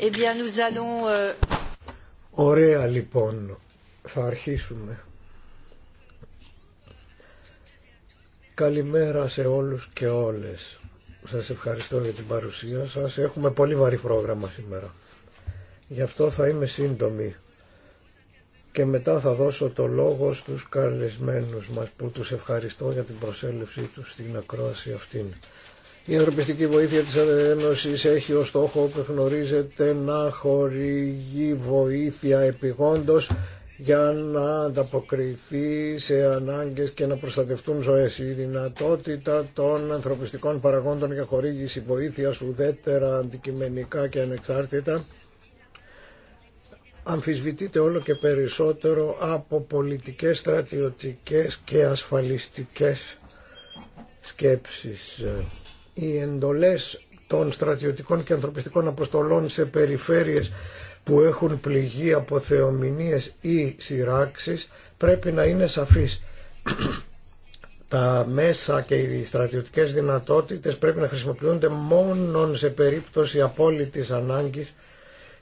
Ε, euh, Ωραία λοιπόν, θα αρχίσουμε. Καλημέρα σε όλους και όλες. Σας ευχαριστώ για την παρουσία σας. Έχουμε πολύ βαρύ πρόγραμμα σήμερα. Γι' αυτό θα είμαι σύντομη και μετά θα δώσω το λόγο στους καλεσμένους μας που τους ευχαριστώ για την προσέλευσή τους στην ακρόαση αυτήν. Η ανθρωπιστική βοήθεια της Ένωσης έχει ως στόχο, όπως γνωρίζετε, να χορηγεί βοήθεια επιγόντως για να ανταποκριθεί σε ανάγκες και να προστατευτούν ζωές. Η δυνατότητα των ανθρωπιστικών παραγόντων για χορήγηση βοήθειας ουδέτερα αντικειμενικά και ανεξάρτητα αμφισβητείται όλο και περισσότερο από πολιτικές, στρατιωτικές και ασφαλιστικές σκέψεις οι εντολές των στρατιωτικών και ανθρωπιστικών αποστολών σε περιφέρειες που έχουν πληγεί από θεομηνίες ή σειράξεις πρέπει να είναι σαφείς. Τα μέσα και οι στρατιωτικές δυνατότητες πρέπει να χρησιμοποιούνται μόνο σε περίπτωση απόλυτης ανάγκης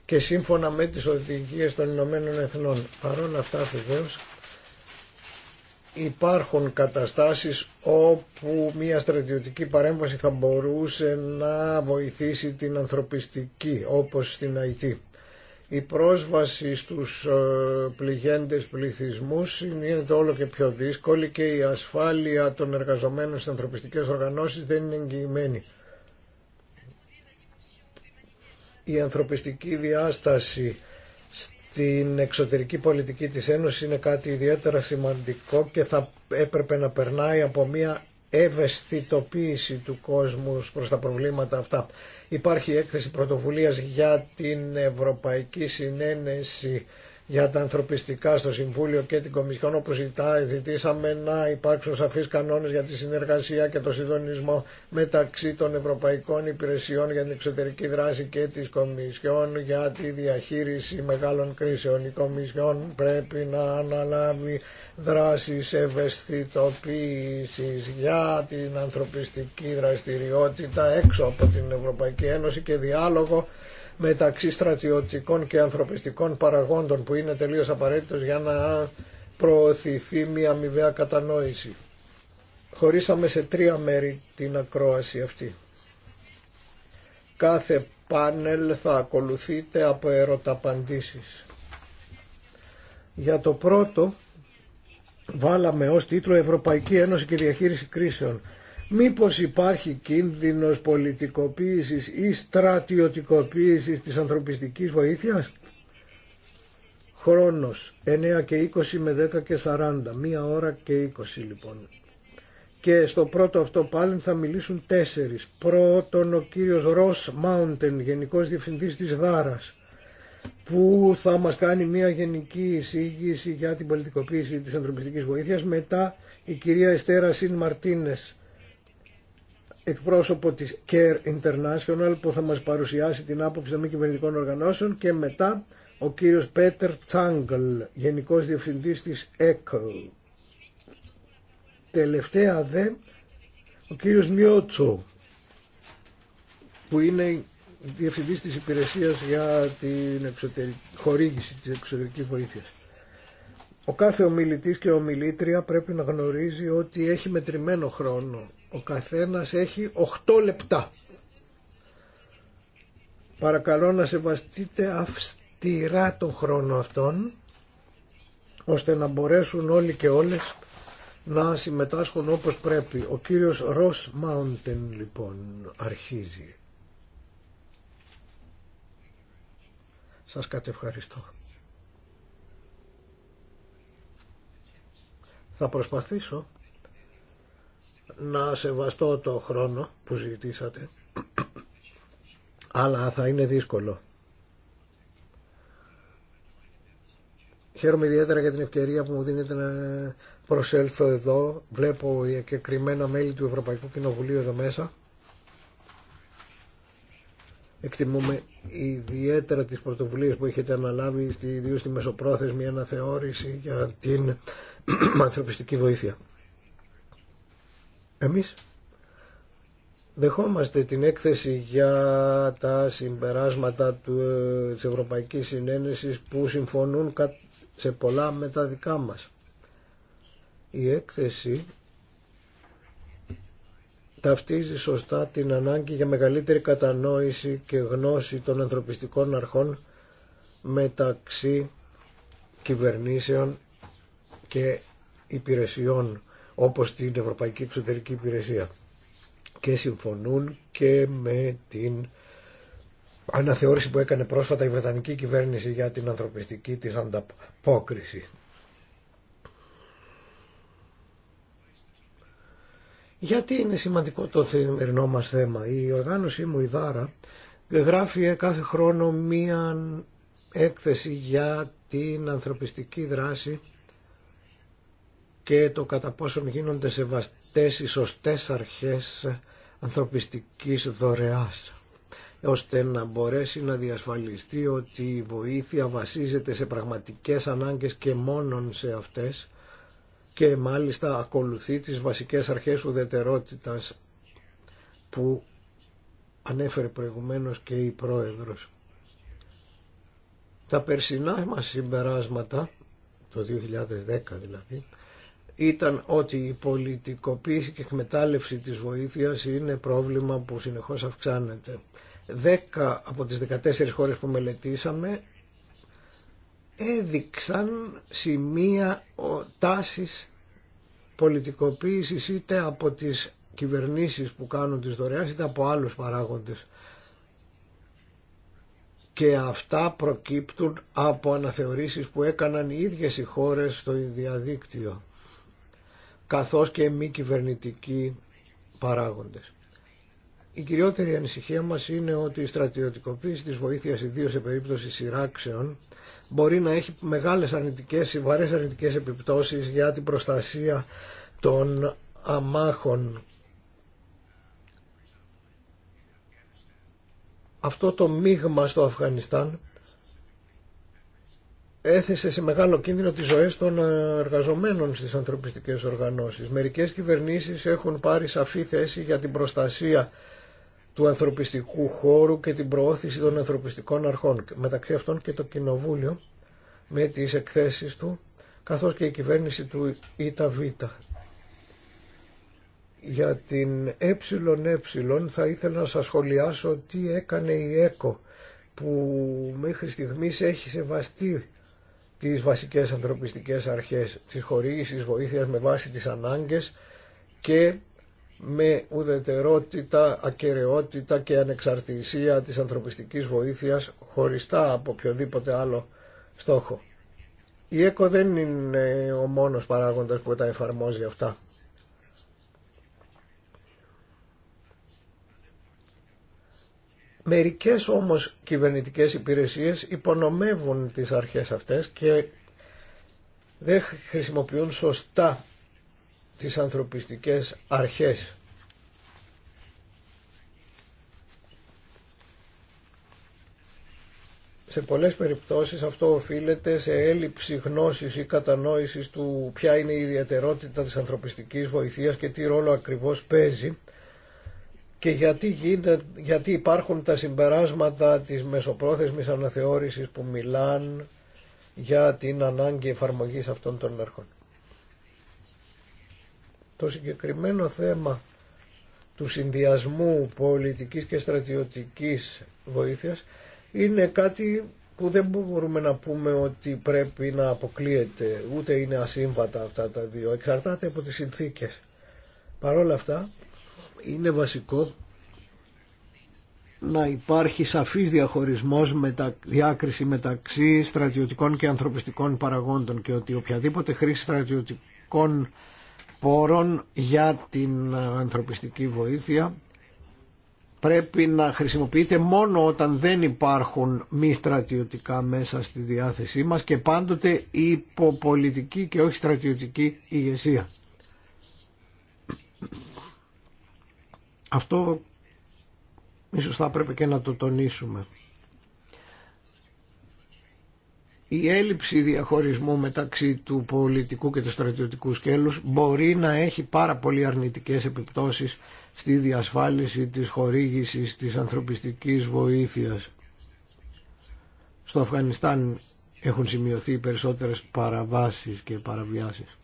και σύμφωνα με τις οδηγίες των Ηνωμένων Εθνών. Παρόλα αυτά υπάρχουν καταστάσεις όπου μια στρατιωτική παρέμβαση θα μπορούσε να βοηθήσει την ανθρωπιστική όπως στην Αϊτή. Η πρόσβαση στους ε, πληγέντες πληθυσμούς είναι όλο και πιο δύσκολη και η ασφάλεια των εργαζομένων στις ανθρωπιστικές οργανώσεις δεν είναι εγγυημένη. Η ανθρωπιστική διάσταση στην εξωτερική πολιτική της Ένωσης είναι κάτι ιδιαίτερα σημαντικό και θα έπρεπε να περνάει από μια ευαισθητοποίηση του κόσμου προς τα προβλήματα αυτά. Υπάρχει έκθεση πρωτοβουλίας για την Ευρωπαϊκή Συνένεση για τα ανθρωπιστικά στο Συμβούλιο και την Κομισιόν όπου ζητήσαμε να υπάρξουν σαφείς κανόνες για τη συνεργασία και το συντονισμό μεταξύ των Ευρωπαϊκών Υπηρεσιών για την Εξωτερική Δράση και της Κομισιόν για τη διαχείριση μεγάλων κρίσεων. Η Κομισιόν πρέπει να αναλάβει δράσεις ευαισθητοποίησης για την ανθρωπιστική δραστηριότητα έξω από την Ευρωπαϊκή Ένωση και διάλογο μεταξύ στρατιωτικών και ανθρωπιστικών παραγόντων που είναι τελείως απαραίτητος για να προωθηθεί μια αμοιβαία κατανόηση. Χωρίσαμε σε τρία μέρη την ακρόαση αυτή. Κάθε πάνελ θα ακολουθείται από ερωταπαντήσεις. Για το πρώτο βάλαμε ως τίτλο Ευρωπαϊκή Ένωση και Διαχείριση Κρίσεων Μήπως υπάρχει κίνδυνος πολιτικοποίησης ή στρατιωτικοποίησης της ανθρωπιστικής βοήθειας. Χρόνος 9 και 20 με 10 και 40, μία ώρα και 20 λοιπόν. Και στο πρώτο αυτό πάλι θα μιλήσουν τέσσερις. Πρώτον ο κύριος Ρος Μάουντεν, Γενικός Διευθυντής της Δάρας, που θα μας κάνει μια γενική εισήγηση για την πολιτικοποίηση της ανθρωπιστικής βοήθειας. Μετά η κυρία Εστέρα Σιν Μαρτίνες, εκπρόσωπο της Care International που θα μας παρουσιάσει την άποψη των μη κυβερνητικών οργανώσεων και μετά ο κύριος Πέτερ Τσάγκλ, Γενικός Διευθυντής της ΕΚΟ. Τελευταία δε, ο κύριος Μιότσο, που είναι Διευθυντής της Υπηρεσίας για την εξωτερική, χορήγηση της εξωτερικής βοήθειας. Ο κάθε ομιλητής και ομιλήτρια πρέπει να γνωρίζει ότι έχει μετρημένο χρόνο ο καθένας έχει 8 λεπτά. Παρακαλώ να σεβαστείτε αυστηρά τον χρόνο αυτόν, ώστε να μπορέσουν όλοι και όλες να συμμετάσχουν όπως πρέπει. Ο κύριος Ρος Μάουντεν λοιπόν αρχίζει. Σας κατευχαριστώ. Θα προσπαθήσω να σεβαστώ το χρόνο που ζητήσατε αλλά θα είναι δύσκολο. Χαίρομαι ιδιαίτερα για την ευκαιρία που μου δίνετε να προσέλθω εδώ. Βλέπω διακεκριμένα μέλη του Ευρωπαϊκού Κοινοβουλίου εδώ μέσα. Εκτιμούμε ιδιαίτερα τις πρωτοβουλίες που έχετε αναλάβει, ιδίως στη μεσοπρόθεσμη αναθεώρηση για την ανθρωπιστική βοήθεια. Εμείς δεχόμαστε την έκθεση για τα συμπεράσματα του, ε, της Ευρωπαϊκής Συνένεσης που συμφωνούν σε πολλά με τα δικά μας. Η έκθεση ταυτίζει σωστά την ανάγκη για μεγαλύτερη κατανόηση και γνώση των ανθρωπιστικών αρχών μεταξύ κυβερνήσεων και υπηρεσιών όπως την Ευρωπαϊκή Εξωτερική Υπηρεσία και συμφωνούν και με την αναθεώρηση που έκανε πρόσφατα η Βρετανική κυβέρνηση για την ανθρωπιστική της ανταπόκριση. Γιατί είναι σημαντικό το θερινό μας θέμα. Η οργάνωσή μου η Δάρα γράφει κάθε χρόνο μία έκθεση για την ανθρωπιστική δράση και το κατά πόσον γίνονται σεβαστές οι σωστές αρχές ανθρωπιστικής δωρεάς ώστε να μπορέσει να διασφαλιστεί ότι η βοήθεια βασίζεται σε πραγματικές ανάγκες και μόνον σε αυτές και μάλιστα ακολουθεί τις βασικές αρχές ουδετερότητας που ανέφερε προηγουμένως και η Πρόεδρος. Τα περσινά μας συμπεράσματα, το 2010 δηλαδή, ήταν ότι η πολιτικοποίηση και εκμετάλλευση της βοήθειας είναι πρόβλημα που συνεχώς αυξάνεται. 10 από τις 14 χώρες που μελετήσαμε έδειξαν σημεία τάσης πολιτικοποίησης είτε από τις κυβερνήσεις που κάνουν τις δωρεάς είτε από άλλους παράγοντες. Και αυτά προκύπτουν από αναθεωρήσεις που έκαναν οι ίδιες οι χώρες στο διαδίκτυο καθώς και μη κυβερνητικοί παράγοντες. Η κυριότερη ανησυχία μας είναι ότι η στρατιωτικοποίηση της βοήθειας ιδίως σε περίπτωση σειράξεων μπορεί να έχει μεγάλες αρνητικές, σοβαρές αρνητικές επιπτώσεις για την προστασία των αμάχων. Αυτό το μείγμα στο Αφγανιστάν έθεσε σε μεγάλο κίνδυνο τις ζωές των ε, εργαζομένων στις ανθρωπιστικές οργανώσεις. Μερικές κυβερνήσεις έχουν πάρει σαφή θέση για την προστασία του ανθρωπιστικού χώρου και την προώθηση των ανθρωπιστικών αρχών, μεταξύ αυτών και το Κοινοβούλιο με τις εκθέσεις του, καθώς και η κυβέρνηση του ΙΤΑΒ. Για την ΕΕ θα ήθελα να σας σχολιάσω τι έκανε η ΕΚΟ που μέχρι στιγμής έχει σεβαστεί τις βασικές ανθρωπιστικές αρχές της χορήγησης βοήθειας με βάση τις ανάγκες και με ουδετερότητα, ακαιρεότητα και ανεξαρτησία της ανθρωπιστικής βοήθειας χωριστά από οποιοδήποτε άλλο στόχο. Η ΕΚΟ δεν είναι ο μόνος παράγοντας που τα εφαρμόζει αυτά. Μερικές όμως κυβερνητικές υπηρεσίες υπονομεύουν τις αρχές αυτές και δεν χρησιμοποιούν σωστά τις ανθρωπιστικές αρχές. Σε πολλές περιπτώσεις αυτό οφείλεται σε έλλειψη γνώσης ή κατανόησης του ποια είναι η ιδιαιτερότητα της ανθρωπιστικής βοηθείας και τι ρόλο ακριβώς παίζει και γιατί, γίνεται, γιατί υπάρχουν τα συμπεράσματα της μεσοπρόθεσμης αναθεώρησης που μιλάν για την ανάγκη εφαρμογής αυτών των αρχών. Το συγκεκριμένο θέμα του συνδυασμού πολιτικής και στρατιωτικής βοήθειας είναι κάτι που δεν μπορούμε να πούμε ότι πρέπει να αποκλείεται, ούτε είναι ασύμβατα αυτά τα δύο, εξαρτάται από τις συνθήκες. Παρ' όλα αυτά, είναι βασικό να υπάρχει σαφής διαχωρισμός, διάκριση μεταξύ στρατιωτικών και ανθρωπιστικών παραγόντων και ότι οποιαδήποτε χρήση στρατιωτικών πόρων για την ε, ανθρωπιστική βοήθεια πρέπει να χρησιμοποιείται μόνο όταν δεν υπάρχουν μη στρατιωτικά μέσα στη διάθεσή μας και πάντοτε υπό πολιτική και όχι στρατιωτική ηγεσία. Αυτό ίσως θα πρέπει και να το τονίσουμε. Η έλλειψη διαχωρισμού μεταξύ του πολιτικού και του στρατιωτικού σκέλους μπορεί να έχει πάρα πολύ αρνητικές επιπτώσεις στη διασφάλιση της χορήγησης της ανθρωπιστικής βοήθειας. Στο Αφγανιστάν έχουν σημειωθεί περισσότερες παραβάσεις και παραβιάσεις.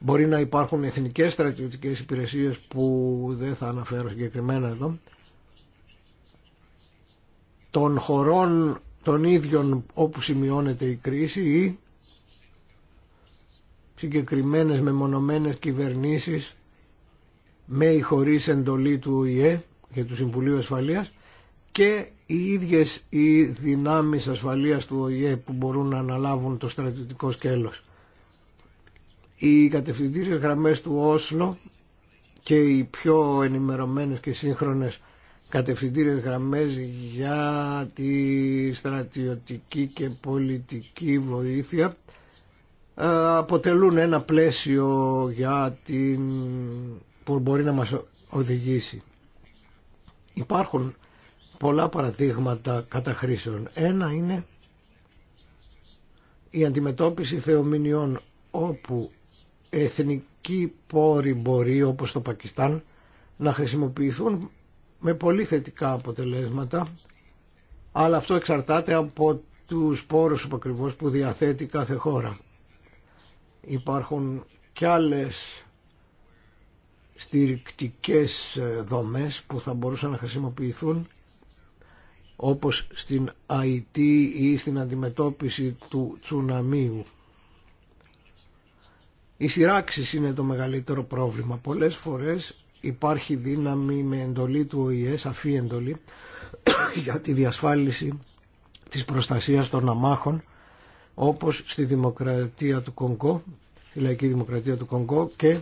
Μπορεί να υπάρχουν εθνικές στρατιωτικές υπηρεσίες που δεν θα αναφέρω συγκεκριμένα εδώ των χωρών των ίδιων όπου σημειώνεται η κρίση ή συγκεκριμένες μεμονωμένες κυβερνήσεις με ή χωρίς εντολή του ΟΗΕ και του Συμβουλίου Ασφαλείας και οι ίδιες οι δυνάμεις ασφαλείας του ΟΗΕ που μπορούν να αναλάβουν το στρατιωτικό σκέλος. Οι κατευθυντήριες γραμμές του Όσλο και οι πιο ενημερωμένες και σύγχρονες κατευθυντήριες γραμμές για τη στρατιωτική και πολιτική βοήθεια ε, αποτελούν ένα πλαίσιο για την... που μπορεί να μας οδηγήσει. Υπάρχουν πολλά παραδείγματα καταχρήσεων. Ένα είναι η αντιμετώπιση θεομηνιών όπου εθνικοί πόροι μπορεί όπως το Πακιστάν να χρησιμοποιηθούν με πολύ θετικά αποτελέσματα αλλά αυτό εξαρτάται από τους πόρους ακριβώς που διαθέτει κάθε χώρα. Υπάρχουν και άλλες στηρικτικές δομές που θα μπορούσαν να χρησιμοποιηθούν όπως στην IT ή στην αντιμετώπιση του τσουναμίου. Οι σειράξει είναι το μεγαλύτερο πρόβλημα. Πολλές φορές υπάρχει δύναμη με εντολή του ΟΗΕ, σαφή εντολή, για τη διασφάλιση της προστασίας των αμάχων, όπως στη δημοκρατία του Κονγκό, τη λαϊκή δημοκρατία του Κονγκό και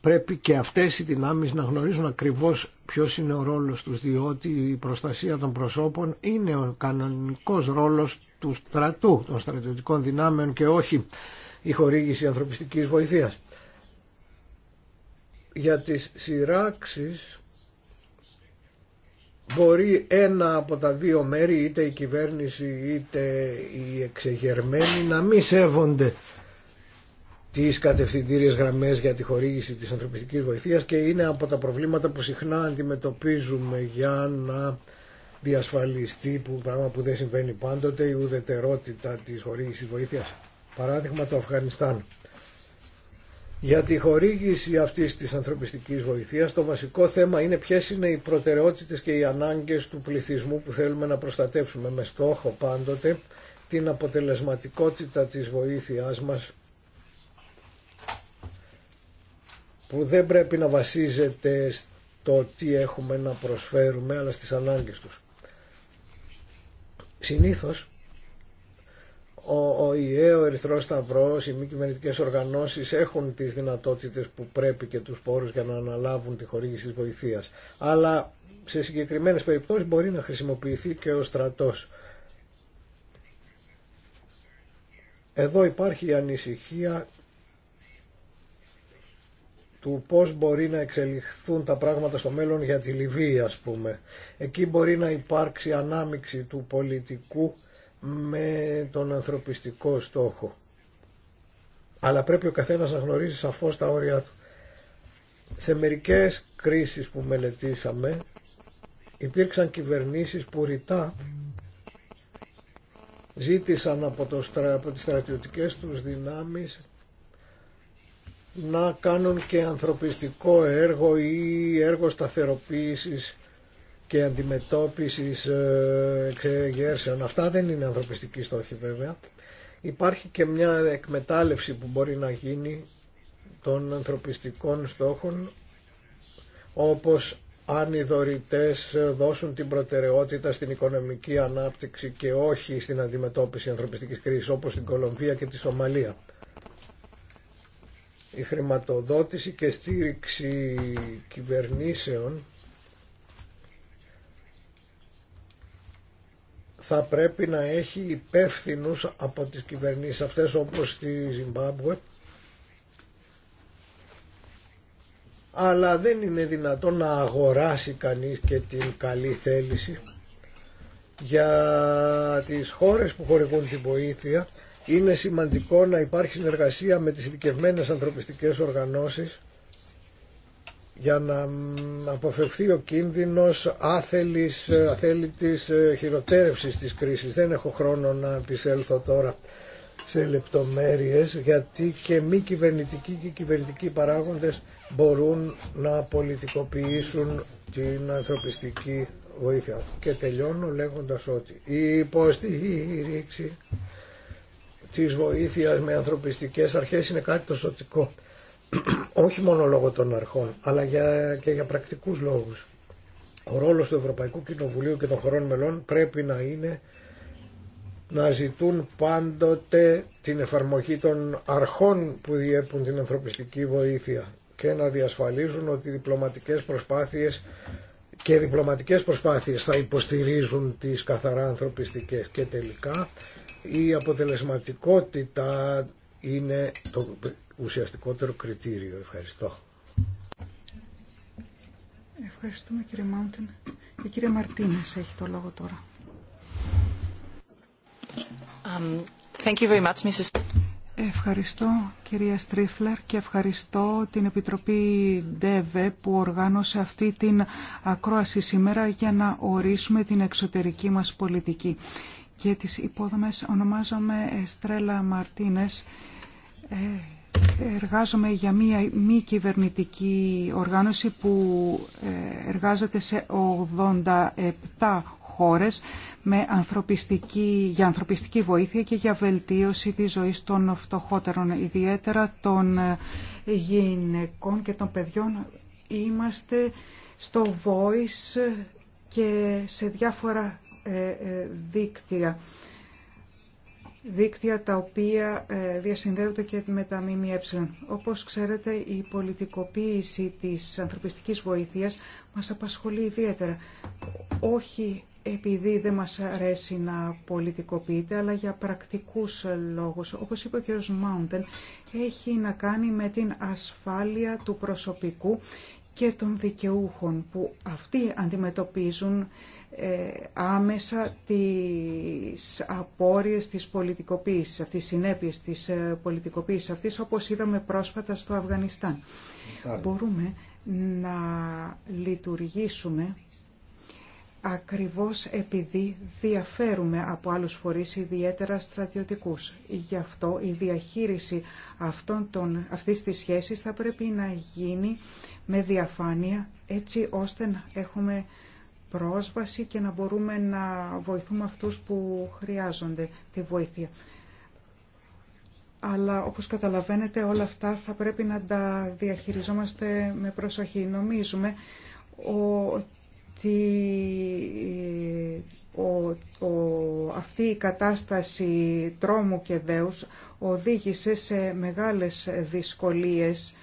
πρέπει και αυτές οι δυνάμεις να γνωρίζουν ακριβώς ποιος είναι ο ρόλος τους διότι η προστασία των προσώπων είναι ο κανονικός ρόλος του στρατού, των στρατιωτικών δυνάμεων και όχι η χορήγηση ανθρωπιστικής βοηθείας. Για τις σειράξεις μπορεί ένα από τα δύο μέρη, είτε η κυβέρνηση είτε οι εξεγερμένοι, να μη σέβονται τις κατευθυντήριες γραμμές για τη χορήγηση της ανθρωπιστικής βοηθείας και είναι από τα προβλήματα που συχνά αντιμετωπίζουμε για να διασφαλιστεί, που, πράγμα που δεν συμβαίνει πάντοτε, η ουδετερότητα της χορήγησης βοήθειας παράδειγμα το Αφγανιστάν. Για τη χορήγηση αυτής της ανθρωπιστικής βοηθείας το βασικό θέμα είναι ποιες είναι οι προτεραιότητες και οι ανάγκες του πληθυσμού που θέλουμε να προστατεύσουμε με στόχο πάντοτε την αποτελεσματικότητα της βοήθειάς μας που δεν πρέπει να βασίζεται στο τι έχουμε να προσφέρουμε αλλά στις ανάγκες τους. Συνήθως ο ΙΕΟ, ο Ερυθρός Σταυρός, οι μη κυβερνητικέ οργανώσεις έχουν τις δυνατότητες που πρέπει και τους πόρους για να αναλάβουν τη χορήγηση της βοηθείας. Αλλά σε συγκεκριμένες περιπτώσεις μπορεί να χρησιμοποιηθεί και ο στρατός. Εδώ υπάρχει η ανησυχία του πώς μπορεί να εξελιχθούν τα πράγματα στο μέλλον για τη Λιβύη ας πούμε. Εκεί μπορεί να υπάρξει ανάμιξη του πολιτικού με τον ανθρωπιστικό στόχο. Αλλά πρέπει ο καθένας να γνωρίζει σαφώς τα όρια του. Σε μερικές κρίσεις που μελετήσαμε υπήρξαν κυβερνήσεις που ρητά ζήτησαν από, το από τις στρατιωτικές τους δυνάμεις να κάνουν και ανθρωπιστικό έργο ή έργο σταθεροποίησης και αντιμετώπισης ε, εξεγέρσεων. Αυτά δεν είναι ανθρωπιστική στόχη βέβαια. Υπάρχει και μια εκμετάλλευση που μπορεί να γίνει των ανθρωπιστικών στόχων όπως αν οι δωρητές δώσουν την προτεραιότητα στην οικονομική ανάπτυξη και όχι στην αντιμετώπιση ανθρωπιστικής κρίσης όπως στην Κολομβία και τη Σομαλία. Η χρηματοδότηση και στήριξη κυβερνήσεων θα πρέπει να έχει υπεύθυνου από τις κυβερνήσεις αυτές όπως στη Ζιμπάμπουε αλλά δεν είναι δυνατόν να αγοράσει κανείς και την καλή θέληση για τις χώρες που χορηγούν την βοήθεια είναι σημαντικό να υπάρχει συνεργασία με τις ειδικευμένε ανθρωπιστικές οργανώσεις για να αποφευθεί ο κίνδυνος άθελης, αθέλητης ε, χειροτέρευσης της κρίσης. Δεν έχω χρόνο να επισέλθω τώρα σε λεπτομέρειες γιατί και μη κυβερνητικοί και κυβερνητικοί παράγοντες μπορούν να πολιτικοποιήσουν την ανθρωπιστική βοήθεια. Και τελειώνω λέγοντας ότι η υποστήριξη της βοήθειας με ανθρωπιστικές αρχές είναι κάτι το σωτικό όχι μόνο λόγω των αρχών, αλλά και για πρακτικούς λόγους. Ο ρόλος του Ευρωπαϊκού Κοινοβουλίου και των χωρών μελών πρέπει να είναι να ζητούν πάντοτε την εφαρμογή των αρχών που διέπουν την ανθρωπιστική βοήθεια και να διασφαλίζουν ότι οι διπλωματικές προσπάθειες και οι διπλωματικές προσπάθειες θα υποστηρίζουν τις καθαρά ανθρωπιστικές και τελικά η αποτελεσματικότητα είναι το ουσιαστικότερο κριτήριο. Ευχαριστώ. Ευχαριστούμε κύριε Μάουντιν. Η κυρία Μαρτίνες έχει το λόγο τώρα. Um, thank you very much, Mrs. Ευχαριστώ κυρία Στρίφλερ και ευχαριστώ την Επιτροπή ΔΕΒΕ που οργάνωσε αυτή την ακρόαση σήμερα για να ορίσουμε την εξωτερική μας πολιτική. Και τις υπόδομες ονομάζομαι Στρέλα Μαρτίνες ε, Εργάζομαι για μία μη κυβερνητική οργάνωση που ε, εργάζεται σε 87 χώρες με ανθρωπιστική, για ανθρωπιστική βοήθεια και για βελτίωση της ζωής των φτωχότερων, ιδιαίτερα των ε, γυναικών και των παιδιών. Είμαστε στο Voice και σε διάφορα ε, δίκτυα δίκτυα τα οποία ε, διασυνδέονται και με τα ΜΜΕ. Όπως ξέρετε, η πολιτικοποίηση της ανθρωπιστικής βοήθειας μας απασχολεί ιδιαίτερα. Όχι επειδή δεν μας αρέσει να πολιτικοποιείται, αλλά για πρακτικούς λόγους. Όπως είπε ο κ. Μάουντεν, έχει να κάνει με την ασφάλεια του προσωπικού και των δικαιούχων που αυτοί αντιμετωπίζουν ε, άμεσα τις απόρριες της πολιτικοποίησης, αυτής της συνέπειες της ε, πολιτικοποίησης αυτής, όπως είδαμε πρόσφατα στο Αφγανιστάν. Μπορούμε να λειτουργήσουμε ακριβώς επειδή διαφέρουμε από άλλους φορείς ιδιαίτερα στρατιωτικούς. Γι' αυτό η διαχείριση αυτών των, αυτής της σχέσης θα πρέπει να γίνει με διαφάνεια έτσι ώστε να έχουμε πρόσβαση και να μπορούμε να βοηθούμε αυτούς που χρειάζονται τη βοήθεια. Αλλά όπως καταλαβαίνετε όλα αυτά θα πρέπει να τα διαχειριζόμαστε με προσοχή. Νομίζουμε ότι ε, ο, αυτή η κατάσταση τρόμου και δέους οδήγησε σε μεγάλες δυσκολίες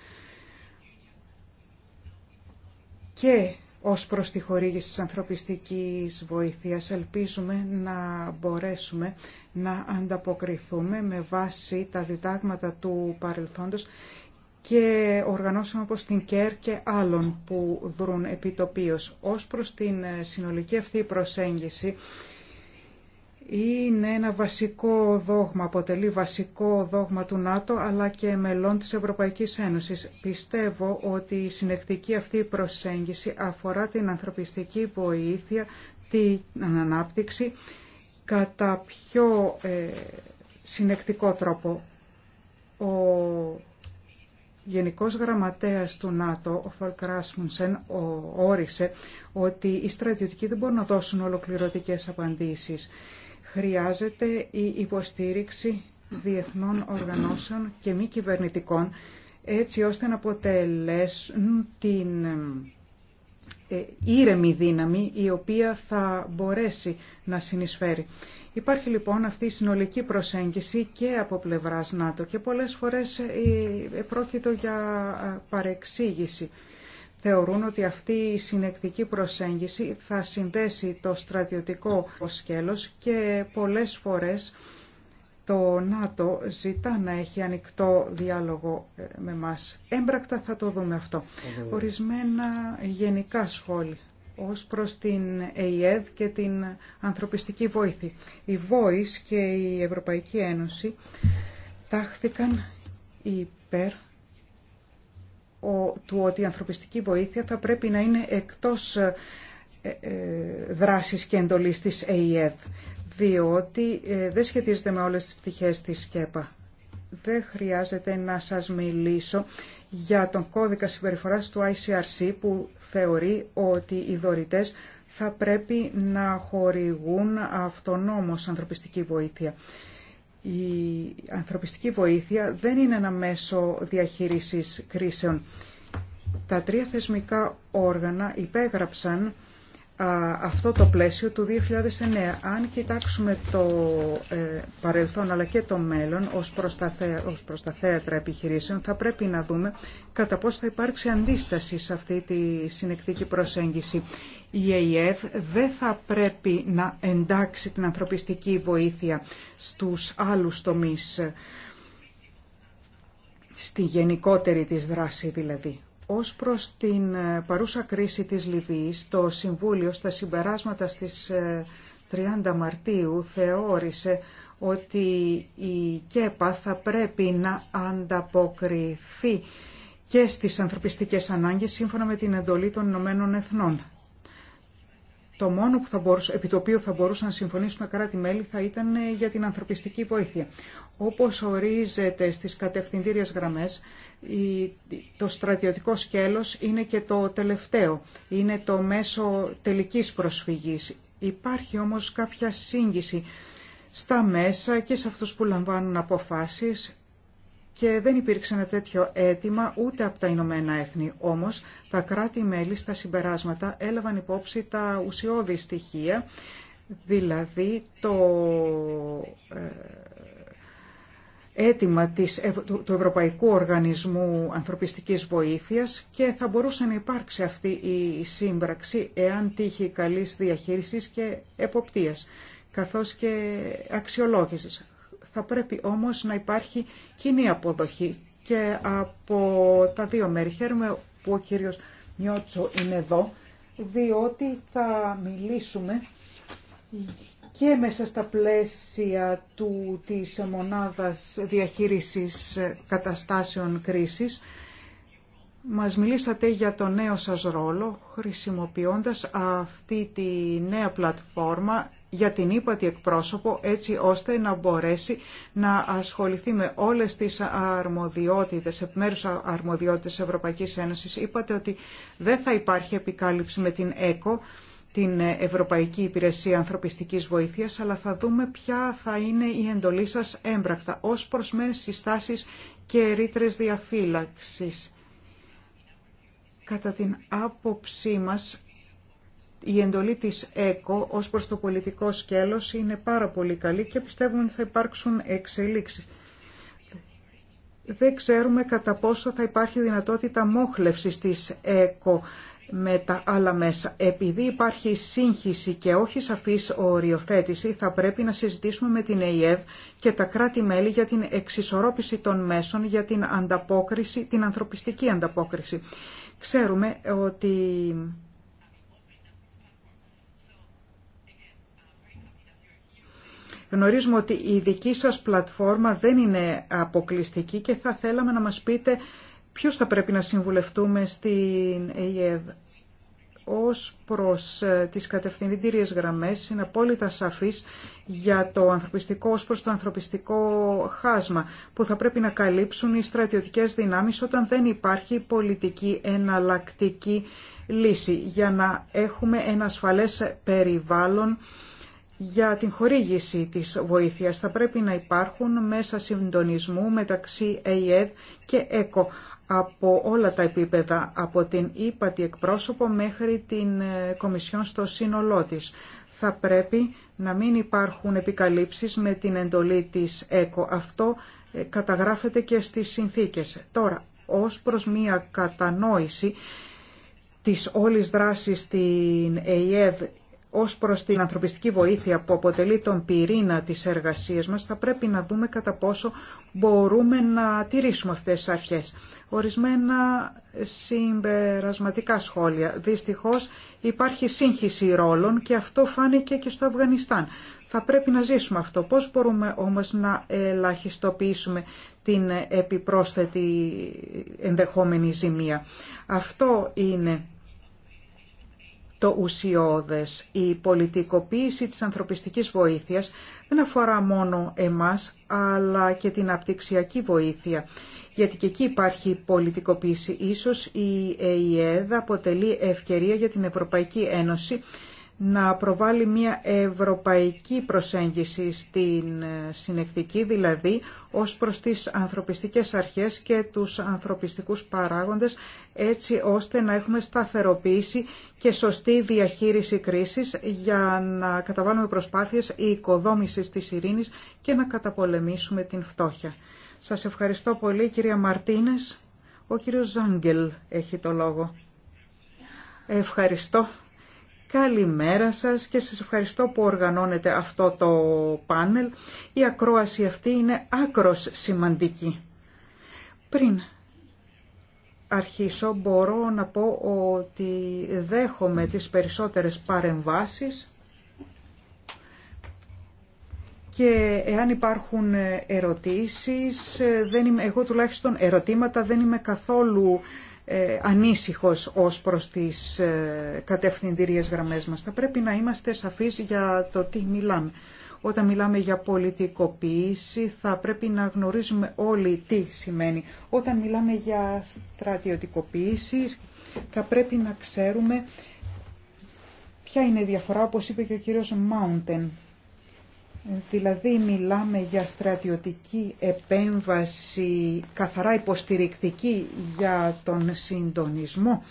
και ως προς τη χορήγηση της ανθρωπιστικής βοήθειας. Ελπίζουμε να μπορέσουμε να ανταποκριθούμε με βάση τα διδάγματα του παρελθόντος και οργανώσαμε όπως την ΚΕΡ και άλλων που δρούν επιτοπίως. Ως προς την συνολική αυτή προσέγγιση είναι ένα βασικό δόγμα, αποτελεί βασικό δόγμα του ΝΑΤΟ αλλά και μελών της Ευρωπαϊκής Ένωσης. Πιστεύω ότι η συνεκτική αυτή προσέγγιση αφορά την ανθρωπιστική βοήθεια, την ανάπτυξη κατά πιο ε, συνεκτικό τρόπο. Ο Γενικός Γραμματέας του ΝΑΤΟ, ο Φολκ όρισε ότι οι στρατιωτικοί δεν μπορούν να δώσουν ολοκληρωτικές απαντήσεις. Χρειάζεται η υποστήριξη διεθνών οργανώσεων και μη κυβερνητικών έτσι ώστε να αποτελέσουν την ε, ήρεμη δύναμη η οποία θα μπορέσει να συνεισφέρει. Υπάρχει λοιπόν αυτή η συνολική προσέγγιση και από πλευράς ΝΑΤΟ και πολλές φορές ε, ε, πρόκειται για παρεξήγηση θεωρούν ότι αυτή η συνεκτική προσέγγιση θα συνδέσει το στρατιωτικό σκέλος και πολλές φορές το ΝΑΤΟ ζητά να έχει ανοιχτό διάλογο ε, με μας. Έμπρακτα θα το δούμε αυτό. Ορισμένα γενικά σχόλια ως προς την ΕΙΕΔ και την ανθρωπιστική βοήθη. Η ΒΟΗΣ και η Ευρωπαϊκή Ένωση τάχθηκαν υπέρ του ότι η ανθρωπιστική βοήθεια θα πρέπει να είναι εκτός ε, ε, δράσης και εντολής της ΕΙΕΔ, διότι ε, δεν σχετίζεται με όλες τις πτυχές της ΚΕΠΑ. Δεν χρειάζεται να σας μιλήσω για τον κώδικα συμπεριφοράς του ICRC που θεωρεί ότι οι δωρητές θα πρέπει να χορηγούν αυτονόμως ανθρωπιστική βοήθεια. Η ανθρωπιστική βοήθεια δεν είναι ένα μέσο διαχείρισης κρίσεων. Τα τρία θεσμικά όργανα υπέγραψαν αυτό το πλαίσιο του 2009. Αν κοιτάξουμε το ε, παρελθόν αλλά και το μέλλον ως προς, τα, ως προς θέατρα επιχειρήσεων θα πρέπει να δούμε κατά πώς θα υπάρξει αντίσταση σε αυτή τη συνεκτική προσέγγιση. Η ΕΕΔ δεν θα πρέπει να εντάξει την ανθρωπιστική βοήθεια στους άλλους τομείς, στη γενικότερη της δράση δηλαδή. Ως προς την ε, παρούσα κρίση της Λιβύης, το Συμβούλιο στα συμπεράσματα στις 30 ε, Μαρτίου θεώρησε ότι η ΚΕΠΑ θα πρέπει να ανταποκριθεί και στις ανθρωπιστικές ανάγκες σύμφωνα με την εντολή των Ηνωμένων Εθνών. Το μόνο που θα μπορούσε, επί το οποίο θα μπορούσαν να συμφωνήσουν τα κράτη-μέλη θα ήταν ε, για την ανθρωπιστική βοήθεια. Όπως ορίζεται στις κατευθυντήριες γραμμές, το στρατιωτικό σκέλος είναι και το τελευταίο. Είναι το μέσο τελικής προσφυγής. Υπάρχει όμως κάποια σύγκυση στα μέσα και σε αυτούς που λαμβάνουν αποφάσεις και δεν υπήρξε ένα τέτοιο αίτημα ούτε από τα Ηνωμένα Έθνη. Όμως τα κράτη-μέλη στα συμπεράσματα έλαβαν υπόψη τα ουσιώδη στοιχεία, δηλαδή το ε, αίτημα της, του Ευρωπαϊκού Οργανισμού Ανθρωπιστικής Βοήθειας και θα μπορούσε να υπάρξει αυτή η σύμπραξη εάν τύχει καλής διαχείρισης και εποπτείας, καθώς και αξιολόγησης. Θα πρέπει όμως να υπάρχει κοινή αποδοχή και από τα δύο μέρη. Χαίρομαι που ο κύριος Νιώτσο είναι εδώ, διότι θα μιλήσουμε και μέσα στα πλαίσια του, της μονάδας διαχείρισης καταστάσεων κρίσης. Μας μιλήσατε για το νέο σας ρόλο χρησιμοποιώντας αυτή τη νέα πλατφόρμα για την ύπατη εκπρόσωπο έτσι ώστε να μπορέσει να ασχοληθεί με όλες τις αρμοδιότητες, επιμέρους αρμοδιότητες Ευρωπαϊκής Ένωσης. Είπατε ότι δεν θα υπάρχει επικάλυψη με την ΕΚΟ την Ευρωπαϊκή Υπηρεσία Ανθρωπιστικής Βοήθειας, αλλά θα δούμε ποια θα είναι η εντολή σας έμπρακτα ως προσμένες συστάσεις και ρήτρες διαφύλαξης. Κατά την άποψή μας, η εντολή της ΕΚΟ ως προς το πολιτικό σκέλος είναι πάρα πολύ καλή και πιστεύουμε ότι θα υπάρξουν εξελίξεις. Δεν ξέρουμε κατά πόσο θα υπάρχει δυνατότητα μόχλευσης της ΕΚΟ με τα άλλα μέσα. Επειδή υπάρχει σύγχυση και όχι σαφής οριοθέτηση, θα πρέπει να συζητήσουμε με την Ε.Ε.Δ. και τα κράτη-μέλη για την εξισορρόπηση των μέσων, για την ανταπόκριση, την ανθρωπιστική ανταπόκριση. Ξέρουμε ότι... Γνωρίζουμε ότι η δική σας πλατφόρμα δεν είναι αποκλειστική και θα θέλαμε να μας πείτε ποιους θα πρέπει να συμβουλευτούμε στην ΕΙΕΔ ως προς ε, τις κατευθυντήριες γραμμές είναι απόλυτα σαφής για το ανθρωπιστικό, ως προς το ανθρωπιστικό χάσμα που θα πρέπει να καλύψουν οι στρατιωτικές δυνάμεις όταν δεν υπάρχει πολιτική εναλλακτική λύση για να έχουμε ένα ασφαλές περιβάλλον για την χορήγηση της βοήθειας θα πρέπει να υπάρχουν μέσα συντονισμού μεταξύ ΕΙΕΔ και ΕΚΟ από όλα τα επίπεδα, από την ύπατη εκπρόσωπο μέχρι την ε, Κομισιόν στο σύνολό της. Θα πρέπει να μην υπάρχουν επικαλύψεις με την εντολή της ΕΚΟ. Αυτό ε, καταγράφεται και στις συνθήκες. Τώρα, ως προς μία κατανόηση της όλης δράσης στην ΕΙΕΔ ως προς την ανθρωπιστική βοήθεια που αποτελεί τον πυρήνα της εργασίας μας, θα πρέπει να δούμε κατά πόσο μπορούμε να τηρήσουμε αυτές τις αρχές. Ορισμένα συμπερασματικά σχόλια. Δυστυχώς υπάρχει σύγχυση ρόλων και αυτό φάνηκε και στο Αφγανιστάν. Θα πρέπει να ζήσουμε αυτό. Πώς μπορούμε όμως να ελαχιστοποιήσουμε την επιπρόσθετη ενδεχόμενη ζημία. Αυτό είναι το ουσιώδες. Η πολιτικοποίηση της ανθρωπιστικής βοήθειας δεν αφορά μόνο εμάς, αλλά και την απτυξιακή βοήθεια. Γιατί και εκεί υπάρχει πολιτικοποίηση. Ίσως η Ε.Ε. αποτελεί ευκαιρία για την Ευρωπαϊκή Ένωση να προβάλλει μια ευρωπαϊκή προσέγγιση στην συνεκτική, δηλαδή ως προς τις ανθρωπιστικές αρχές και τους ανθρωπιστικούς παράγοντες, έτσι ώστε να έχουμε σταθεροποίηση και σωστή διαχείριση κρίσης για να καταβάλουμε προσπάθειες η οικοδόμηση της ειρήνης και να καταπολεμήσουμε την φτώχεια. Σας ευχαριστώ πολύ κυρία Μαρτίνες. Ο κύριος Ζάγκελ έχει το λόγο. Ευχαριστώ. Καλημέρα σας και σας ευχαριστώ που οργανώνετε αυτό το πάνελ. Η ακρόαση αυτή είναι άκρος σημαντική. Πριν αρχίσω μπορώ να πω ότι δέχομαι τις περισσότερες παρεμβάσεις και εάν υπάρχουν ερωτήσεις, δεν είμαι, εγώ τουλάχιστον ερωτήματα δεν είμαι καθόλου ε, ανήσυχος ως προς τις ε, κατευθυντηρίες γραμμές μας. Θα πρέπει να είμαστε σαφείς για το τι μιλάμε. Όταν μιλάμε για πολιτικοποίηση θα πρέπει να γνωρίζουμε όλοι τι σημαίνει. Όταν μιλάμε για στρατιωτικοποίηση θα πρέπει να ξέρουμε ποια είναι η διαφορά, όπως είπε και ο κύριος Mountain. Δηλαδή μιλάμε για στρατιωτική επέμβαση καθαρά υποστηρικτική για τον συντονισμό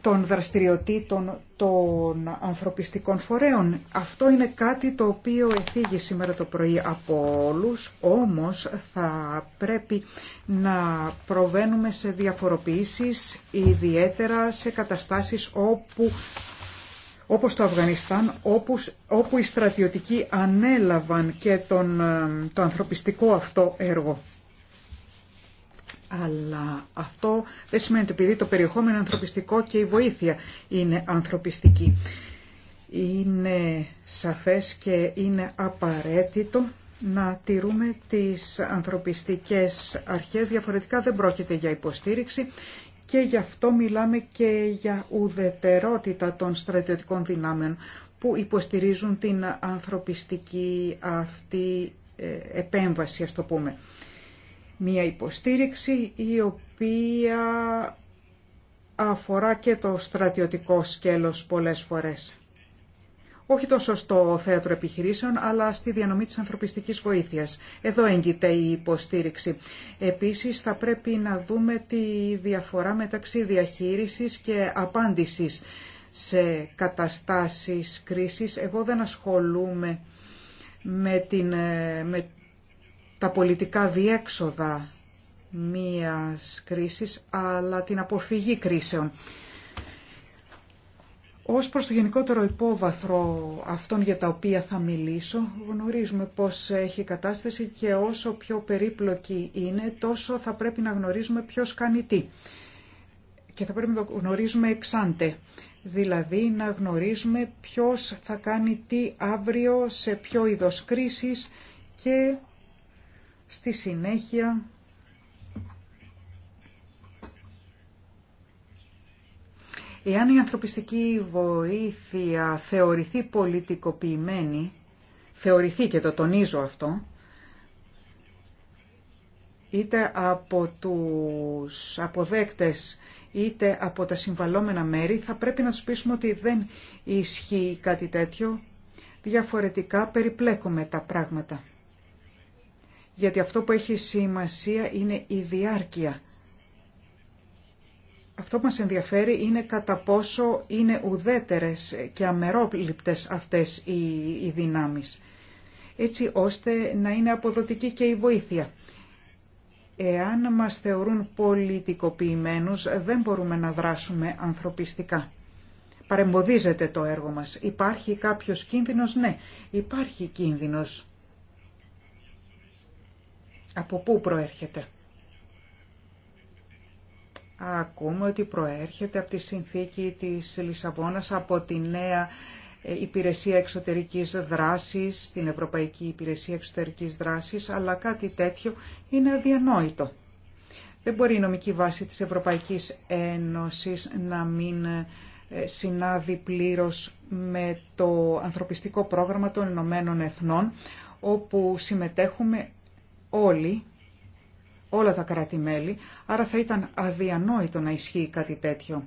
των δραστηριοτήτων των ανθρωπιστικών φορέων. Αυτό είναι κάτι το οποίο εφήγει σήμερα το πρωί από όλους, όμως θα πρέπει να προβαίνουμε σε διαφοροποιήσεις, ιδιαίτερα σε καταστάσεις όπου όπως το Αφγανιστάν, όπου, όπου οι στρατιωτικοί ανέλαβαν και τον, ε, το ανθρωπιστικό αυτό έργο. Αλλά αυτό δεν σημαίνει ότι επειδή το περιεχόμενο ανθρωπιστικό και η βοήθεια είναι ανθρωπιστική. Είναι σαφές και είναι απαραίτητο να τηρούμε τις ανθρωπιστικές αρχές. Διαφορετικά δεν πρόκειται για υποστήριξη και γι' αυτό μιλάμε και για ουδετερότητα των στρατιωτικών δυνάμεων που υποστηρίζουν την ανθρωπιστική αυτή ε, επέμβαση, ας το πούμε. Μία υποστήριξη η οποία αφορά και το στρατιωτικό σκέλος πολλές φορές όχι τόσο στο θέατρο επιχειρήσεων, αλλά στη διανομή της ανθρωπιστικής βοήθειας. Εδώ έγκυται η υποστήριξη. Επίσης, θα πρέπει να δούμε τη διαφορά μεταξύ διαχείρισης και απάντησης σε καταστάσεις κρίσης. Εγώ δεν ασχολούμαι με, ε, με τα πολιτικά διέξοδα μίας κρίσης, αλλά την αποφυγή κρίσεων. Ως προς το γενικότερο υπόβαθρο αυτών για τα οποία θα μιλήσω, γνωρίζουμε πως έχει κατάσταση και όσο πιο περίπλοκη είναι, τόσο θα πρέπει να γνωρίζουμε ποιος κάνει τι. Και θα πρέπει να το γνωρίζουμε εξάντε. Δηλαδή να γνωρίζουμε ποιος θα κάνει τι αύριο, σε ποιο είδος κρίσης και στη συνέχεια Εάν η ανθρωπιστική βοήθεια θεωρηθεί πολιτικοποιημένη, θεωρηθεί και το τονίζω αυτό, είτε από τους αποδέκτες είτε από τα συμβαλώμενα μέρη, θα πρέπει να τους πείσουμε ότι δεν ισχύει κάτι τέτοιο, διαφορετικά περιπλέκουμε τα πράγματα. Γιατί αυτό που έχει σημασία είναι η διάρκεια αυτό που μας ενδιαφέρει είναι κατά πόσο είναι ουδέτερες και αμερόληπτες αυτές οι δυνάμεις, έτσι ώστε να είναι αποδοτική και η βοήθεια. Εάν μας θεωρούν πολιτικοποιημένους, δεν μπορούμε να δράσουμε ανθρωπιστικά. Παρεμποδίζεται το έργο μας. Υπάρχει κάποιος κίνδυνος, ναι, υπάρχει κίνδυνος. Από πού προέρχεται ακούμε ότι προέρχεται από τη συνθήκη της Λισαβόνας, από τη νέα ε, υπηρεσία εξωτερικής δράσης, την Ευρωπαϊκή Υπηρεσία Εξωτερικής Δράσης, αλλά κάτι τέτοιο είναι αδιανόητο. Δεν μπορεί η νομική βάση της Ευρωπαϊκής Ένωσης να μην ε, συνάδει πλήρως με το ανθρωπιστικό πρόγραμμα των Ηνωμένων Εθνών, όπου συμμετέχουμε όλοι όλα τα κράτη-μέλη, άρα θα ήταν αδιανόητο να ισχύει κάτι τέτοιο.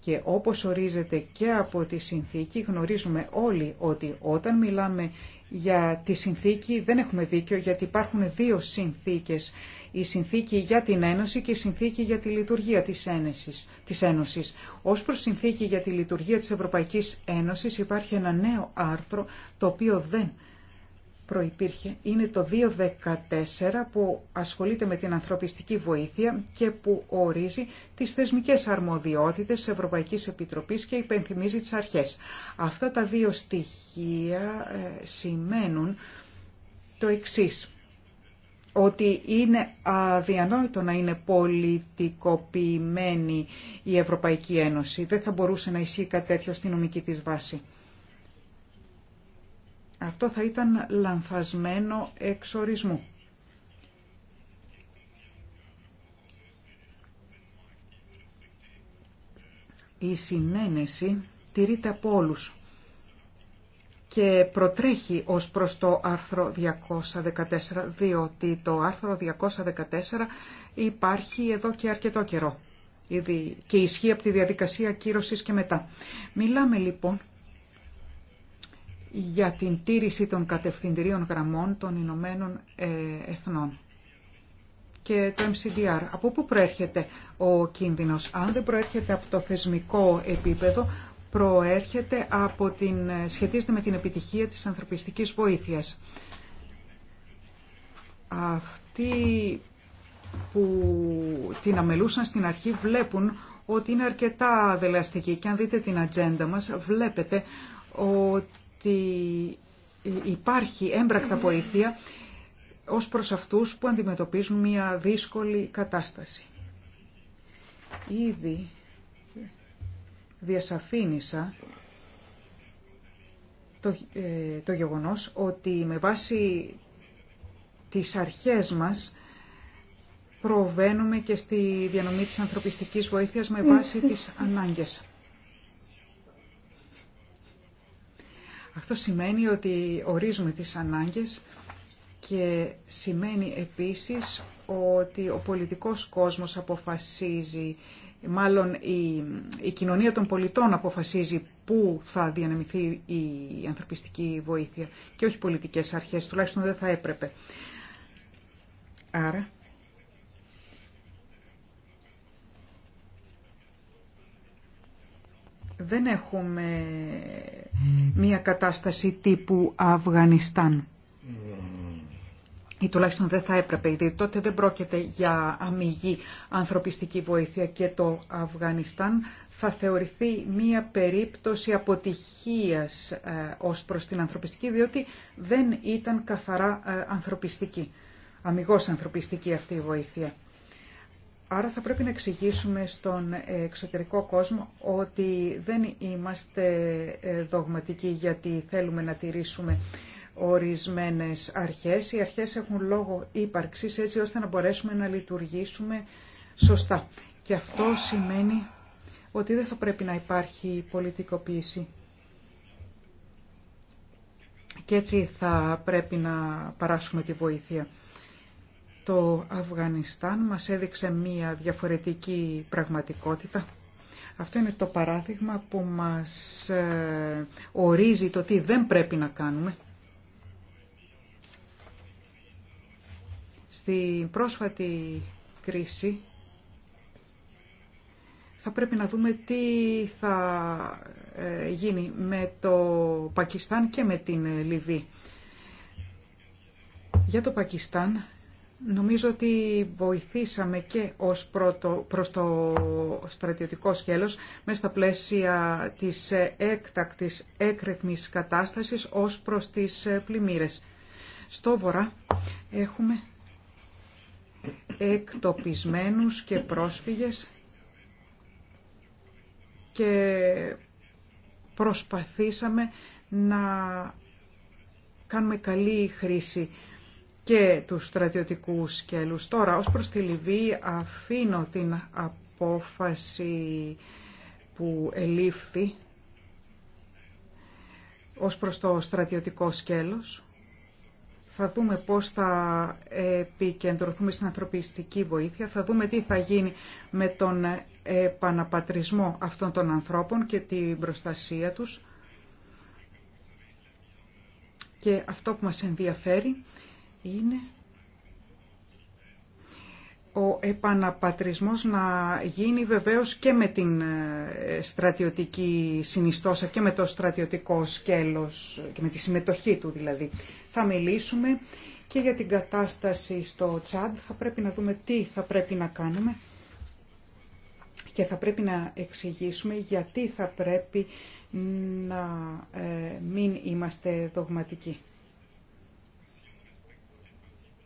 Και όπως ορίζεται και από τη συνθήκη γνωρίζουμε όλοι ότι όταν μιλάμε για τη συνθήκη δεν έχουμε δίκιο γιατί υπάρχουν δύο συνθήκες. Η συνθήκη για την Ένωση και η συνθήκη για τη λειτουργία της, Ένωσης. της Ένωσης. Ως προς συνθήκη για τη λειτουργία της Ευρωπαϊκής Ένωσης υπάρχει ένα νέο άρθρο το οποίο δεν προϋπήρχε είναι το 214 που ασχολείται με την ανθρωπιστική βοήθεια και που ορίζει τις θεσμικές αρμοδιότητες της Ευρωπαϊκής Επιτροπής και υπενθυμίζει τις αρχές. Αυτά τα δύο στοιχεία ε, σημαίνουν το εξής ότι είναι αδιανόητο να είναι πολιτικοποιημένη η Ευρωπαϊκή Ένωση. Δεν θα μπορούσε να ισχύει κάτι τέτοιο στη νομική της βάση. Αυτό θα ήταν λανθασμένο εξορισμού. Η συνένεση τηρείται από όλους και προτρέχει ως προς το άρθρο 214, διότι το άρθρο 214 υπάρχει εδώ και αρκετό καιρό και ισχύει από τη διαδικασία κύρωσης και μετά. Μιλάμε λοιπόν για την τήρηση των κατευθυντηρίων γραμμών των Ηνωμένων ε, Εθνών και το MCDR. Από πού προέρχεται ο κίνδυνος. Αν δεν προέρχεται από το θεσμικό επίπεδο, προέρχεται από την, ε, σχετίζεται με την επιτυχία της ανθρωπιστικής βοήθειας. Αυτοί που την αμελούσαν στην αρχή βλέπουν ότι είναι αρκετά δελαστική και αν δείτε την ατζέντα μας βλέπετε ότι ότι υπάρχει έμπρακτα βοήθεια ως προς αυτούς που αντιμετωπίζουν μια δύσκολη κατάσταση. Ήδη διασαφήνισα ε, το, γεγονός ότι με βάση τις αρχές μας προβαίνουμε και στη διανομή της ανθρωπιστικής βοήθειας με βάση τις ανάγκες. Αυτό σημαίνει ότι ορίζουμε τις ανάγκες και σημαίνει επίσης ότι ο πολιτικός κόσμος αποφασίζει, μάλλον η, η κοινωνία των πολιτών αποφασίζει πού θα διανεμηθεί η ανθρωπιστική βοήθεια και όχι πολιτικές αρχές, τουλάχιστον δεν θα έπρεπε. Άρα, δεν έχουμε μια κατάσταση τύπου Αφγανιστάν. Ή τουλάχιστον δεν θα έπρεπε, γιατί τότε δεν πρόκειται για αμυγή ανθρωπιστική βοήθεια και το Αφγανιστάν θα θεωρηθεί μία περίπτωση αποτυχίας ε, ως προς την ανθρωπιστική, διότι δεν ήταν καθαρά ε, ανθρωπιστική, αμυγός ανθρωπιστική αυτή η βοήθεια. Άρα θα πρέπει να εξηγήσουμε στον εξωτερικό κόσμο ότι δεν είμαστε ε, δογματικοί γιατί θέλουμε να τηρήσουμε ορισμένες αρχές. Οι αρχές έχουν λόγο ύπαρξης έτσι ώστε να μπορέσουμε να λειτουργήσουμε σωστά. Και αυτό σημαίνει ότι δεν θα πρέπει να υπάρχει πολιτικοποίηση. Και έτσι θα πρέπει να παράσουμε τη βοήθεια. Το Αφγανιστάν μας έδειξε μία διαφορετική πραγματικότητα. Αυτό είναι το παράδειγμα που μας ε, ορίζει το τι δεν πρέπει να κάνουμε. Στην πρόσφατη κρίση θα πρέπει να δούμε τι θα ε, γίνει με το Πακιστάν και με την Λιβύη. Για το Πακιστάν Νομίζω ότι βοηθήσαμε και ως προς το στρατιωτικό σκέλος μέσα στα πλαίσια της έκτακτης έκρεθμης κατάστασης ως προς τις πλημμύρες. Στο βορρά έχουμε εκτοπισμένους και πρόσφυγες και προσπαθήσαμε να κάνουμε καλή χρήση και του στρατιωτικού σκέλους. Τώρα, ως προς τη Λιβύη, αφήνω την απόφαση που ελήφθη ως προς το στρατιωτικό σκέλος. Θα δούμε πώς θα επικεντρωθούμε στην ανθρωπιστική βοήθεια. Θα δούμε τι θα γίνει με τον επαναπατρισμό αυτών των ανθρώπων και την προστασία τους. Και αυτό που μας ενδιαφέρει είναι ο επαναπατρισμός να γίνει βεβαίως και με την ε, στρατιωτική συνιστόσα και με το στρατιωτικό σκέλος και με τη συμμετοχή του δηλαδή. Θα μιλήσουμε και για την κατάσταση στο Τσάντ. Θα πρέπει να δούμε τι θα πρέπει να κάνουμε και θα πρέπει να εξηγήσουμε γιατί θα πρέπει να ε, μην είμαστε δογματικοί.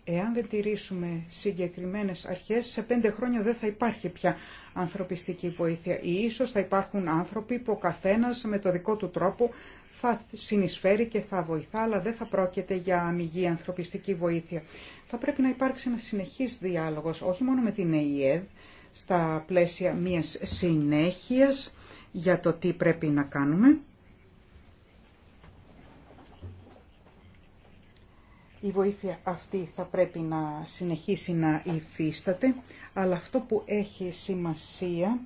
Εάν δεν τηρήσουμε συγκεκριμένες αρχές, σε πέντε χρόνια δεν θα υπάρχει πια ανθρωπιστική βοήθεια. Ή ίσως θα υπάρχουν άνθρωποι που ο καθένας με το δικό του τρόπο θα συνεισφέρει και θα βοηθά, αλλά δεν θα πρόκειται για αμυγή ανθρωπιστική βοήθεια. Θα πρέπει να υπάρξει ένα συνεχής διάλογος, όχι μόνο με την ΕΙΕΔ, στα πλαίσια μιας συνέχειας για το τι πρέπει να κάνουμε, Η βοήθεια αυτή θα πρέπει να συνεχίσει να υφίσταται, αλλά αυτό που έχει σημασία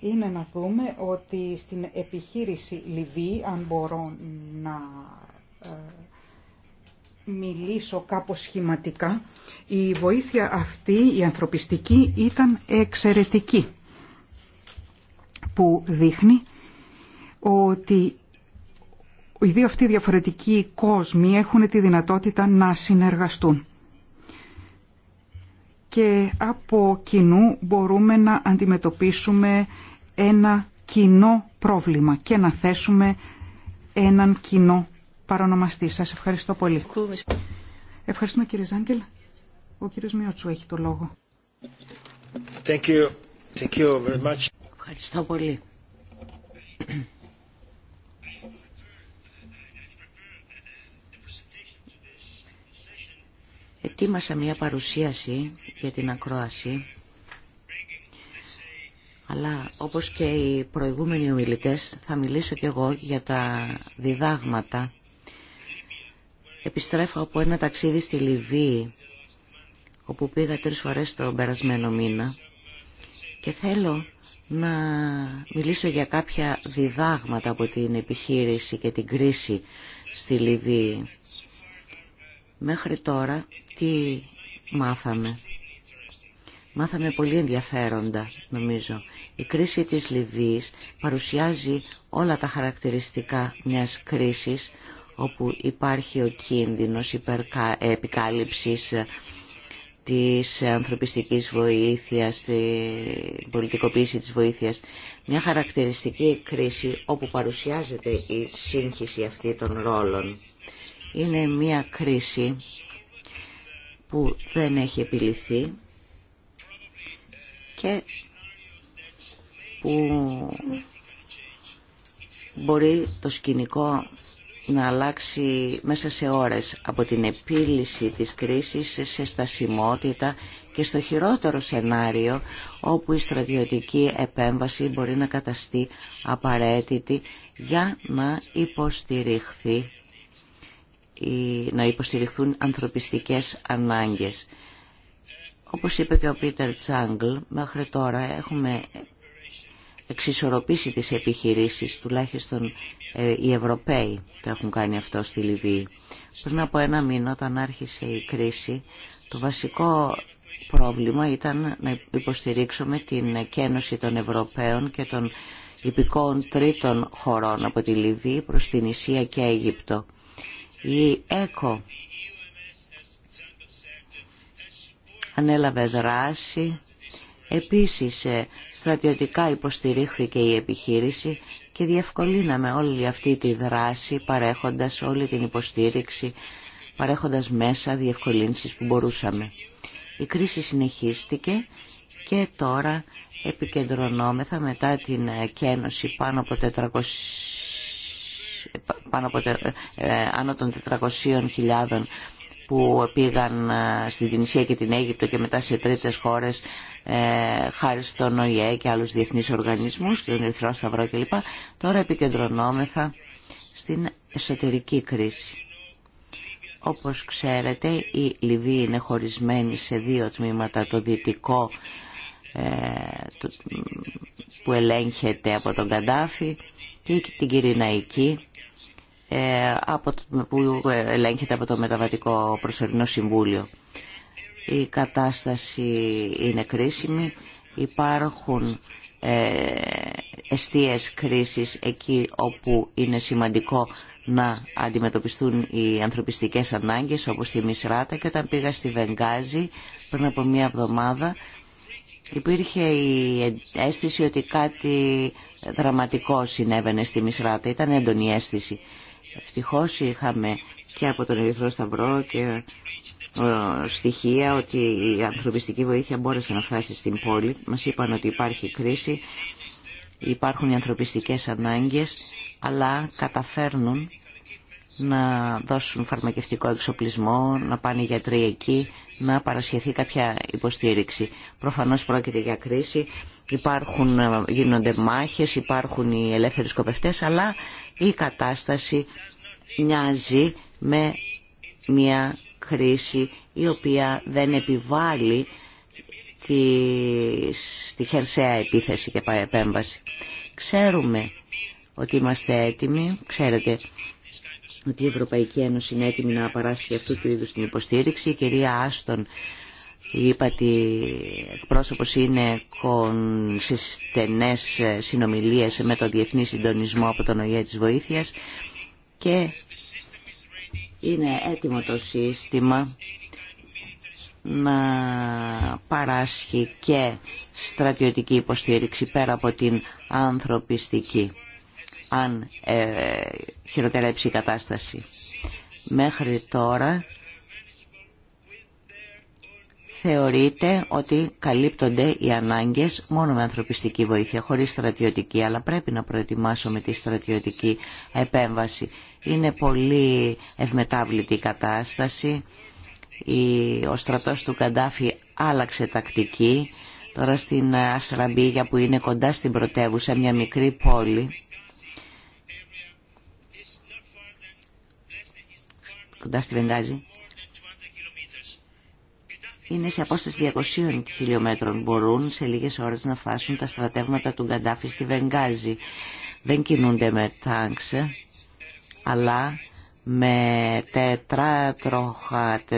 είναι να δούμε ότι στην επιχείρηση Λιβύη, αν μπορώ να ε, μιλήσω κάπως σχηματικά, η βοήθεια αυτή, η ανθρωπιστική, ήταν εξαιρετική, που δείχνει ότι οι δύο αυτοί διαφορετικοί κόσμοι έχουν τη δυνατότητα να συνεργαστούν. Και από κοινού μπορούμε να αντιμετωπίσουμε ένα κοινό πρόβλημα και να θέσουμε έναν κοινό παρονομαστή. Σας ευχαριστώ πολύ. Ευχαριστούμε κύριε Ζάγκελ. Ο κύριος Μιώτσου έχει το λόγο. Thank you. Thank you very much. Ευχαριστώ πολύ. ετοίμασα μια παρουσίαση για την ακρόαση αλλά όπως και οι προηγούμενοι ομιλητές θα μιλήσω και εγώ για τα διδάγματα. Επιστρέφω από ένα ταξίδι στη Λιβύη όπου πήγα τρεις φορές το περασμένο μήνα και θέλω να μιλήσω για κάποια διδάγματα από την επιχείρηση και την κρίση στη Λιβύη. Μέχρι τώρα τι μάθαμε. Μάθαμε πολύ ενδιαφέροντα, νομίζω. Η κρίση της Λιβύης παρουσιάζει όλα τα χαρακτηριστικά μιας κρίσης όπου υπάρχει ο κίνδυνος υπερκα... επικάλυψης ε, της ανθρωπιστικής βοήθειας, την πολιτικοποίηση της βοήθειας. Μια χαρακτηριστική κρίση όπου παρουσιάζεται η σύγχυση αυτή των ρόλων είναι μια κρίση που δεν έχει επιληθεί και που μπορεί το σκηνικό να αλλάξει μέσα σε ώρες από την επίλυση της κρίσης σε στασιμότητα και στο χειρότερο σενάριο όπου η στρατιωτική επέμβαση μπορεί να καταστεί απαραίτητη για να υποστηριχθεί να υποστηριχθούν ανθρωπιστικές ανάγκες. Όπως είπε και ο Πίτερ Τσάγκλ, μέχρι τώρα έχουμε εξισορροπήσει τις επιχειρήσεις, τουλάχιστον ε, οι Ευρωπαίοι το έχουν κάνει αυτό στη Λιβύη. Πριν από ένα μήνα όταν άρχισε η κρίση, το βασικό πρόβλημα ήταν να υποστηρίξουμε την κένωση των Ευρωπαίων και των υπηκών τρίτων χωρών από τη Λιβύη προς την Ισία και Αίγυπτο. Η ΕΚΟ ανέλαβε δράση. Επίσης ε, στρατιωτικά υποστηρίχθηκε η επιχείρηση και διευκολύναμε όλη αυτή τη δράση παρέχοντας όλη την υποστήριξη, παρέχοντας μέσα διευκολύνσεις που μπορούσαμε. Η κρίση συνεχίστηκε και τώρα επικεντρωνόμεθα μετά την ε, κένωση πάνω από 400 πάνω από ε, άνω των 400.000 που πήγαν ε, στην Τινησία και την Αίγυπτο και μετά σε τρίτες χώρες ε, χάρη στον ΟΗΕ και άλλους διεθνείς οργανισμούς και τον Ερυθρό Σταυρό κλπ. Τώρα επικεντρωνόμεθα στην εσωτερική κρίση. Όπως ξέρετε η Λιβύη είναι χωρισμένη σε δύο τμήματα, το δυτικό που ελέγχεται από τον Καντάφη και την Κυριναϊκή ε, που ελέγχεται από το Μεταβατικό Προσωρινό Συμβούλιο. Η κατάσταση είναι κρίσιμη. Υπάρχουν εστίες κρίσης εκεί όπου είναι σημαντικό να αντιμετωπιστούν οι ανθρωπιστικές ανάγκες όπως στη Μισράτα και όταν πήγα στη Βενγάζη πριν από μία εβδομάδα υπήρχε η αίσθηση ότι κάτι δραματικό συνέβαινε στη Μισράτα. Ήταν έντονη η αίσθηση. Ευτυχώς είχαμε και από τον Ερυθρό Σταυρό και ε, στοιχεία ότι η ανθρωπιστική βοήθεια μπόρεσε να φτάσει στην πόλη. Μας είπαν ότι υπάρχει κρίση, υπάρχουν οι ανθρωπιστικές ανάγκες, αλλά καταφέρνουν να δώσουν φαρμακευτικό εξοπλισμό, να πάνε οι γιατροί εκεί, να παρασχεθεί κάποια υποστήριξη. Προφανώς πρόκειται για κρίση, υπάρχουν, ε, γίνονται μάχες, υπάρχουν οι ελεύθεροι σκοπευτές, αλλά η κατάσταση μοιάζει με μια κρίση η οποία δεν επιβάλλει τη, τη χερσαία επίθεση και επέμβαση. Ξέρουμε ότι είμαστε έτοιμοι, ξέρετε ότι η Ευρωπαϊκή Ένωση είναι έτοιμη να παράσχει αυτού του είδους την υποστήριξη. Η κυρία Άστον είπα ότι εκπρόσωπος είναι σε στενές συνομιλίες με το Διεθνή Συντονισμό από τον ΟΗΕ της Βοήθειας και είναι έτοιμο το σύστημα να παράσχει και στρατιωτική υποστήριξη πέρα από την ανθρωπιστική αν ε, χειροτερέψει η κατάσταση. Μέχρι τώρα θεωρείται ότι καλύπτονται οι ανάγκες μόνο με ανθρωπιστική βοήθεια, χωρίς στρατιωτική, αλλά πρέπει να προετοιμάσουμε τη στρατιωτική επέμβαση. Είναι πολύ ευμετάβλητη η κατάσταση. Ο στρατός του Καντάφη άλλαξε τακτική. Τώρα στην Ασραμπίγια που είναι κοντά στην πρωτεύουσα, μια μικρή πόλη, κοντά στη Βεντάζη. Είναι σε απόσταση 200 χιλιόμετρων. Μπορούν σε λίγες ώρες να φτάσουν τα στρατεύματα του Γκαντάφη στη Βενγάζη. Δεν κινούνται με τάγκς, αλλά με τετράτροχα, τε,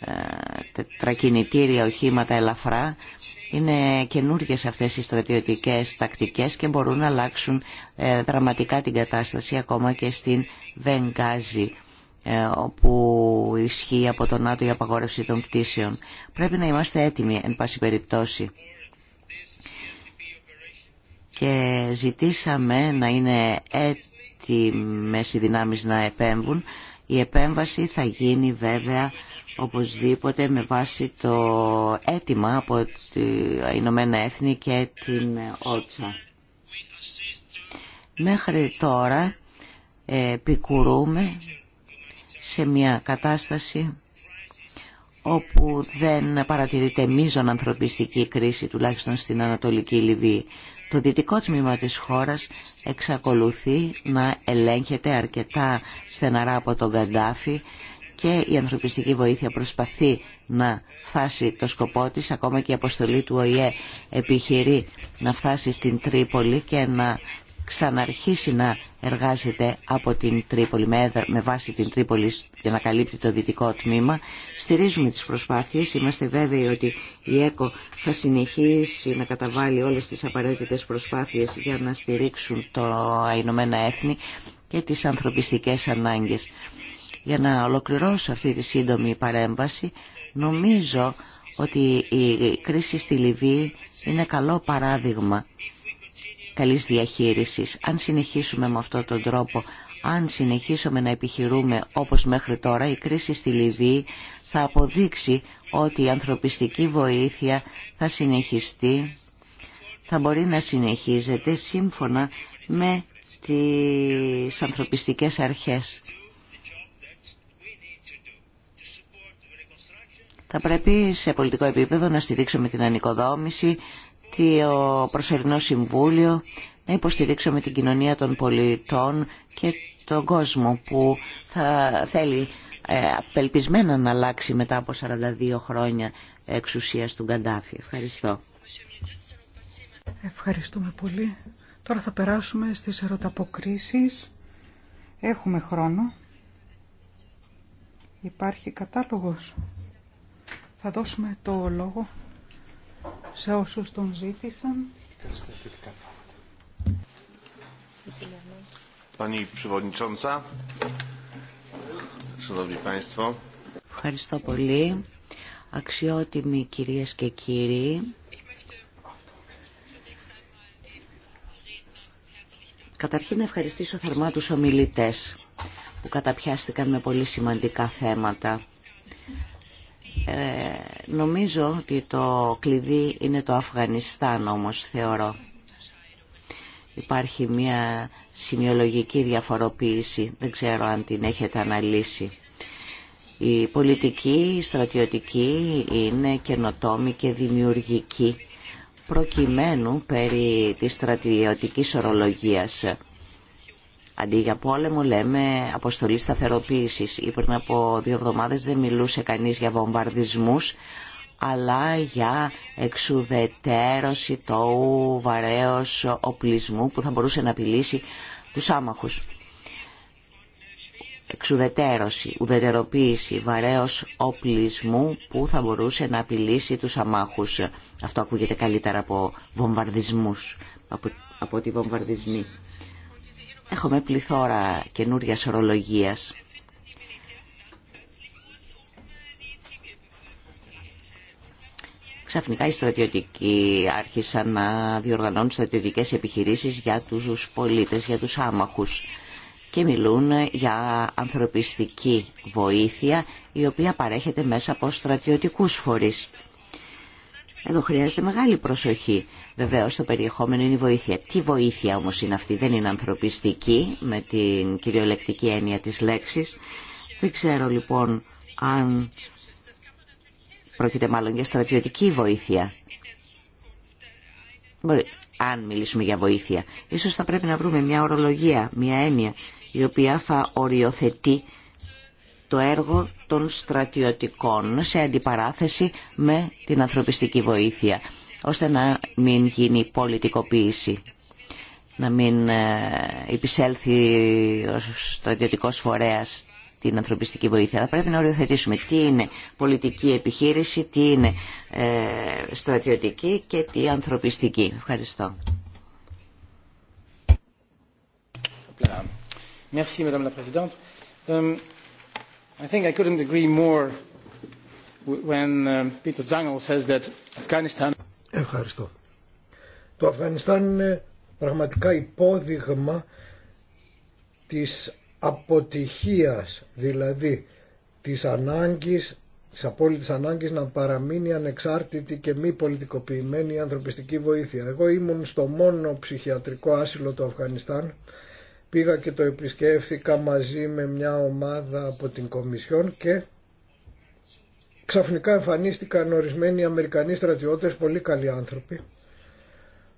ε, τετρακινητήρια οχήματα ελαφρά. Είναι καινούργιες αυτές οι στρατιωτικές τακτικές και μπορούν να αλλάξουν ε, δραματικά την κατάσταση ακόμα και στην Βενγάζη. Ε, όπου ισχύει από τον ΝΑΤΟ για απαγόρευση των πτήσεων. Πρέπει να είμαστε έτοιμοι εν πάση περιπτώσει. Και ζητήσαμε να είναι έτοιμες οι δυνάμεις να επέμβουν. Η επέμβαση θα γίνει βέβαια οπωσδήποτε με βάση το αίτημα από την Ηνωμένα Έθνη και την ΟΤΣΑ. Μέχρι τώρα ε, επικουρούμε σε μια κατάσταση όπου δεν παρατηρείται μείζον ανθρωπιστική κρίση, τουλάχιστον στην Ανατολική Λιβύη. Το δυτικό τμήμα της χώρας εξακολουθεί να ελέγχεται αρκετά στεναρά από τον Καντάφη και η ανθρωπιστική βοήθεια προσπαθεί να φτάσει το σκοπό της, ακόμα και η αποστολή του ΟΗΕ επιχειρεί να φτάσει στην Τρίπολη και να ξαναρχίσει να εργάζεται από την Τρίπολη, με βάση την Τρίπολη για να καλύπτει το δυτικό τμήμα. Στηρίζουμε τις προσπάθειες, είμαστε βέβαιοι ότι η ΕΚΟ θα συνεχίσει να καταβάλει όλες τις απαραίτητες προσπάθειες για να στηρίξουν το Ηνωμένα Έθνη και τις ανθρωπιστικές ανάγκες. Για να ολοκληρώσω αυτή τη σύντομη παρέμβαση, νομίζω ότι η κρίση στη Λιβύη είναι καλό παράδειγμα καλής διαχείρισης. Αν συνεχίσουμε με αυτόν τον τρόπο, αν συνεχίσουμε να επιχειρούμε όπως μέχρι τώρα, η κρίση στη Λιβύη θα αποδείξει ότι η ανθρωπιστική βοήθεια θα συνεχιστεί, θα μπορεί να συνεχίζεται σύμφωνα με τις ανθρωπιστικές αρχές. Θα πρέπει σε πολιτικό επίπεδο να στηρίξουμε την ανοικοδόμηση, ο προσωρινό συμβούλιο, να υποστηρίξουμε την κοινωνία των πολιτών και τον κόσμο που θα θέλει ε, απελπισμένα να αλλάξει μετά από 42 χρόνια εξουσίας του Γκαντάφη. Ευχαριστώ. Ευχαριστούμε πολύ. Τώρα θα περάσουμε στις ερωταποκρίσεις. Έχουμε χρόνο. Υπάρχει κατάλογος. Θα δώσουμε το λόγο σε όσους τον ζήτησαν. Ευχαριστώ πολύ. Αξιότιμοι κυρίες και κύριοι, καταρχήν να ευχαριστήσω θερμά τους ομιλητές που καταπιάστηκαν με πολύ σημαντικά θέματα ε, νομίζω ότι το κλειδί είναι το Αφγανιστάν όμως θεωρώ. Υπάρχει μια σημειολογική διαφοροποίηση, δεν ξέρω αν την έχετε αναλύσει. Η πολιτική, η στρατιωτική είναι καινοτόμη και δημιουργική προκειμένου περί της στρατιωτικής ορολογίας. Αντί για πόλεμο λέμε αποστολή σταθεροποίησης ή πριν από δύο εβδομάδες δεν μιλούσε κανείς για βομβαρδισμούς αλλά για εξουδετέρωση του βαρέως οπλισμού που θα μπορούσε να απειλήσει τους άμαχους. Εξουδετέρωση, ουδετεροποίηση βαρέως οπλισμού που θα μπορούσε να απειλήσει τους αμάχους. Αυτό ακούγεται καλύτερα από βομβαρδισμούς, από, από τη βομβαρδισμή. Έχουμε πληθώρα καινούρια ορολογία. Ξαφνικά οι στρατιωτικοί άρχισαν να διοργανώνουν στρατιωτικές επιχειρήσεις για τους πολίτες, για τους άμαχους και μιλούν για ανθρωπιστική βοήθεια η οποία παρέχεται μέσα από στρατιωτικούς φορείς. Εδώ χρειάζεται μεγάλη προσοχή. Βεβαίω το περιεχόμενο είναι η βοήθεια. Τι βοήθεια όμω είναι αυτή, δεν είναι ανθρωπιστική με την κυριολεκτική έννοια τη λέξη. Δεν ξέρω λοιπόν αν πρόκειται μάλλον για στρατιωτική βοήθεια. Αν μιλήσουμε για βοήθεια, ίσως θα πρέπει να βρούμε μια ορολογία, μια έννοια, η οποία θα οριοθετεί το έργο των στρατιωτικών σε αντιπαράθεση με την ανθρωπιστική βοήθεια, ώστε να μην γίνει πολιτικοποίηση, να μην ε, υπησέλθει ο στρατιωτικός φορέας την ανθρωπιστική βοήθεια. Αλλά πρέπει να οριοθετήσουμε τι είναι πολιτική επιχείρηση, τι είναι ε, στρατιωτική και τι ανθρωπιστική. Ευχαριστώ. Merci, Madame la euh, I think I couldn't agree more when uh, Peter Zangel says that Afghanistan... Ευχαριστώ. Το Αφγανιστάν είναι πραγματικά υπόδειγμα της αποτυχίας, δηλαδή της ανάγκης, της απόλυτης ανάγκης να παραμείνει ανεξάρτητη και μη πολιτικοποιημένη η ανθρωπιστική βοήθεια. Εγώ ήμουν στο μόνο ψυχιατρικό άσυλο του Αφγανιστάν Πήγα και το επισκέφθηκα μαζί με μια ομάδα από την Κομισιόν και ξαφνικά εμφανίστηκαν ορισμένοι Αμερικανοί στρατιώτες, πολύ καλοί άνθρωποι,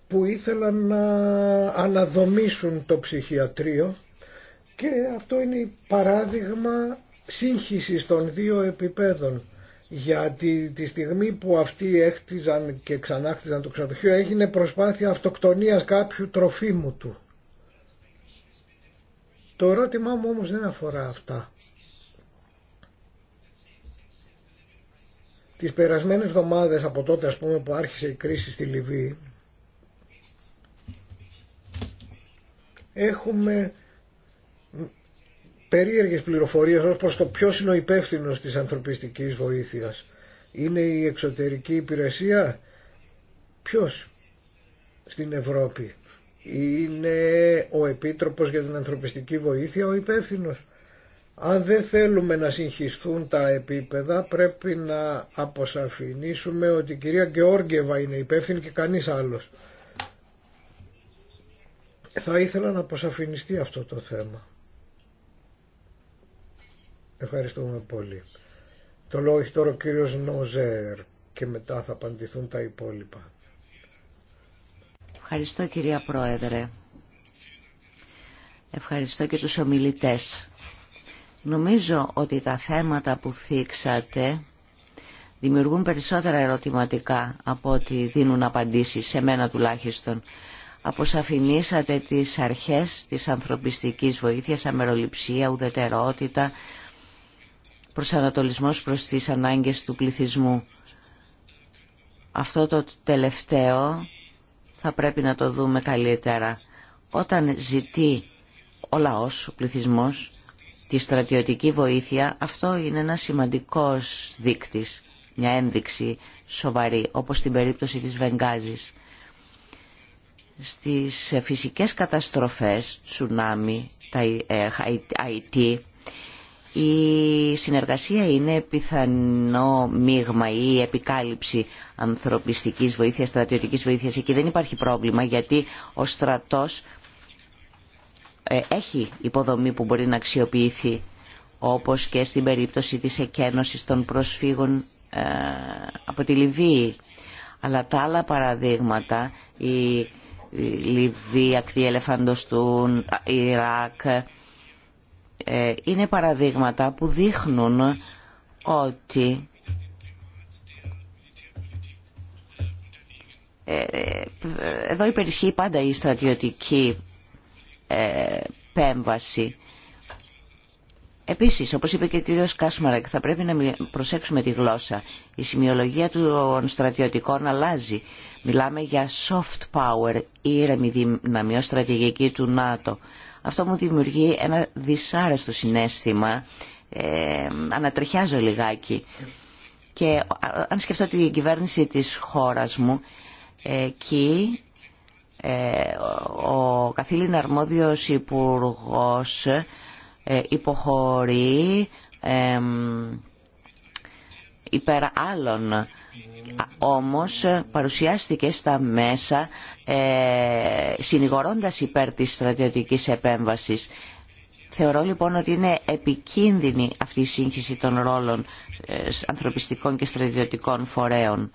που ήθελαν να αναδομήσουν το ψυχιατρίο και αυτό είναι παράδειγμα σύγχυσης των δύο επιπέδων. Γιατί τη στιγμή που αυτοί έχτιζαν και ξανάχτιζαν το ξενοδοχείο έγινε προσπάθεια αυτοκτονίας κάποιου τροφίμου του. Το ερώτημά μου όμως δεν αφορά αυτά. Τις περασμένες εβδομάδες από τότε ας πούμε που άρχισε η κρίση στη Λιβύη έχουμε περίεργες πληροφορίες ως προς το ποιος είναι ο υπεύθυνος της ανθρωπιστικής βοήθειας. Είναι η εξωτερική υπηρεσία. Ποιος στην Ευρώπη είναι ο Επίτροπος για την Ανθρωπιστική Βοήθεια ο υπεύθυνο. Αν δεν θέλουμε να συγχυστούν τα επίπεδα πρέπει να αποσαφηνίσουμε ότι η κυρία Γεώργιεβα είναι υπεύθυνη και κανείς άλλος. Θα ήθελα να αποσαφηνιστεί αυτό το θέμα. Ευχαριστούμε πολύ. Το λόγο έχει τώρα ο κύριος Νόζερ και μετά θα απαντηθούν τα υπόλοιπα. Ευχαριστώ κυρία Πρόεδρε. Ευχαριστώ και τους ομιλητές. Νομίζω ότι τα θέματα που θίξατε δημιουργούν περισσότερα ερωτηματικά από ότι δίνουν απαντήσεις, σε μένα τουλάχιστον. Αποσαφηνίσατε τις αρχές της ανθρωπιστικής βοήθειας, αμεροληψία, ουδετερότητα, προσανατολισμός προς τις ανάγκες του πληθυσμού. Αυτό το τελευταίο θα πρέπει να το δούμε καλύτερα. Όταν ζητεί ο λαός, ο πληθυσμός, τη στρατιωτική βοήθεια, αυτό είναι ένα σημαντικός δείκτης, μια ένδειξη σοβαρή, όπως στην περίπτωση της Βενγκάζης. Στις φυσικές καταστροφές, τσουνάμι, τα IT, ε, η συνεργασία είναι πιθανό μείγμα ή επικάλυψη ανθρωπιστικής βοήθειας, στρατιωτικής βοήθειας. Εκεί δεν υπάρχει πρόβλημα γιατί ο στρατός ε, έχει υποδομή που μπορεί να αξιοποιηθεί όπως και στην περίπτωση της εκένωσης των προσφύγων ε, από τη Λιβύη. Αλλά τα άλλα παραδείγματα, η Λιβύη, ακτή ελεφαντοστούν, ε, Ιράκ, ε, είναι παραδείγματα που δείχνουν ότι ε, εδώ υπερισχύει πάντα η στρατιωτική ε, πέμβαση. Επίσης, όπως είπε και ο κύριος Κάσμαρακ, θα πρέπει να προσέξουμε τη γλώσσα. Η σημειολογία των στρατιωτικών αλλάζει. Μιλάμε για soft power, ήρεμη δυναμία στρατηγική του ΝΑΤΟ. Αυτό μου δημιουργεί ένα δυσάρεστο συνέστημα, ε, ανατριχιάζω λιγάκι. Και ε, αν σκεφτώ την κυβέρνηση της χώρας μου, εκεί ε, ο καθήλυνα αρμόδιος υπουργός ε, υποχωρεί υπέρ άλλων όμως ε, παρουσιάστηκε στα μέσα ε, συνηγορώντας υπέρ της στρατιωτικής επέμβασης. Θεωρώ λοιπόν ότι είναι επικίνδυνη αυτή η σύγχυση των ρόλων ε, ανθρωπιστικών και στρατιωτικών φορέων.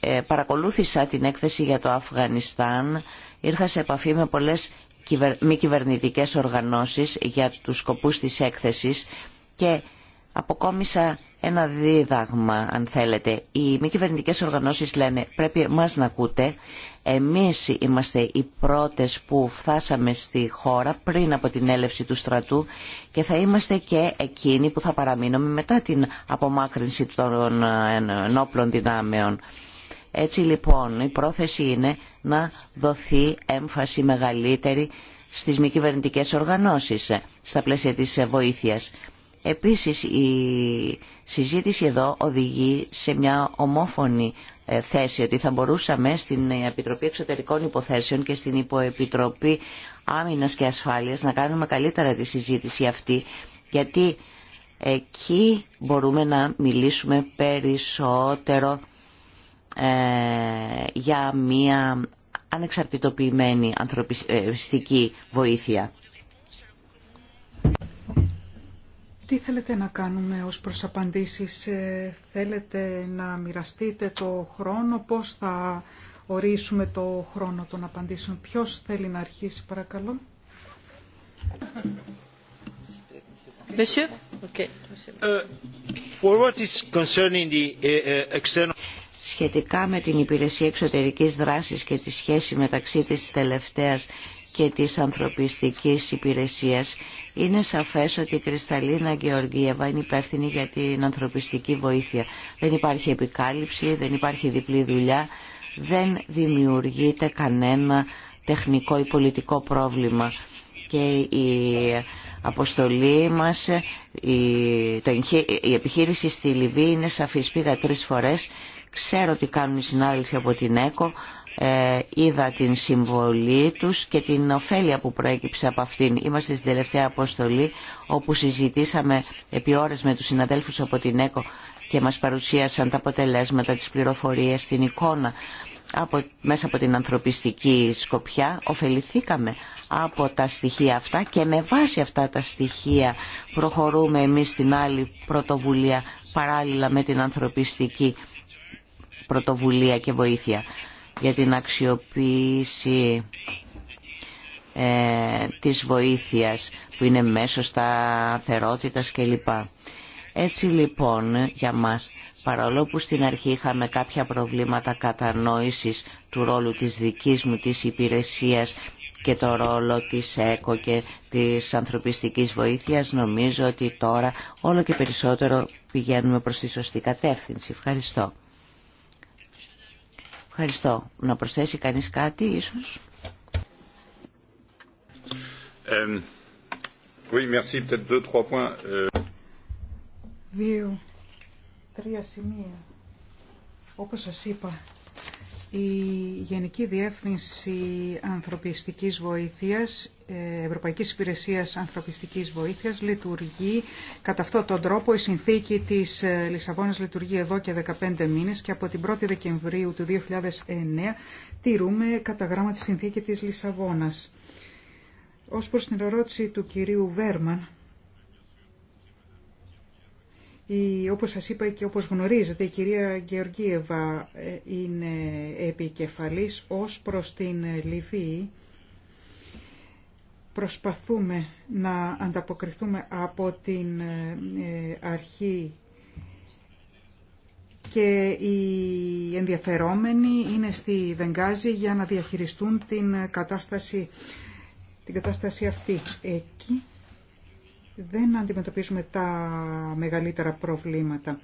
Ε, παρακολούθησα την έκθεση για το Αφγανιστάν, ήρθα σε επαφή με πολλές μη κυβερνητικές οργανώσεις για τους σκοπούς της έκθεσης και αποκόμισα ένα δίδαγμα, αν θέλετε. Οι μη κυβερνητικέ οργανώσεις λένε πρέπει μας να ακούτε. Εμείς είμαστε οι πρώτες που φτάσαμε στη χώρα πριν από την έλευση του στρατού και θα είμαστε και εκείνοι που θα παραμείνουμε μετά την απομάκρυνση των ε, ενόπλων δυνάμεων. Έτσι λοιπόν η πρόθεση είναι να δοθεί έμφαση μεγαλύτερη στις μη κυβερνητικέ οργανώσεις ε, στα πλαίσια της ε, βοήθειας. Επίσης η συζήτηση εδώ οδηγεί σε μια ομόφωνη ε, θέση ότι θα μπορούσαμε στην Επιτροπή Εξωτερικών Υποθέσεων και στην Υποεπιτροπή Άμυνας και Ασφάλειας να κάνουμε καλύτερα τη συζήτηση αυτή γιατί εκεί μπορούμε να μιλήσουμε περισσότερο ε, για μια ανεξαρτητοποιημένη ανθρωπιστική ε, βοήθεια. Τι θέλετε να κάνουμε ως προς απαντήσεις, ε, θέλετε να μοιραστείτε το χρόνο, πώς θα ορίσουμε το χρόνο των απαντήσεων. Ποιος θέλει να αρχίσει παρακαλώ. σχετικά με την υπηρεσία εξωτερικής δράσης και τη σχέση μεταξύ της τελευταίας και της ανθρωπιστικής υπηρεσίας είναι σαφές ότι η Κρυσταλίνα Γεωργίευα είναι υπεύθυνη για την ανθρωπιστική βοήθεια. Δεν υπάρχει επικάλυψη, δεν υπάρχει διπλή δουλειά, δεν δημιουργείται κανένα τεχνικό ή πολιτικό πρόβλημα. Και η αποστολή μας, η, η επιχείρηση στη Λιβύη είναι σαφής. Πήγα τρεις φορές, ξέρω τι κάνουν οι συνάδελφοι από την ΕΚΟ, ε, είδα την συμβολή τους και την ωφέλεια που προέκυψε από αυτήν. Είμαστε στην τελευταία αποστολή όπου συζητήσαμε επί ώρες με τους συναδέλφους από την ΕΚΟ και μας παρουσίασαν τα αποτελέσματα, της πληροφορίας την εικόνα από, μέσα από την ανθρωπιστική σκοπιά. Οφεληθήκαμε από τα στοιχεία αυτά και με βάση αυτά τα στοιχεία προχωρούμε εμείς στην άλλη πρωτοβουλία παράλληλα με την ανθρωπιστική πρωτοβουλία και βοήθεια για την αξιοποίηση ε, της βοήθειας που είναι μέσω σταθερότητας κλπ. Έτσι λοιπόν για μας, παρόλο που στην αρχή είχαμε κάποια προβλήματα κατανόησης του ρόλου της δικής μου της υπηρεσίας και το ρόλο της ΕΚΟ και της ανθρωπιστικής βοήθειας, νομίζω ότι τώρα όλο και περισσότερο πηγαίνουμε προς τη σωστή κατεύθυνση. Ευχαριστώ. Ευχαριστώ. Να προσθέσει κανείς κάτι ίσως. Ε, oui, merci. Deux, trois points. Ε. Δύο, τρία σημεία. Όπως σας είπα, η Γενική Διεύθυνση Ανθρωπιστικής Βοήθειας, ε, Ευρωπαϊκής Υπηρεσίας Ανθρωπιστικής Βοήθειας, λειτουργεί κατά αυτόν τον τρόπο. Η συνθήκη της ε, Λισαβόνας λειτουργεί εδώ και 15 μήνες και από την 1η Δεκεμβρίου του 2009 τηρούμε κατά γράμμα τη συνθήκη της Λισαβόνας. Ως προς την ερώτηση του κυρίου Βέρμαν, η, όπως σας είπα και όπως γνωρίζετε, η κυρία Γεωργίευα ε, είναι επικεφαλής ως προς την Λιβύη. Προσπαθούμε να ανταποκριθούμε από την ε, αρχή και οι ενδιαφερόμενοι είναι στη Βενγάζη για να διαχειριστούν την κατάσταση, την κατάσταση αυτή. Εκεί δεν αντιμετωπίσουμε τα μεγαλύτερα προβλήματα.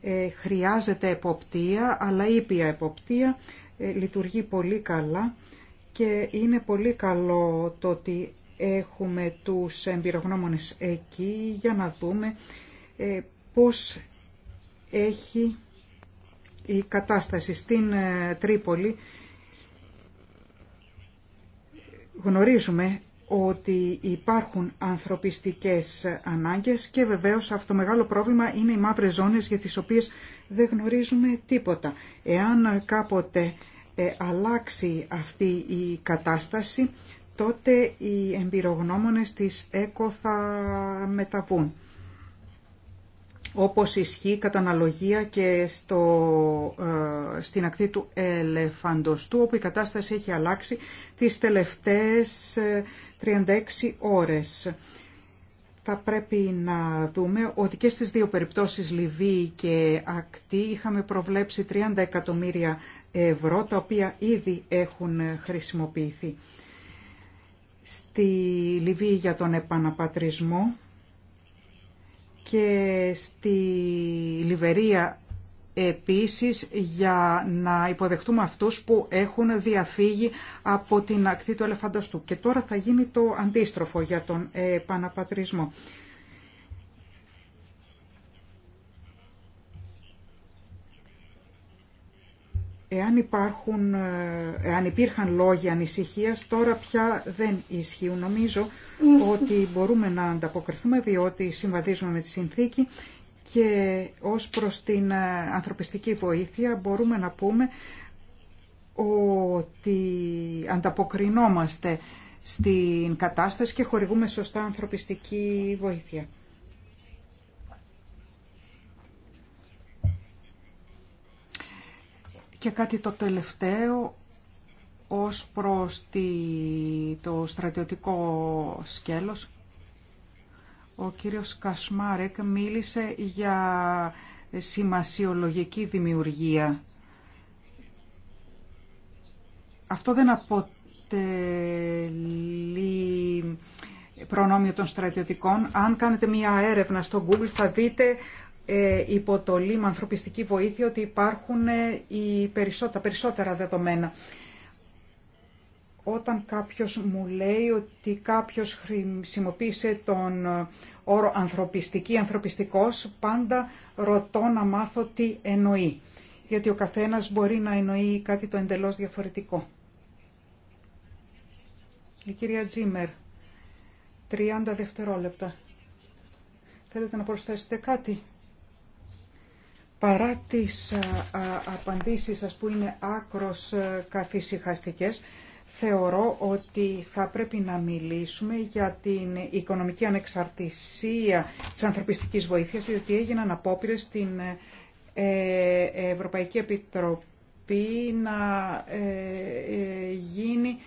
Ε, χρειάζεται εποπτεία, αλλά ήπια εποπτεία ε, λειτουργεί πολύ καλά και είναι πολύ καλό το ότι έχουμε τους εμπειρογνώμονες εκεί για να δούμε ε, πώς έχει η κατάσταση στην ε, Τρίπολη. Γνωρίζουμε ότι υπάρχουν ανθρωπιστικές ανάγκες και βεβαίως αυτό το μεγάλο πρόβλημα είναι οι μαύρες ζώνες για τις οποίες δεν γνωρίζουμε τίποτα. Εάν κάποτε ε, αλλάξει αυτή η κατάσταση, τότε οι εμπειρογνώμονες της ΕΚΟ θα μεταβούν όπως ισχύει κατά αναλογία και στο, ε, στην ακτή του Ελεφαντοστού, όπου η κατάσταση έχει αλλάξει τις τελευταίες 36 ε, ώρες. Θα πρέπει να δούμε ότι και στις δύο περιπτώσεις Λιβύη και Ακτή είχαμε προβλέψει 30 εκατομμύρια ευρώ, τα οποία ήδη έχουν χρησιμοποιηθεί. Στη Λιβύη για τον επαναπατρισμό και στη Λιβερία επίσης για να υποδεχτούμε αυτούς που έχουν διαφύγει από την ακτή του ελεφαντοστού. Και τώρα θα γίνει το αντίστροφο για τον επαναπατρισμό. Εάν, υπάρχουν, ε, εάν υπήρχαν λόγια ανησυχίας, τώρα πια δεν ισχύουν. Νομίζω ότι μπορούμε να ανταποκριθούμε διότι συμβαδίζουμε με τη συνθήκη και ως προς την ε, ανθρωπιστική βοήθεια μπορούμε να πούμε ότι ανταποκρινόμαστε στην κατάσταση και χορηγούμε σωστά ανθρωπιστική βοήθεια. Και κάτι το τελευταίο ως προς τη, το στρατιωτικό σκέλος. Ο κύριος Κασμάρεκ μίλησε για σημασιολογική δημιουργία. Αυτό δεν αποτελεί προνόμιο των στρατιωτικών. Αν κάνετε μία έρευνα στο Google θα δείτε ε, υπό το λίμα ανθρωπιστική βοήθεια ότι υπάρχουν ε, οι περισσότερα, περισσότερα δεδομένα. Όταν κάποιος μου λέει ότι κάποιος χρησιμοποίησε τον ε, όρο ανθρωπιστική, ανθρωπιστικός, πάντα ρωτώ να μάθω τι εννοεί. Γιατί ο καθένας μπορεί να εννοεί κάτι το εντελώς διαφορετικό. Η κυρία Τζίμερ, 30 δευτερόλεπτα. Θέλετε να προσθέσετε κάτι παρά τις απαντήσεις σας που είναι άκρος ε, καθυσυχαστικές, θεωρώ ότι θα πρέπει να μιλήσουμε για την οικονομική ανεξαρτησία της ανθρωπιστικής βοήθειας, διότι έγιναν απόπειρε στην ε, ε, Ευρωπαϊκή Επιτροπή να γίνει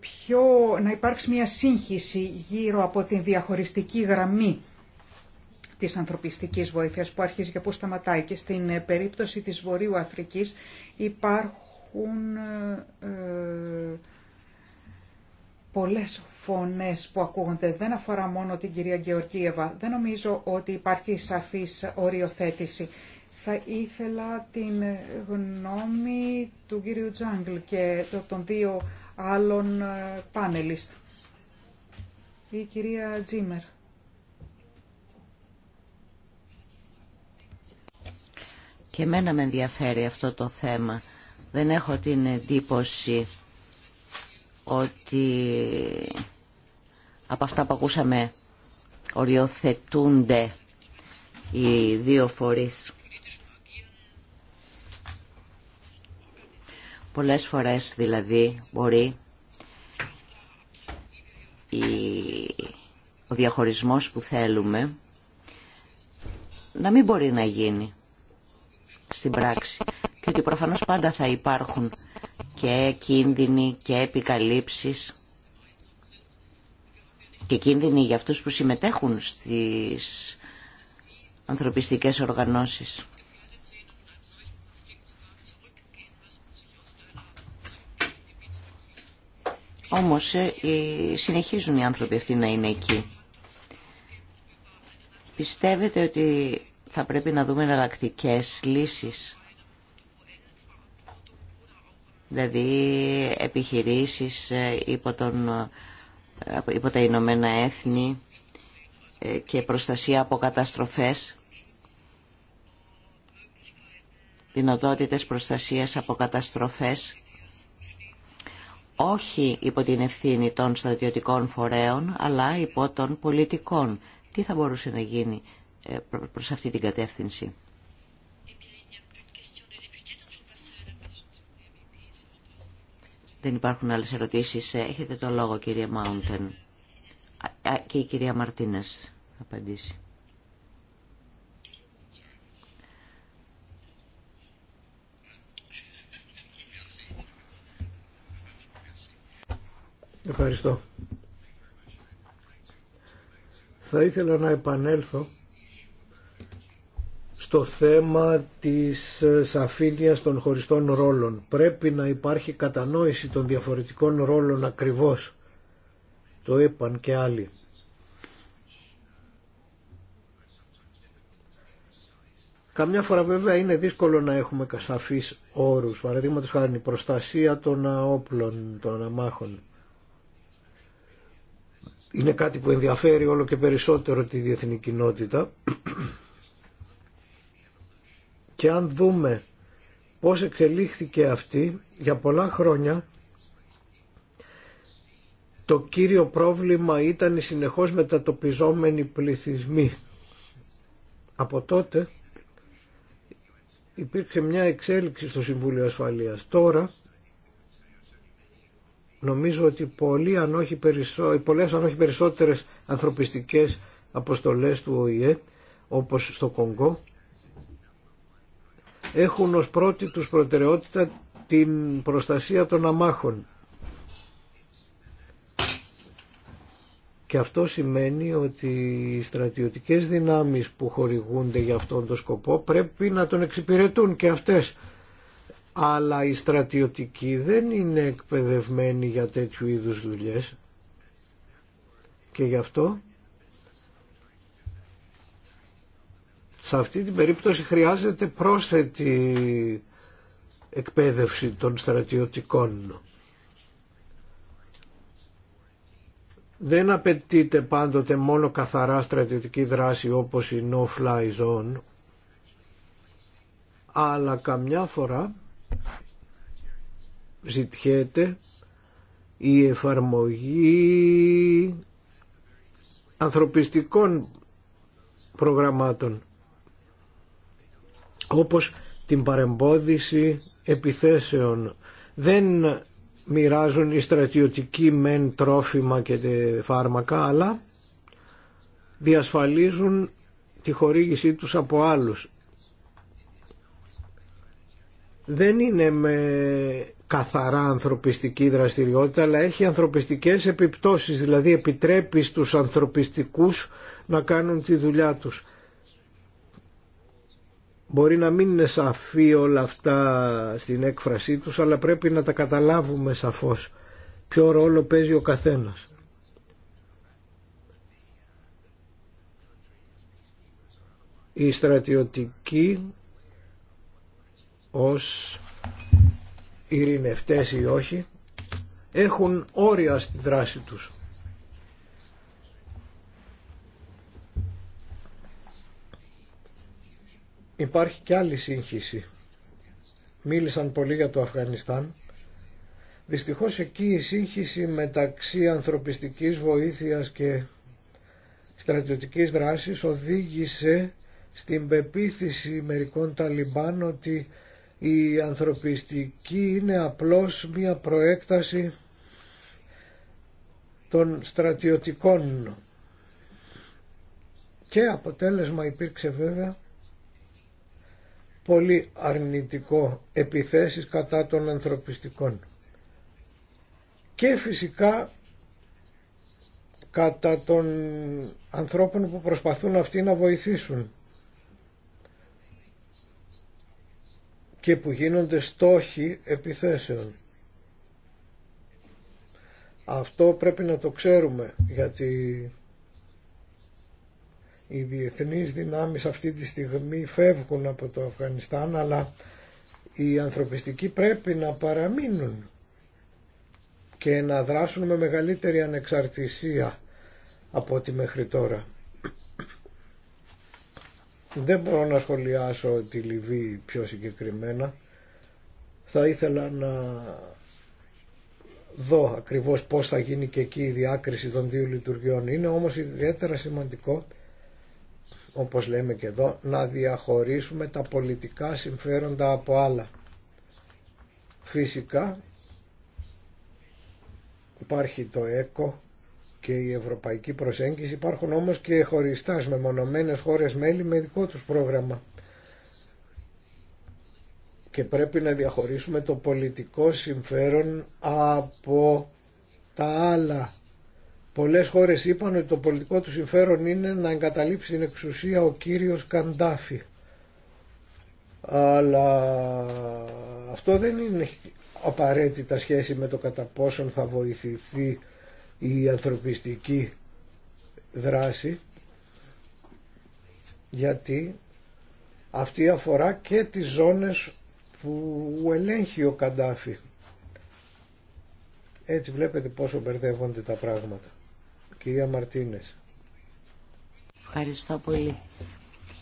πιο, να υπάρξει μια σύγχυση γύρω από την διαχωριστική γραμμή Τη ανθρωπιστική βοήθεια που αρχίζει και που σταματάει. Και στην ε, περίπτωση της Βορείου Αφρικής υπάρχουν ε, ε, πολλές φωνές που ακούγονται. Δεν αφορά μόνο την κυρία Γεωργίευα. Δεν νομίζω ότι υπάρχει σαφή οριοθέτηση. Θα ήθελα την γνώμη του κύριου Τζάγκλ και των δύο άλλων ε, πάνελιστ. Η κυρία Τζίμερ. Και εμένα με ενδιαφέρει αυτό το θέμα. Δεν έχω την εντύπωση ότι από αυτά που ακούσαμε οριοθετούνται οι δύο φορείς. Πολλές φορές δηλαδή μπορεί ο διαχωρισμός που θέλουμε να μην μπορεί να γίνει στην πράξη και ότι προφανώς πάντα θα υπάρχουν και κίνδυνοι και επικαλύψεις και κίνδυνοι για αυτούς που συμμετέχουν στις ανθρωπιστικές οργανώσεις. Όμως ε, συνεχίζουν οι άνθρωποι αυτοί να είναι εκεί. Πιστεύετε ότι θα πρέπει να δούμε εναλλακτικέ λύσεις. Δηλαδή επιχειρήσεις ε, υπό, τον, ε, υπό τα Ηνωμένα Έθνη ε, και προστασία από καταστροφές. Δυνατότητες προστασίας από καταστροφές. Όχι υπό την ευθύνη των στρατιωτικών φορέων, αλλά υπό των πολιτικών. Τι θα μπορούσε να γίνει ε, προς αυτή την κατεύθυνση. Δεν υπάρχουν άλλες ερωτήσεις. Ε, έχετε το λόγο, κύριε Μάουντεν. Και η κυρία Μαρτίνες θα απαντήσει. Ευχαριστώ. Θα ήθελα να επανέλθω το θέμα της ε, σαφήνειας των χωριστών ρόλων. Πρέπει να υπάρχει κατανόηση των διαφορετικών ρόλων ακριβώς. Το είπαν και άλλοι. Καμιά φορά βέβαια είναι δύσκολο να έχουμε σαφείς όρους, Παραδείγματο χάρη προστασία των όπλων, των αμάχων. Είναι κάτι που ενδιαφέρει όλο και περισσότερο τη διεθνή κοινότητα και αν δούμε πώς εξελίχθηκε αυτή για πολλά χρόνια το κύριο πρόβλημα ήταν η συνεχώς μετατοπιζόμενοι πληθυσμοί. Από τότε υπήρξε μια εξέλιξη στο Συμβούλιο Ασφαλείας. Τώρα νομίζω ότι πολλοί, αν όχι πολλές αν όχι περισσότερες ανθρωπιστικές αποστολές του ΟΗΕ όπως στο Κονγκό έχουν ως πρώτη τους προτεραιότητα την προστασία των αμάχων. Και αυτό σημαίνει ότι οι στρατιωτικές δυνάμεις που χορηγούνται για αυτόν τον σκοπό πρέπει να τον εξυπηρετούν και αυτές. Αλλά οι στρατιωτικοί δεν είναι εκπαιδευμένοι για τέτοιου είδους δουλειές και γι' αυτό Σε αυτή την περίπτωση χρειάζεται πρόσθετη εκπαίδευση των στρατιωτικών. Δεν απαιτείται πάντοτε μόνο καθαρά στρατιωτική δράση όπως η no-fly zone, αλλά καμιά φορά ζητιέται η εφαρμογή ανθρωπιστικών προγραμμάτων όπως την παρεμπόδιση επιθέσεων. Δεν μοιράζουν οι στρατιωτικοί μεν τρόφιμα και φάρμακα, αλλά διασφαλίζουν τη χορήγησή τους από άλλους. Δεν είναι με καθαρά ανθρωπιστική δραστηριότητα, αλλά έχει ανθρωπιστικές επιπτώσεις, δηλαδή επιτρέπει στους ανθρωπιστικούς να κάνουν τη δουλειά τους. Μπορεί να μην είναι σαφή όλα αυτά στην έκφρασή τους, αλλά πρέπει να τα καταλάβουμε σαφώς ποιο ρόλο παίζει ο καθένας. Οι στρατιωτικοί ως ειρηνευτές ή όχι έχουν όρια στη δράση τους. υπάρχει και άλλη σύγχυση. Μίλησαν πολύ για το Αφγανιστάν. Δυστυχώς εκεί η σύγχυση μεταξύ ανθρωπιστικής βοήθειας και στρατιωτικής δράσης οδήγησε στην πεποίθηση μερικών Ταλιμπάν ότι η ανθρωπιστική είναι απλώς μία προέκταση των στρατιωτικών και αποτέλεσμα υπήρξε βέβαια πολύ αρνητικό επιθέσεις κατά των ανθρωπιστικών και φυσικά κατά των ανθρώπων που προσπαθούν αυτοί να βοηθήσουν και που γίνονται στόχοι επιθέσεων. Αυτό πρέπει να το ξέρουμε γιατί οι διεθνείς δυνάμεις αυτή τη στιγμή φεύγουν από το Αφγανιστάν αλλά οι ανθρωπιστικοί πρέπει να παραμείνουν και να δράσουν με μεγαλύτερη ανεξαρτησία από ό,τι μέχρι τώρα. Δεν μπορώ να σχολιάσω τη Λιβύη πιο συγκεκριμένα. Θα ήθελα να δω ακριβώς πώς θα γίνει και εκεί η διάκριση των δύο λειτουργιών. Είναι όμως ιδιαίτερα σημαντικό όπως λέμε και εδώ, να διαχωρίσουμε τα πολιτικά συμφέροντα από άλλα. Φυσικά υπάρχει το ΕΚΟ και η ευρωπαϊκή προσέγγιση, υπάρχουν όμως και χωριστά με μονομένες χώρες μέλη με δικό τους πρόγραμμα. Και πρέπει να διαχωρίσουμε το πολιτικό συμφέρον από τα άλλα Πολλές χώρες είπαν ότι το πολιτικό του συμφέρον είναι να εγκαταλείψει την εξουσία ο κύριος Καντάφη. Αλλά αυτό δεν είναι απαραίτητα σχέση με το κατά πόσον θα βοηθηθεί η ανθρωπιστική δράση γιατί αυτή αφορά και τις ζώνες που ελέγχει ο Καντάφη. Έτσι βλέπετε πόσο μπερδεύονται τα πράγματα. Κυρία Μαρτίνες. Ευχαριστώ πολύ.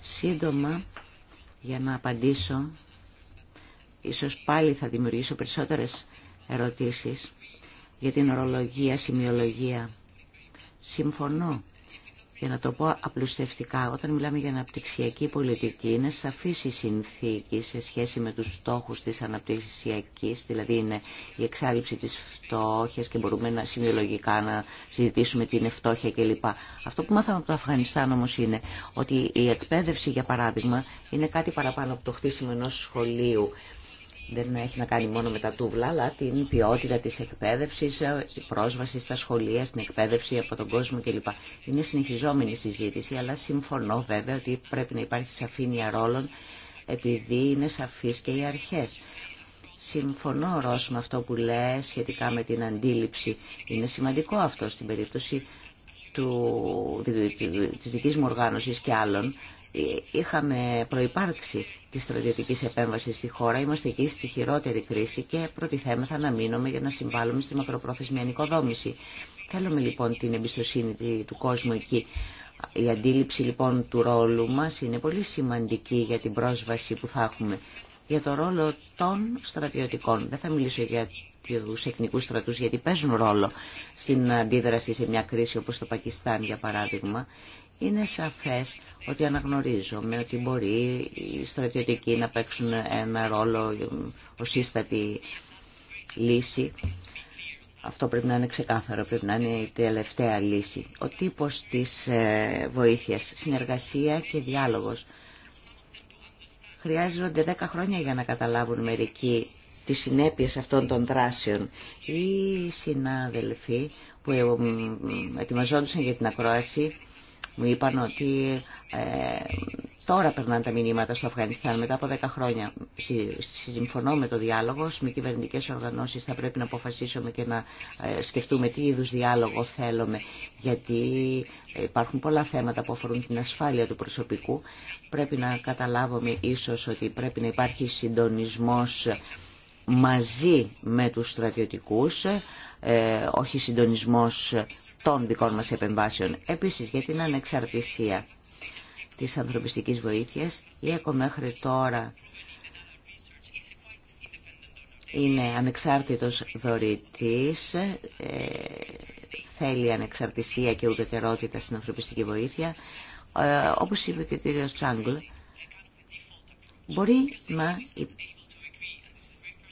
Σύντομα, για να απαντήσω, ίσως πάλι θα δημιουργήσω περισσότερες ερωτήσεις για την ορολογία, σημειολογία. Συμφωνώ για να το πω απλουστευτικά, όταν μιλάμε για αναπτυξιακή πολιτική, είναι σαφή η συνθήκη σε σχέση με τους στόχους της αναπτυξιακής, δηλαδή είναι η εξάλληψη της φτώχειας και μπορούμε να σημειολογικά να συζητήσουμε την φτώχεια κλπ. Αυτό που μάθαμε από το Αφγανιστάν όμως είναι ότι η εκπαίδευση, για παράδειγμα, είναι κάτι παραπάνω από το χτίσιμο ενός σχολείου δεν έχει να κάνει μόνο με τα τούβλα, αλλά την ποιότητα της εκπαίδευσης, ε, η πρόσβαση στα σχολεία, στην εκπαίδευση από τον κόσμο κλπ. Είναι συνεχιζόμενη συζήτηση, αλλά συμφωνώ βέβαια ότι πρέπει να υπάρχει σαφήνεια ρόλων, επειδή είναι σαφείς και οι αρχές. Συμφωνώ, Ρώσ, με αυτό που λες σχετικά με την αντίληψη. Είναι σημαντικό αυτό στην περίπτωση του, της δικής μου οργάνωσης και άλλων. Ε, είχαμε προϋπάρξει Τη στρατιωτική επέμβαση στη χώρα. Είμαστε εκεί στη χειρότερη κρίση και προτιθέμεθα να μείνουμε για να συμβάλλουμε στη μακροπρόθεσμη ανοικοδόμηση. Θέλουμε λοιπόν την εμπιστοσύνη του κόσμου εκεί. Η αντίληψη λοιπόν του ρόλου μας είναι πολύ σημαντική για την πρόσβαση που θα έχουμε. Για το ρόλο των στρατιωτικών. Δεν θα μιλήσω για του εθνικού στρατου, γιατί παίζουν ρόλο στην αντίδραση σε μια κρίση όπω το Πακιστάν για παράδειγμα είναι σαφές ότι αναγνωρίζομαι ότι μπορεί οι στρατιωτικοί να παίξουν ένα ρόλο ως σύστατη λύση. Αυτό πρέπει να είναι ξεκάθαρο, πρέπει να είναι η τελευταία λύση. Ο τύπος της ε, βοήθειας, συνεργασία και διάλογος. Χρειάζονται 10 χρόνια για να καταλάβουν μερικοί τις συνέπειες αυτών των δράσεων. Οι συνάδελφοι που ε, ετοιμαζόντουσαν για την ακρόαση μου είπαν ότι ε, τώρα περνάνε τα μηνύματα στο Αφγανιστάν μετά από 10 χρόνια. Συμφωνώ με το διάλογο. Σε κυβερνητικέ οργανώσει θα πρέπει να αποφασίσουμε και να ε, σκεφτούμε τι είδου διάλογο θέλουμε. Γιατί υπάρχουν πολλά θέματα που αφορούν την ασφάλεια του προσωπικού. Πρέπει να καταλάβουμε ίσω ότι πρέπει να υπάρχει συντονισμό μαζί με τους στρατιωτικούς ε, όχι συντονισμός των δικών μας επεμβάσεων. Επίσης για την ανεξαρτησία της ανθρωπιστικής βοήθειας, η ακόμα μέχρι τώρα είναι ανεξάρτητος δωρητής, ε, θέλει ανεξαρτησία και ουδετερότητα στην ανθρωπιστική βοήθεια. Ε, όπως είπε και ο κύριος Τσάγκλ, μπορεί να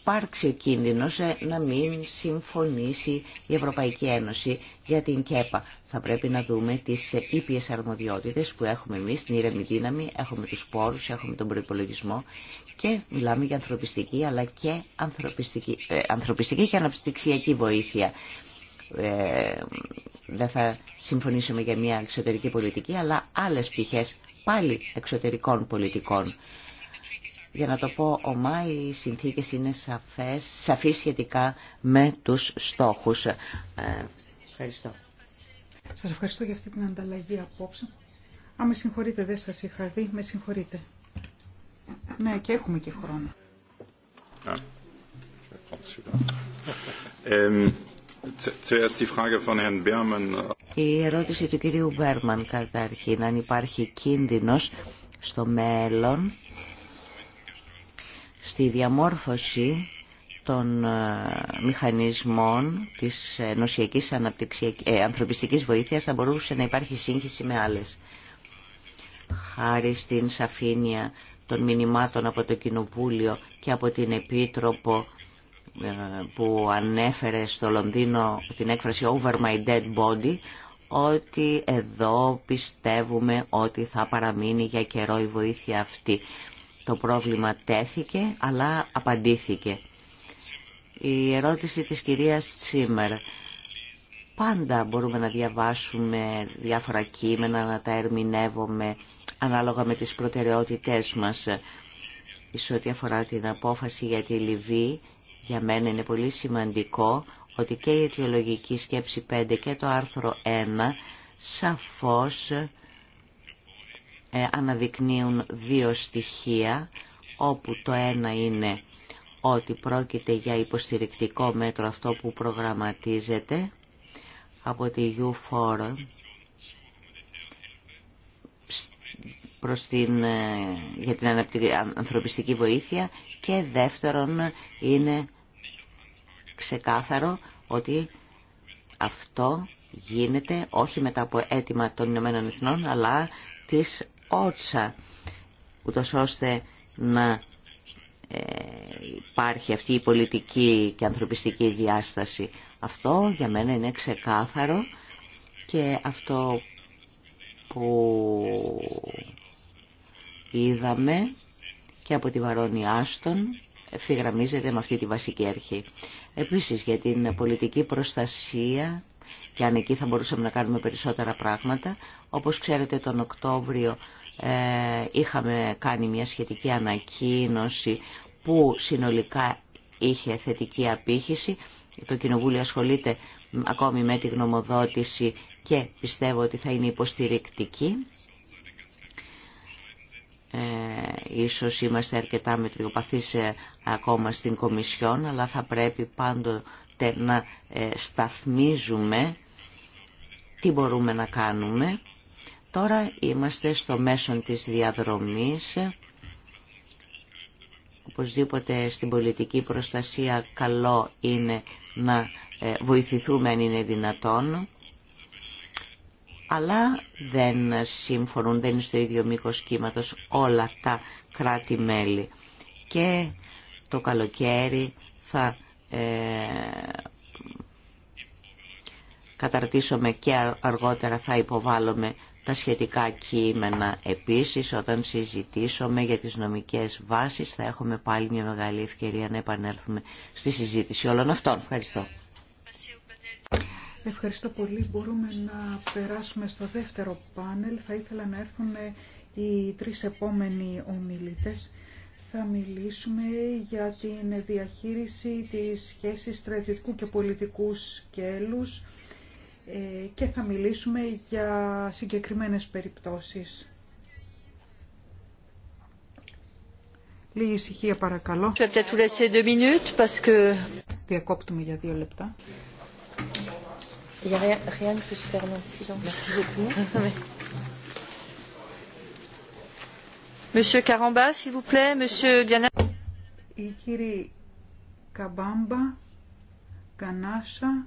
υπάρξει ο κίνδυνος ε, να μην συμφωνήσει η Ευρωπαϊκή Ένωση για την ΚΕΠΑ. Θα πρέπει να δούμε τις ε, ήπιες αρμοδιότητες που έχουμε εμείς, την ήρεμη δύναμη, έχουμε τους πόρους, έχουμε τον προϋπολογισμό και μιλάμε για ανθρωπιστική αλλά και ανθρωπιστική, ε, ανθρωπιστική και αναπτυξιακή βοήθεια. δεν θα συμφωνήσουμε για μια εξωτερική πολιτική αλλά άλλες πτυχές πάλι εξωτερικών πολιτικών για να το πω ομά, οι συνθήκες είναι σαφές, σαφείς σχετικά με τους στόχους. Ε, ευχαριστώ. Σας ευχαριστώ για αυτή την ανταλλαγή απόψε. Α, με συγχωρείτε, δεν σας είχα δει, με συγχωρείτε. Ναι, και έχουμε και χρόνο. Η ερώτηση του κυρίου Μπέρμαν καταρχήν, αν υπάρχει κίνδυνος στο μέλλον στη διαμόρφωση των ε, μηχανισμών της νοσιακής ε, ανθρωπιστικής βοήθειας θα μπορούσε να υπάρχει σύγχυση με άλλες. Χάρη στην σαφήνεια των μηνυμάτων από το Κοινοβούλιο και από την Επίτροπο ε, που ανέφερε στο Λονδίνο την έκφραση «over my dead body» ότι εδώ πιστεύουμε ότι θα παραμείνει για καιρό η βοήθεια αυτή. Το πρόβλημα τέθηκε, αλλά απαντήθηκε. Η ερώτηση της κυρίας Τσίμερ. Πάντα μπορούμε να διαβάσουμε διάφορα κείμενα, να τα ερμηνεύουμε ανάλογα με τις προτεραιότητές μας. Σε ό,τι αφορά την απόφαση για τη Λιβύη, για μένα είναι πολύ σημαντικό ότι και η αιτιολογική σκέψη 5 και το άρθρο 1 σαφώς ε, αναδεικνύουν δύο στοιχεία, όπου το ένα είναι ότι πρόκειται για υποστηρικτικό μέτρο αυτό που προγραμματίζεται από τη U4 προς την, ε, για την ανθρωπιστική βοήθεια και δεύτερον είναι ξεκάθαρο ότι αυτό γίνεται όχι μετά από αίτημα των Ηνωμένων Εθνών αλλά της ότσα, ούτως ώστε να ε, υπάρχει αυτή η πολιτική και ανθρωπιστική διάσταση. Αυτό για μένα είναι ξεκάθαρο και αυτό που είδαμε και από τη Βαρόνη Άστον ευθυγραμμίζεται με αυτή τη βασική αρχή. Επίσης για την πολιτική προστασία και αν εκεί θα μπορούσαμε να κάνουμε περισσότερα πράγματα, όπως ξέρετε τον Οκτώβριο ε, είχαμε κάνει μια σχετική ανακοίνωση που συνολικά είχε θετική απήχηση. Το Κοινοβούλιο ασχολείται ακόμη με τη γνωμοδότηση και πιστεύω ότι θα είναι υποστηρικτική. Ε, ίσως είμαστε αρκετά μετριοπαθείς ε, ακόμα στην Κομισιόν, αλλά θα πρέπει πάντοτε να ε, σταθμίζουμε τι μπορούμε να κάνουμε Τώρα είμαστε στο μέσον της διαδρομής. Οπωσδήποτε στην πολιτική προστασία καλό είναι να ε, βοηθηθούμε αν είναι δυνατόν. Αλλά δεν συμφωνούν, δεν είναι στο ίδιο μήκος κύματος όλα τα κράτη-μέλη. Και το καλοκαίρι θα ε, καταρτήσουμε και αργότερα θα υποβάλλουμε τα σχετικά κείμενα. Επίσης, όταν συζητήσουμε για τις νομικές βάσεις, θα έχουμε πάλι μια μεγάλη ευκαιρία να επανέλθουμε στη συζήτηση όλων αυτών. Ευχαριστώ. Ευχαριστώ πολύ. Μπορούμε να περάσουμε στο δεύτερο πάνελ. Θα ήθελα να έρθουν οι τρεις επόμενοι ομιλητές. Θα μιλήσουμε για την διαχείριση της σχέσης στρατιωτικού και πολιτικού σκέλους ε, και θα μιλήσουμε για συγκεκριμένες περιπτώσεις. Λίγη ησυχία παρακαλώ. Διακόπτουμε για δύο λεπτά. Monsieur Caramba, Καμπάμπα, Κανάσα,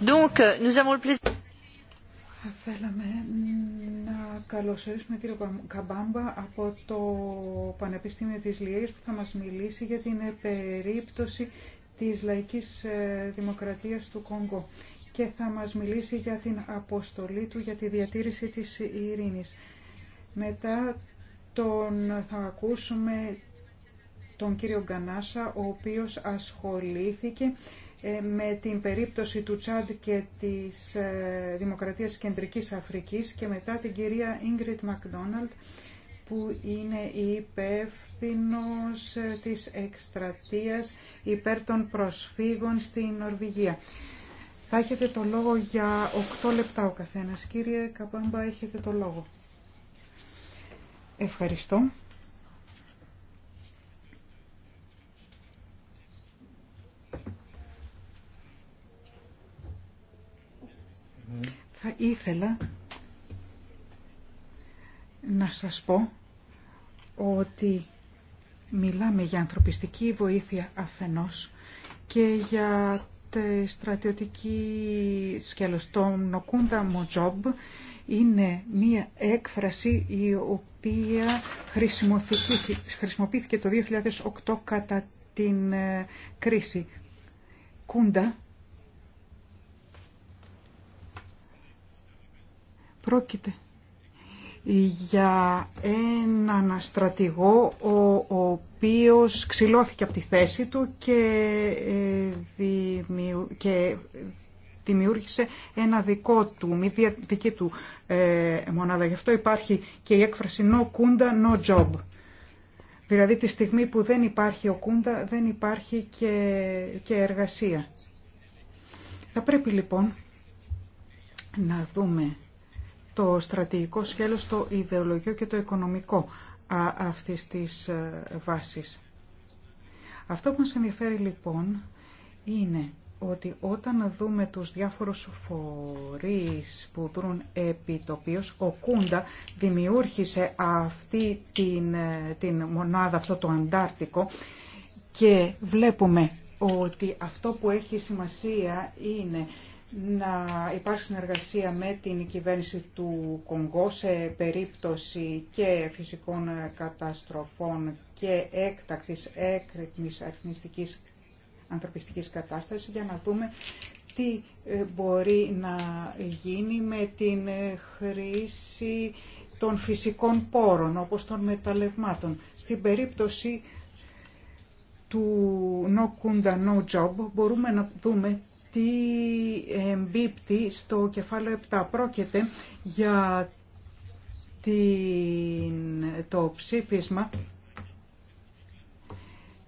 Donc, euh, nous avons le Θα θέλαμε να καλωσορίσουμε κύριο Καμπάμπα από το Πανεπιστήμιο της Λιέγης που θα μας μιλήσει για την περίπτωση της λαϊκής ε, δημοκρατίας του Κόγκο και θα μας μιλήσει για την αποστολή του για τη διατήρηση της ειρήνης. Μετά τον, θα ακούσουμε τον κύριο Γκανάσα, ο οποίος ασχολήθηκε ε, με την περίπτωση του Τσάντ και της ε, Δημοκρατίας της Κεντρικής Αφρικής και μετά την κυρία Ίγκριτ Μακδόναλτ που είναι υπεύθυνο ε, της εκστρατείας υπέρ των προσφύγων στην Νορβηγία. Θα έχετε το λόγο για 8 λεπτά ο καθένας. Κύριε Καπάμπα, έχετε το λόγο. Ευχαριστώ. θα ήθελα να σας πω ότι μιλάμε για ανθρωπιστική βοήθεια αφενός και για τη στρατιωτική σκέλος. Το Νοκούντα Μοτζόμπ είναι μία έκφραση η οποία χρησιμοποιήθηκε το 2008 κατά την ε, κρίση. Κούντα Πρόκειται για έναν στρατηγό ο οποίος ξυλώθηκε από τη θέση του και, ε, και δημιούργησε ένα δικό του, μη δική του ε, μονάδα. Γι' αυτό υπάρχει και η έκφραση «no kunda, no job». Δηλαδή τη στιγμή που δεν υπάρχει ο κούντα δεν υπάρχει και, και εργασία. Θα πρέπει λοιπόν να δούμε το στρατηγικό σχέδιο, το ιδεολογικό και το οικονομικό αυτής της ε, βάσης. Αυτό που μας ενδιαφέρει λοιπόν είναι ότι όταν δούμε τους διάφορους φορείς που δρούν επί οποίο, ο Κούντα δημιούργησε αυτή την, ε, την μονάδα, αυτό το Αντάρτικο και βλέπουμε ότι αυτό που έχει σημασία είναι να υπάρχει συνεργασία με την κυβέρνηση του Κονγκό σε περίπτωση και φυσικών καταστροφών και έκτακτης έκρηκμης αριθμιστικής ανθρωπιστικής κατάστασης για να δούμε τι ε, μπορεί να γίνει με την ε, χρήση των φυσικών πόρων όπως των μεταλλευμάτων. Στην περίπτωση του no kunda no job μπορούμε να δούμε τι εμπίπτει στο κεφάλαιο 7. Πρόκειται για την, το ψήφισμα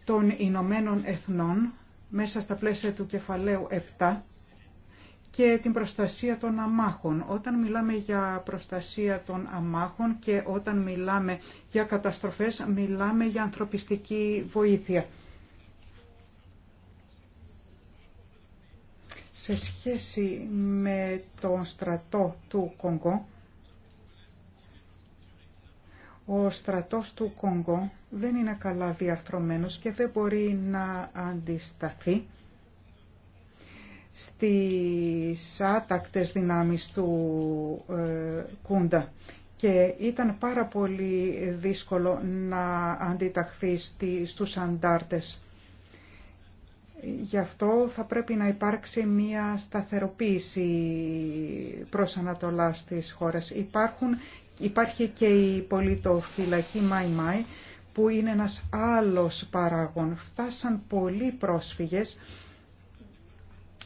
των Ηνωμένων Εθνών μέσα στα πλαίσια του κεφαλαίου 7 και την προστασία των αμάχων. Όταν μιλάμε για προστασία των αμάχων και όταν μιλάμε για καταστροφές, μιλάμε για ανθρωπιστική βοήθεια. σε σχέση με τον στρατό του Κονγκό, ο στρατός του Κονγκό δεν είναι καλά διαρθρωμένος και δεν μπορεί να αντισταθεί στις άτακτες δυνάμεις του ε, Κούντα και ήταν πάρα πολύ δύσκολο να αντιταχθεί στους αντάρτες. Γι' αυτό θα πρέπει να υπάρξει μία σταθεροποίηση προς Ανατολάς της χώρας. Υπάρχουν, υπάρχει και η πολιτοφυλακή Μάι που είναι ένας άλλος παράγων. Φτάσαν πολλοί πρόσφυγες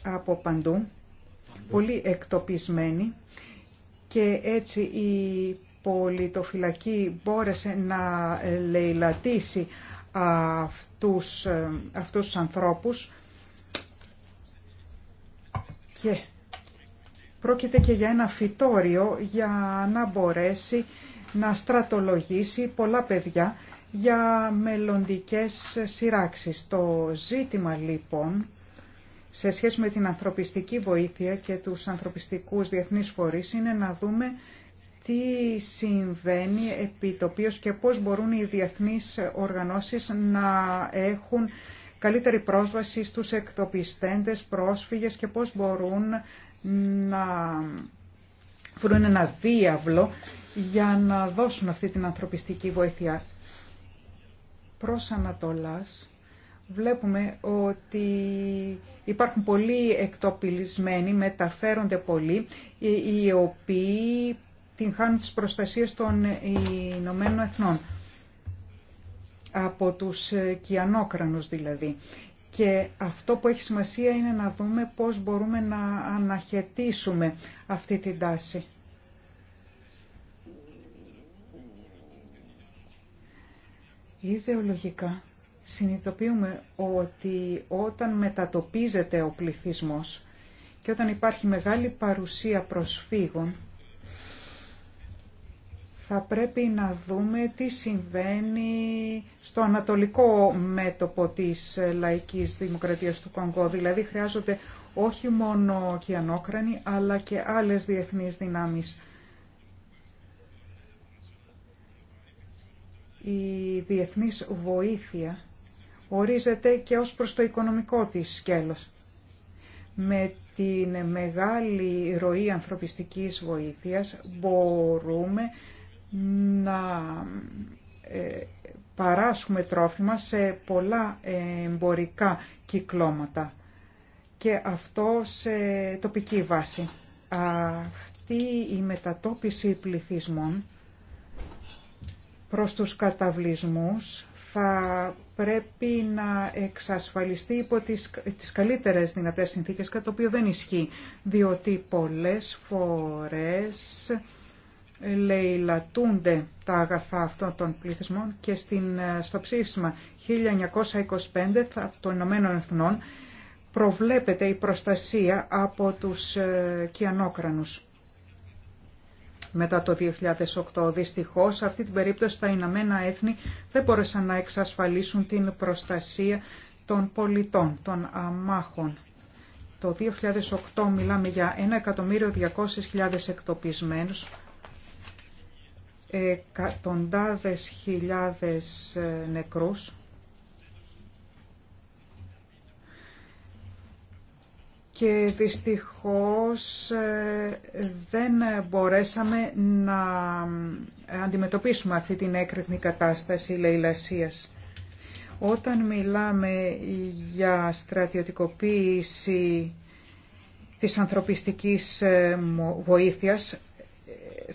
από παντού, πολύ εκτοπισμένοι και έτσι η πολιτοφυλακή μπόρεσε να λαιλατήσει αυτούς, ε, αυτούς τους ανθρώπους και πρόκειται και για ένα φυτόριο για να μπορέσει να στρατολογήσει πολλά παιδιά για μελλοντικές σειράξεις. Το ζήτημα λοιπόν σε σχέση με την ανθρωπιστική βοήθεια και τους ανθρωπιστικούς διεθνείς φορείς είναι να δούμε τι συμβαίνει επί το οποίο και πώς μπορούν οι διεθνείς οργανώσεις να έχουν καλύτερη πρόσβαση στους εκτοπιστέντες, πρόσφυγες και πώς μπορούν να βρουν ένα διάβλο για να δώσουν αυτή την ανθρωπιστική βοήθεια. Προς Ανατολάς βλέπουμε ότι υπάρχουν πολλοί εκτοπιλισμένοι, μεταφέρονται πολλοί, οι οποίοι την χάνουν της προστασίας των Ηνωμένων Εθνών. Από τους κιανόκρανους δηλαδή. Και αυτό που έχει σημασία είναι να δούμε πώς μπορούμε να αναχαιτήσουμε αυτή την τάση. Ιδεολογικά συνειδητοποιούμε ότι όταν μετατοπίζεται ο πληθυσμός και όταν υπάρχει μεγάλη παρουσία προσφύγων, θα πρέπει να δούμε τι συμβαίνει στο ανατολικό μέτωπο της λαϊκής δημοκρατίας του Κονγκό. Δηλαδή χρειάζονται όχι μόνο ανώκρανοι, αλλά και άλλες διεθνείς δυνάμεις. Η διεθνής βοήθεια ορίζεται και ως προς το οικονομικό της σκέλος. Με την μεγάλη ροή ανθρωπιστικής βοήθειας μπορούμε να ε, παράσχουμε τρόφιμα σε πολλά εμπορικά κυκλώματα και αυτό σε τοπική βάση. Αυτή η μετατόπιση πληθυσμών προς τους καταβλισμούς θα πρέπει να εξασφαλιστεί υπό τις, τις καλύτερες δυνατές συνθήκες, κάτι το οποίο δεν ισχύει, διότι πολλές φορές λαιλατούνται τα αγαθά αυτών των πληθυσμών και στην, ε, στο ψήφισμα 1925 των Ηνωμένων Εθνών προβλέπεται η προστασία από τους ε, κιανόκρανους. Μετά το 2008, δυστυχώς, σε αυτή την περίπτωση τα Ηνωμένα Έθνη δεν μπόρεσαν να εξασφαλίσουν την προστασία των πολιτών, των αμάχων. Το 2008 μιλάμε για 1.200.000 εκτοπισμένους, εκατοντάδες χιλιάδες ε, νεκρούς και δυστυχώς ε, δεν μπορέσαμε να ε, αντιμετωπίσουμε αυτή την έκρηκνη κατάσταση λαϊλασίας. Όταν μιλάμε για στρατιωτικοποίηση της ανθρωπιστικής βοήθειας,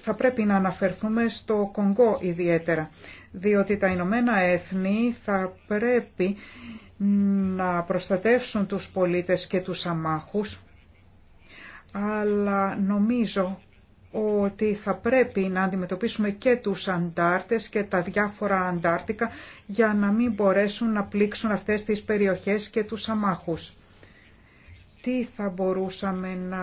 θα πρέπει να αναφερθούμε στο Κονγκό ιδιαίτερα, διότι τα Ηνωμένα Έθνη θα πρέπει να προστατεύσουν τους πολίτες και τους αμάχους, αλλά νομίζω ότι θα πρέπει να αντιμετωπίσουμε και τους αντάρτες και τα διάφορα αντάρτικα για να μην μπορέσουν να πλήξουν αυτές τις περιοχές και τους αμάχους. Τι θα μπορούσαμε να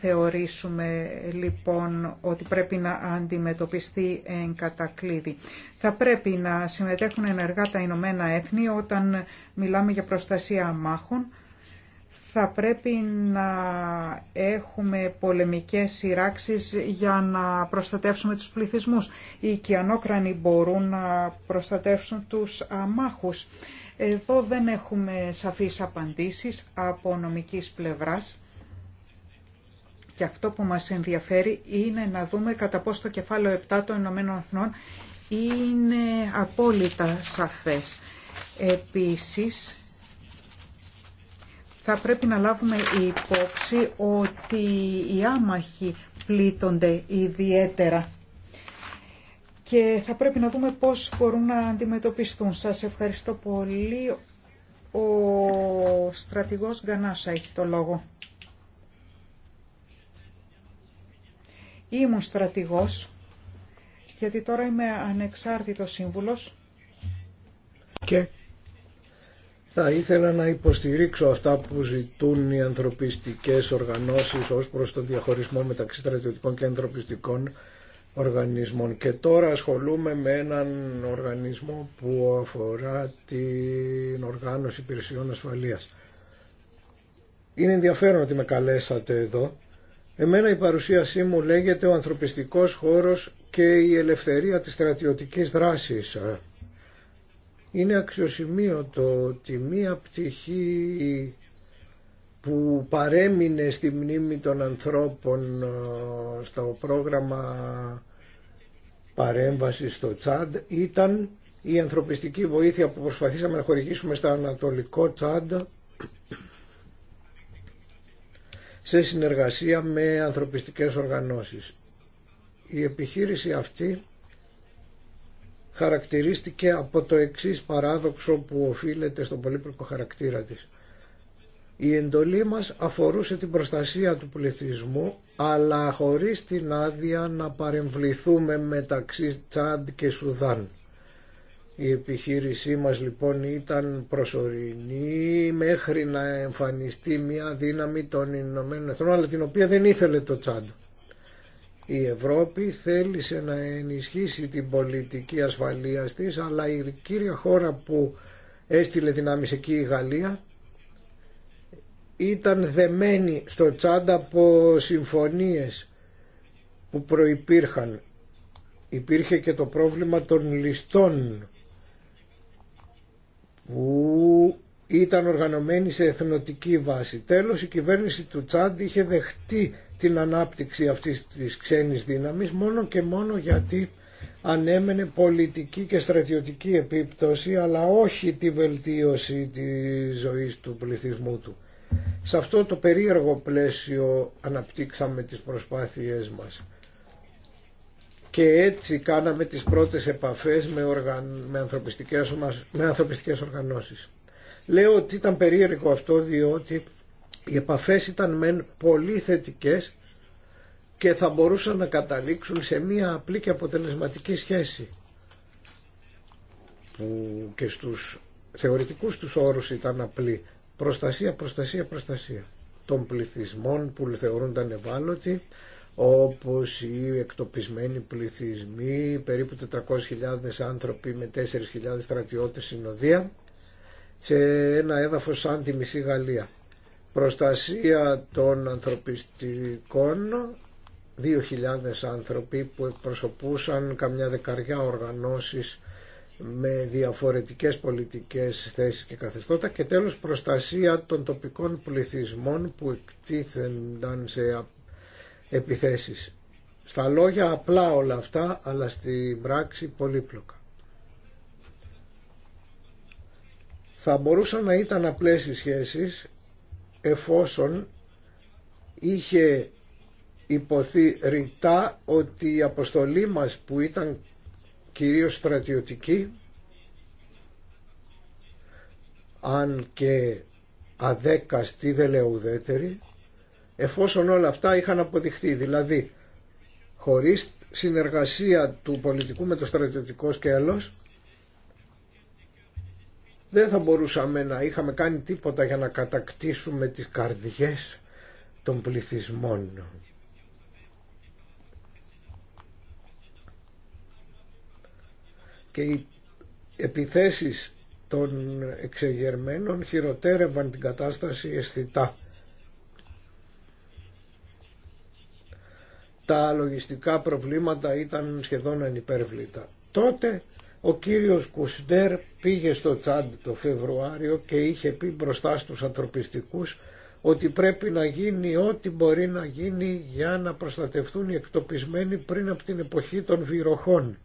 θεωρήσουμε λοιπόν ότι πρέπει να αντιμετωπιστεί εν κατακλείδη. Θα πρέπει να συμμετέχουν ενεργά τα Ηνωμένα Έθνη όταν μιλάμε για προστασία αμάχων. Θα πρέπει να έχουμε πολεμικές σειράξεις για να προστατεύσουμε τους πληθυσμούς. Οι οικιανόκρανοι μπορούν να προστατεύσουν τους αμάχους. Εδώ δεν έχουμε σαφείς απαντήσεις από νομικής πλευράς και αυτό που μας ενδιαφέρει είναι να δούμε κατά πόσο το κεφάλαιο 7 των Ηνωμένων Αθνών είναι απόλυτα σαφές. Επίσης, θα πρέπει να λάβουμε υπόψη ότι οι άμαχοι πλήττονται ιδιαίτερα και θα πρέπει να δούμε πώς μπορούν να αντιμετωπιστούν. Σας ευχαριστώ πολύ. Ο στρατηγός Γκανάσα έχει το λόγο. Ήμουν στρατηγός, γιατί τώρα είμαι ανεξάρτητος σύμβουλος. Και θα ήθελα να υποστηρίξω αυτά που ζητούν οι ανθρωπιστικές οργανώσεις ως προς τον διαχωρισμό μεταξύ στρατιωτικών και ανθρωπιστικών οργανισμών. Και τώρα ασχολούμαι με έναν οργανισμό που αφορά την οργάνωση υπηρεσιών ασφαλείας. Είναι ενδιαφέρον ότι με καλέσατε εδώ. Εμένα η παρουσίασή μου λέγεται ο ανθρωπιστικός χώρος και η ελευθερία της στρατιωτικής δράσης. Είναι αξιοσημείωτο ότι μία πτυχή που παρέμεινε στη μνήμη των ανθρώπων ε, στο πρόγραμμα παρέμβασης στο Τσάντ ήταν η ανθρωπιστική βοήθεια που προσπαθήσαμε να χορηγήσουμε στα Ανατολικό Τσάντ σε συνεργασία με ανθρωπιστικές οργανώσεις. Η επιχείρηση αυτή χαρακτηρίστηκε από το εξής παράδοξο που οφείλεται στον πολύπλοκο χαρακτήρα της. Η εντολή μας αφορούσε την προστασία του πληθυσμού, αλλά χωρίς την άδεια να παρεμβληθούμε μεταξύ Τσάντ και Σουδάν. Η επιχείρησή μας λοιπόν ήταν προσωρινή μέχρι να εμφανιστεί μια δύναμη των Ηνωμένων Εθνών, αλλά την οποία δεν ήθελε το Τσάντ. Η Ευρώπη θέλησε να ενισχύσει την πολιτική ασφαλείας της, αλλά η κύρια χώρα που έστειλε δυνάμεις εκεί η Γαλλία ήταν δεμένη στο τσάντα από συμφωνίες που προϋπήρχαν. Υπήρχε και το πρόβλημα των ληστών που ήταν οργανωμένοι σε εθνοτική βάση. Τέλος η κυβέρνηση του Τσάντ είχε δεχτεί την ανάπτυξη αυτής της ξένης δύναμης μόνο και μόνο γιατί ανέμενε πολιτική και στρατιωτική επίπτωση αλλά όχι τη βελτίωση της ζωής του πληθυσμού του. Σε αυτό το περίεργο πλαίσιο αναπτύξαμε τις προσπάθειές μας και έτσι κάναμε τις πρώτες επαφές με, με, ανθρωπιστικές με οργανώσεις. Λέω ότι ήταν περίεργο αυτό διότι οι επαφές ήταν μεν πολύ θετικές και θα μπορούσαν να καταλήξουν σε μία απλή και αποτελεσματική σχέση που και στους θεωρητικούς τους όρους ήταν απλή προστασία, προστασία, προστασία των πληθυσμών που θεωρούνταν ευάλωτοι όπως οι εκτοπισμένοι πληθυσμοί, περίπου 400.000 άνθρωποι με 4.000 στρατιώτες συνοδεία σε ένα έδαφος σαν τη μισή Γαλλία. Προστασία των ανθρωπιστικών, 2.000 άνθρωποι που εκπροσωπούσαν καμιά δεκαριά οργανώσεις με διαφορετικές πολιτικές θέσεις και καθεστώτα και τέλος προστασία των τοπικών πληθυσμών που εκτίθενταν σε επιθέσεις. Στα λόγια απλά όλα αυτά, αλλά στην πράξη πολύπλοκα. Θα μπορούσαν να ήταν απλές οι σχέσεις εφόσον είχε υποθεί ρητά ότι η αποστολή μας που ήταν κυρίως στρατιωτική αν και αδέκαστη δεν λέω ουδέτερη εφόσον όλα αυτά είχαν αποδειχθεί δηλαδή χωρίς συνεργασία του πολιτικού με το στρατιωτικό σκέλος δεν θα μπορούσαμε να είχαμε κάνει τίποτα για να κατακτήσουμε τις καρδιές των πληθυσμών και οι επιθέσεις των εξεγερμένων χειροτέρευαν την κατάσταση αισθητά. Τα λογιστικά προβλήματα ήταν σχεδόν ανυπέρβλητα. Τότε ο κύριος Κουστέρ πήγε στο Τσάντ το Φεβρουάριο και είχε πει μπροστά στους ανθρωπιστικούς ότι πρέπει να γίνει ό,τι μπορεί να γίνει για να προστατευτούν οι εκτοπισμένοι πριν από την εποχή των βυροχών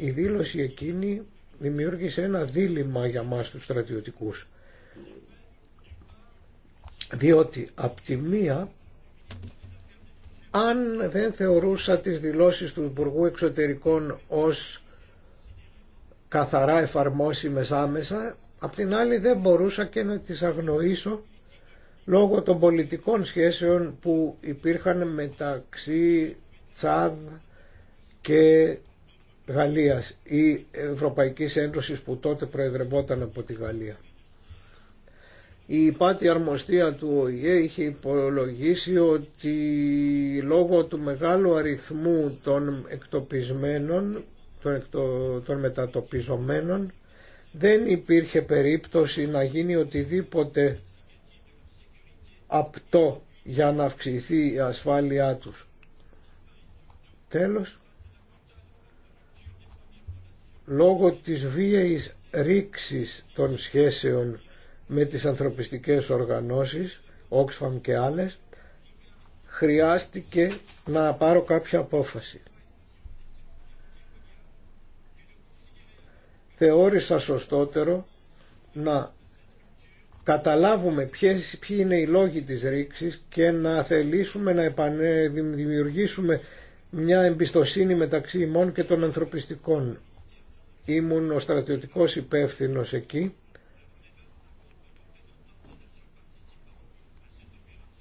η δήλωση εκείνη δημιούργησε ένα δίλημα για μας τους στρατιωτικούς. Διότι απ' τη μία αν δεν θεωρούσα τις δηλώσεις του Υπουργού Εξωτερικών ως καθαρά εφαρμόσιμες άμεσα, απ' την άλλη δεν μπορούσα και να τις αγνοήσω λόγω των πολιτικών σχέσεων που υπήρχαν μεταξύ Τσάδ και Γαλλίας ή Ευρωπαϊκής Ένωσης που τότε προεδρευόταν από τη Γαλλία. Η υπάτη αρμοστία του ΟΗΕ είχε υπολογίσει ότι λόγω του μεγάλου αριθμού των εκτοπισμένων, των, εκτο, των μετατοπιζομένων, δεν υπήρχε περίπτωση να γίνει οτιδήποτε απτό για να αυξηθεί η ασφάλειά τους. Τέλος, λόγω της βίαιης ρήξης των σχέσεων με τις ανθρωπιστικές οργανώσεις, Oxfam και άλλες, χρειάστηκε να πάρω κάποια απόφαση. Θεώρησα σωστότερο να καταλάβουμε ποιες, ποιοι είναι οι λόγοι της ρήξης και να θελήσουμε να επανε, δημιουργήσουμε μια εμπιστοσύνη μεταξύ ημών και των ανθρωπιστικών ήμουν ο στρατιωτικός υπεύθυνος εκεί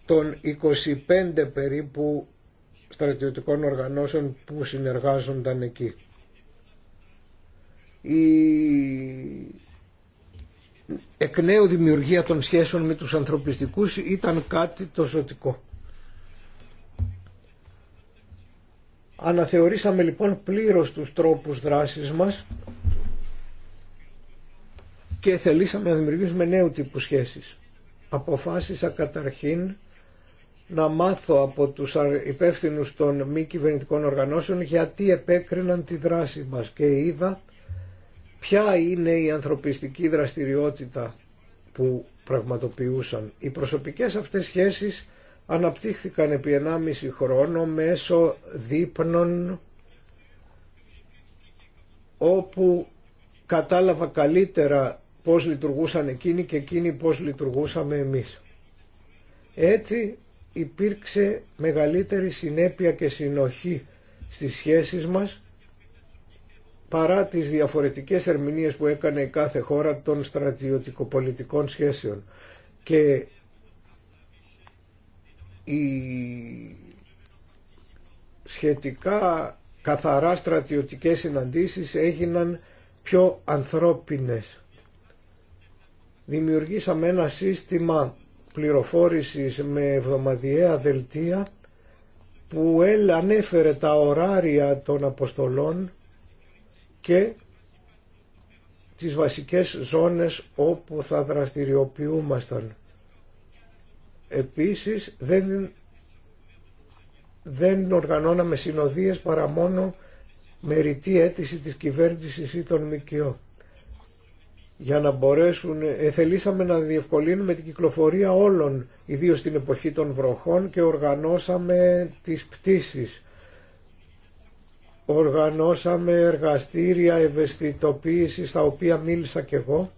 των 25 περίπου στρατιωτικών οργανώσεων που συνεργάζονταν εκεί. Η εκ νέου δημιουργία των σχέσεων με τους ανθρωπιστικούς ήταν κάτι το ζωτικό. Αναθεωρήσαμε λοιπόν πλήρως τους τρόπους δράσης μας και θελήσαμε να δημιουργήσουμε νέου τύπου σχέσεις. Αποφάσισα καταρχήν να μάθω από τους υπεύθυνους των μη κυβερνητικών οργανώσεων γιατί επέκριναν τη δράση μας και είδα ποια είναι η ανθρωπιστική δραστηριότητα που πραγματοποιούσαν. Οι προσωπικές αυτές σχέσεις αναπτύχθηκαν επί 1,5 χρόνο μέσω δείπνων όπου κατάλαβα καλύτερα πώς λειτουργούσαν εκείνοι και εκείνοι πώς λειτουργούσαμε εμείς. Έτσι υπήρξε μεγαλύτερη συνέπεια και συνοχή στις σχέσεις μας παρά τις διαφορετικές ερμηνείες που έκανε η κάθε χώρα των στρατιωτικοπολιτικών σχέσεων. Και οι σχετικά καθαρά στρατιωτικές συναντήσεις έγιναν πιο ανθρώπινες. Δημιουργήσαμε ένα σύστημα πληροφόρησης με εβδομαδιαία δελτία που ανέφερε τα ωράρια των αποστολών και τις βασικές ζώνες όπου θα δραστηριοποιούμασταν. Επίσης δεν, δεν οργανώναμε συνοδείες παρά μόνο με ρητή αίτηση της κυβέρνησης ή των ΜΚΟ. Για να μπορέσουν, ε, θελήσαμε να διευκολύνουμε την κυκλοφορία όλων, ιδίως στην εποχή των βροχών και οργανώσαμε τις πτήσεις. Οργανώσαμε εργαστήρια ευαισθητοποίησης, στα οποία μίλησα και εγώ,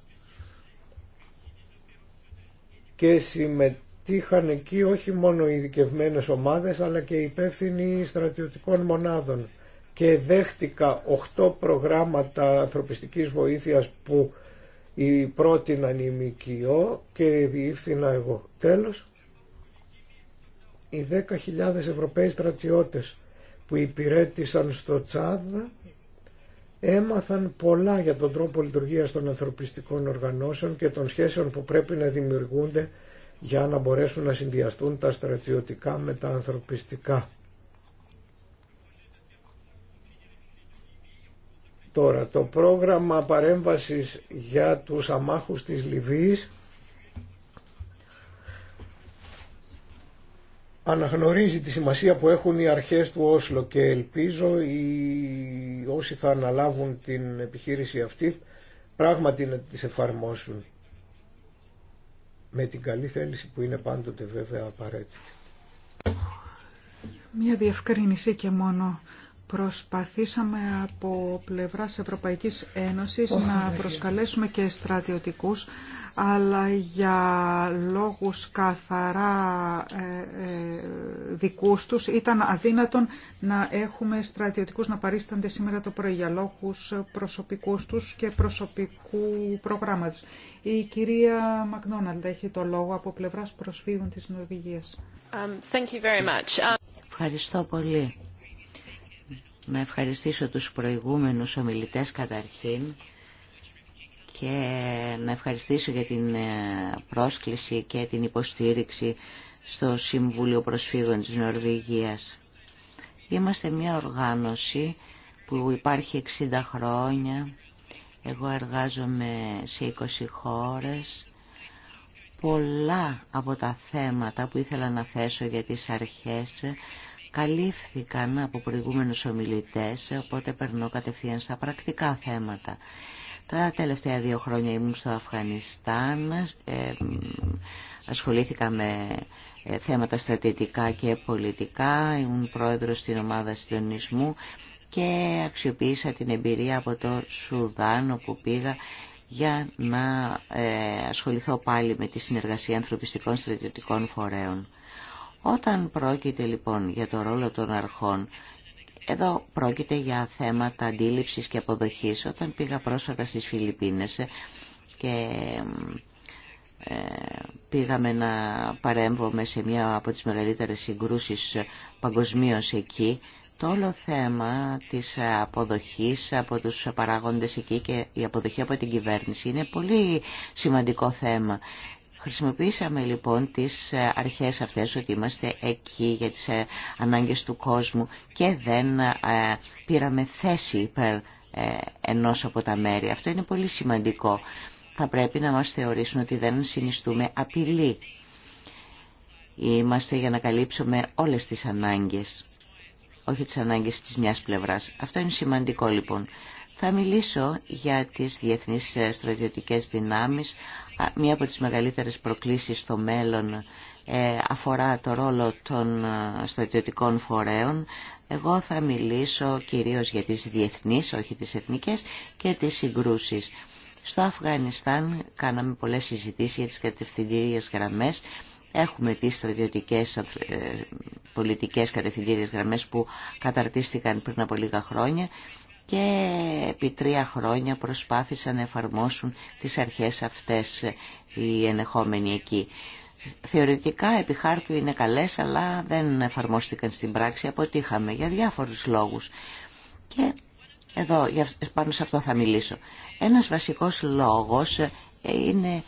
και συμμετέχαμε συμμετείχαν εκεί όχι μόνο οι ειδικευμένες ομάδες αλλά και οι υπεύθυνοι στρατιωτικών μονάδων και δέχτηκα 8 προγράμματα ανθρωπιστικής βοήθειας που η πρότειναν η ΜΚΟ και διήφθηνα εγώ. Τέλος, οι 10.000 Ευρωπαίοι στρατιώτες που υπηρέτησαν στο Τσάδ έμαθαν πολλά για τον τρόπο λειτουργίας των ανθρωπιστικών οργανώσεων και των σχέσεων που πρέπει να δημιουργούνται για να μπορέσουν να συνδυαστούν τα στρατιωτικά με τα ανθρωπιστικά. Τώρα, το πρόγραμμα παρέμβασης για τους αμάχους της Λιβύης αναγνωρίζει τη σημασία που έχουν οι αρχές του Όσλο και ελπίζω οι, όσοι θα αναλάβουν την επιχείρηση αυτή πράγματι να τις εφαρμόσουν με την καλή θέληση που είναι πάντοτε βέβαια απαραίτητη. Μια διευκρίνηση και μόνο. Προσπαθήσαμε από πλευράς Ευρωπαϊκής Ένωσης να προσκαλέσουμε και στρατιωτικούς, αλλά για λόγους καθαρά ε, ε, δικούς τους ήταν αδύνατον να έχουμε στρατιωτικούς να παρίστανται σήμερα το πρωί για λόγους προσωπικούς τους και προσωπικού προγράμματος. Η κυρία Μακδόναλντ έχει το λόγο από πλευράς προσφύγων της Νορβηγίας. Um, um Ευχαριστώ πολύ να ευχαριστήσω τους προηγούμενους ομιλητές καταρχήν και να ευχαριστήσω για την ε, πρόσκληση και την υποστήριξη στο Συμβούλιο Προσφύγων της Νορβηγίας. Είμαστε μια οργάνωση που υπάρχει 60 χρόνια. Εγώ εργάζομαι σε 20 χώρες. Πολλά από τα θέματα που ήθελα να θέσω για τις αρχές καλύφθηκαν από προηγούμενους ομιλητές, οπότε περνώ κατευθείαν στα πρακτικά θέματα. Τα τελευταία δύο χρόνια ήμουν στο Αφγανιστάν, ε, ασχολήθηκα με ε, θέματα στρατητικά και πολιτικά, ήμουν πρόεδρος στην ομάδα συντονισμού και αξιοποίησα την εμπειρία από το Σουδάν όπου πήγα για να ε, ασχοληθώ πάλι με τη συνεργασία ανθρωπιστικών στρατιωτικών φορέων. Όταν πρόκειται λοιπόν για το ρόλο των αρχών, εδώ πρόκειται για θέματα αντίληψης και αποδοχής. Όταν πήγα πρόσφατα στις Φιλιππίνες και ε, πήγαμε να παρέμβομαι σε μια από τις μεγαλύτερες συγκρούσεις παγκοσμίω εκεί, το όλο θέμα της αποδοχής από τους παράγοντες εκεί και η αποδοχή από την κυβέρνηση είναι πολύ σημαντικό θέμα. Χρησιμοποίησαμε λοιπόν τις ε, αρχές αυτές ότι είμαστε εκεί για τις ε, ανάγκες του κόσμου και δεν ε, πήραμε θέση υπέρ ενός από τα μέρη. Αυτό είναι πολύ σημαντικό. Θα πρέπει να μας θεωρήσουν ότι δεν συνιστούμε απειλή. Είμαστε για να καλύψουμε όλες τις ανάγκες, όχι τις ανάγκες της μιας πλευράς. Αυτό είναι σημαντικό λοιπόν. Θα μιλήσω για τις διεθνείς ε, στρατιωτικές δυνάμεις. Μία από τις μεγαλύτερες προκλήσεις στο μέλλον ε, αφορά το ρόλο των ε, στρατιωτικών φορέων. Εγώ θα μιλήσω κυρίως για τις διεθνείς, όχι τις εθνικές, και τις συγκρούσεις. Στο Αφγανιστάν κάναμε πολλές συζητήσεις για τις κατευθυντήριες γραμμές. Έχουμε τις στρατιωτικές πολιτικές κατευθυντήριες γραμμές που καταρτίστηκαν πριν από λίγα χρόνια και επί τρία χρόνια προσπάθησαν να εφαρμόσουν τις αρχές αυτές οι ενεχόμενοι εκεί. Θεωρητικά επί χάρτου είναι καλές αλλά δεν εφαρμόστηκαν στην πράξη, αποτύχαμε για διάφορους λόγους. Και εδώ πάνω σε αυτό θα μιλήσω. Ένας βασικός λόγος ε, είναι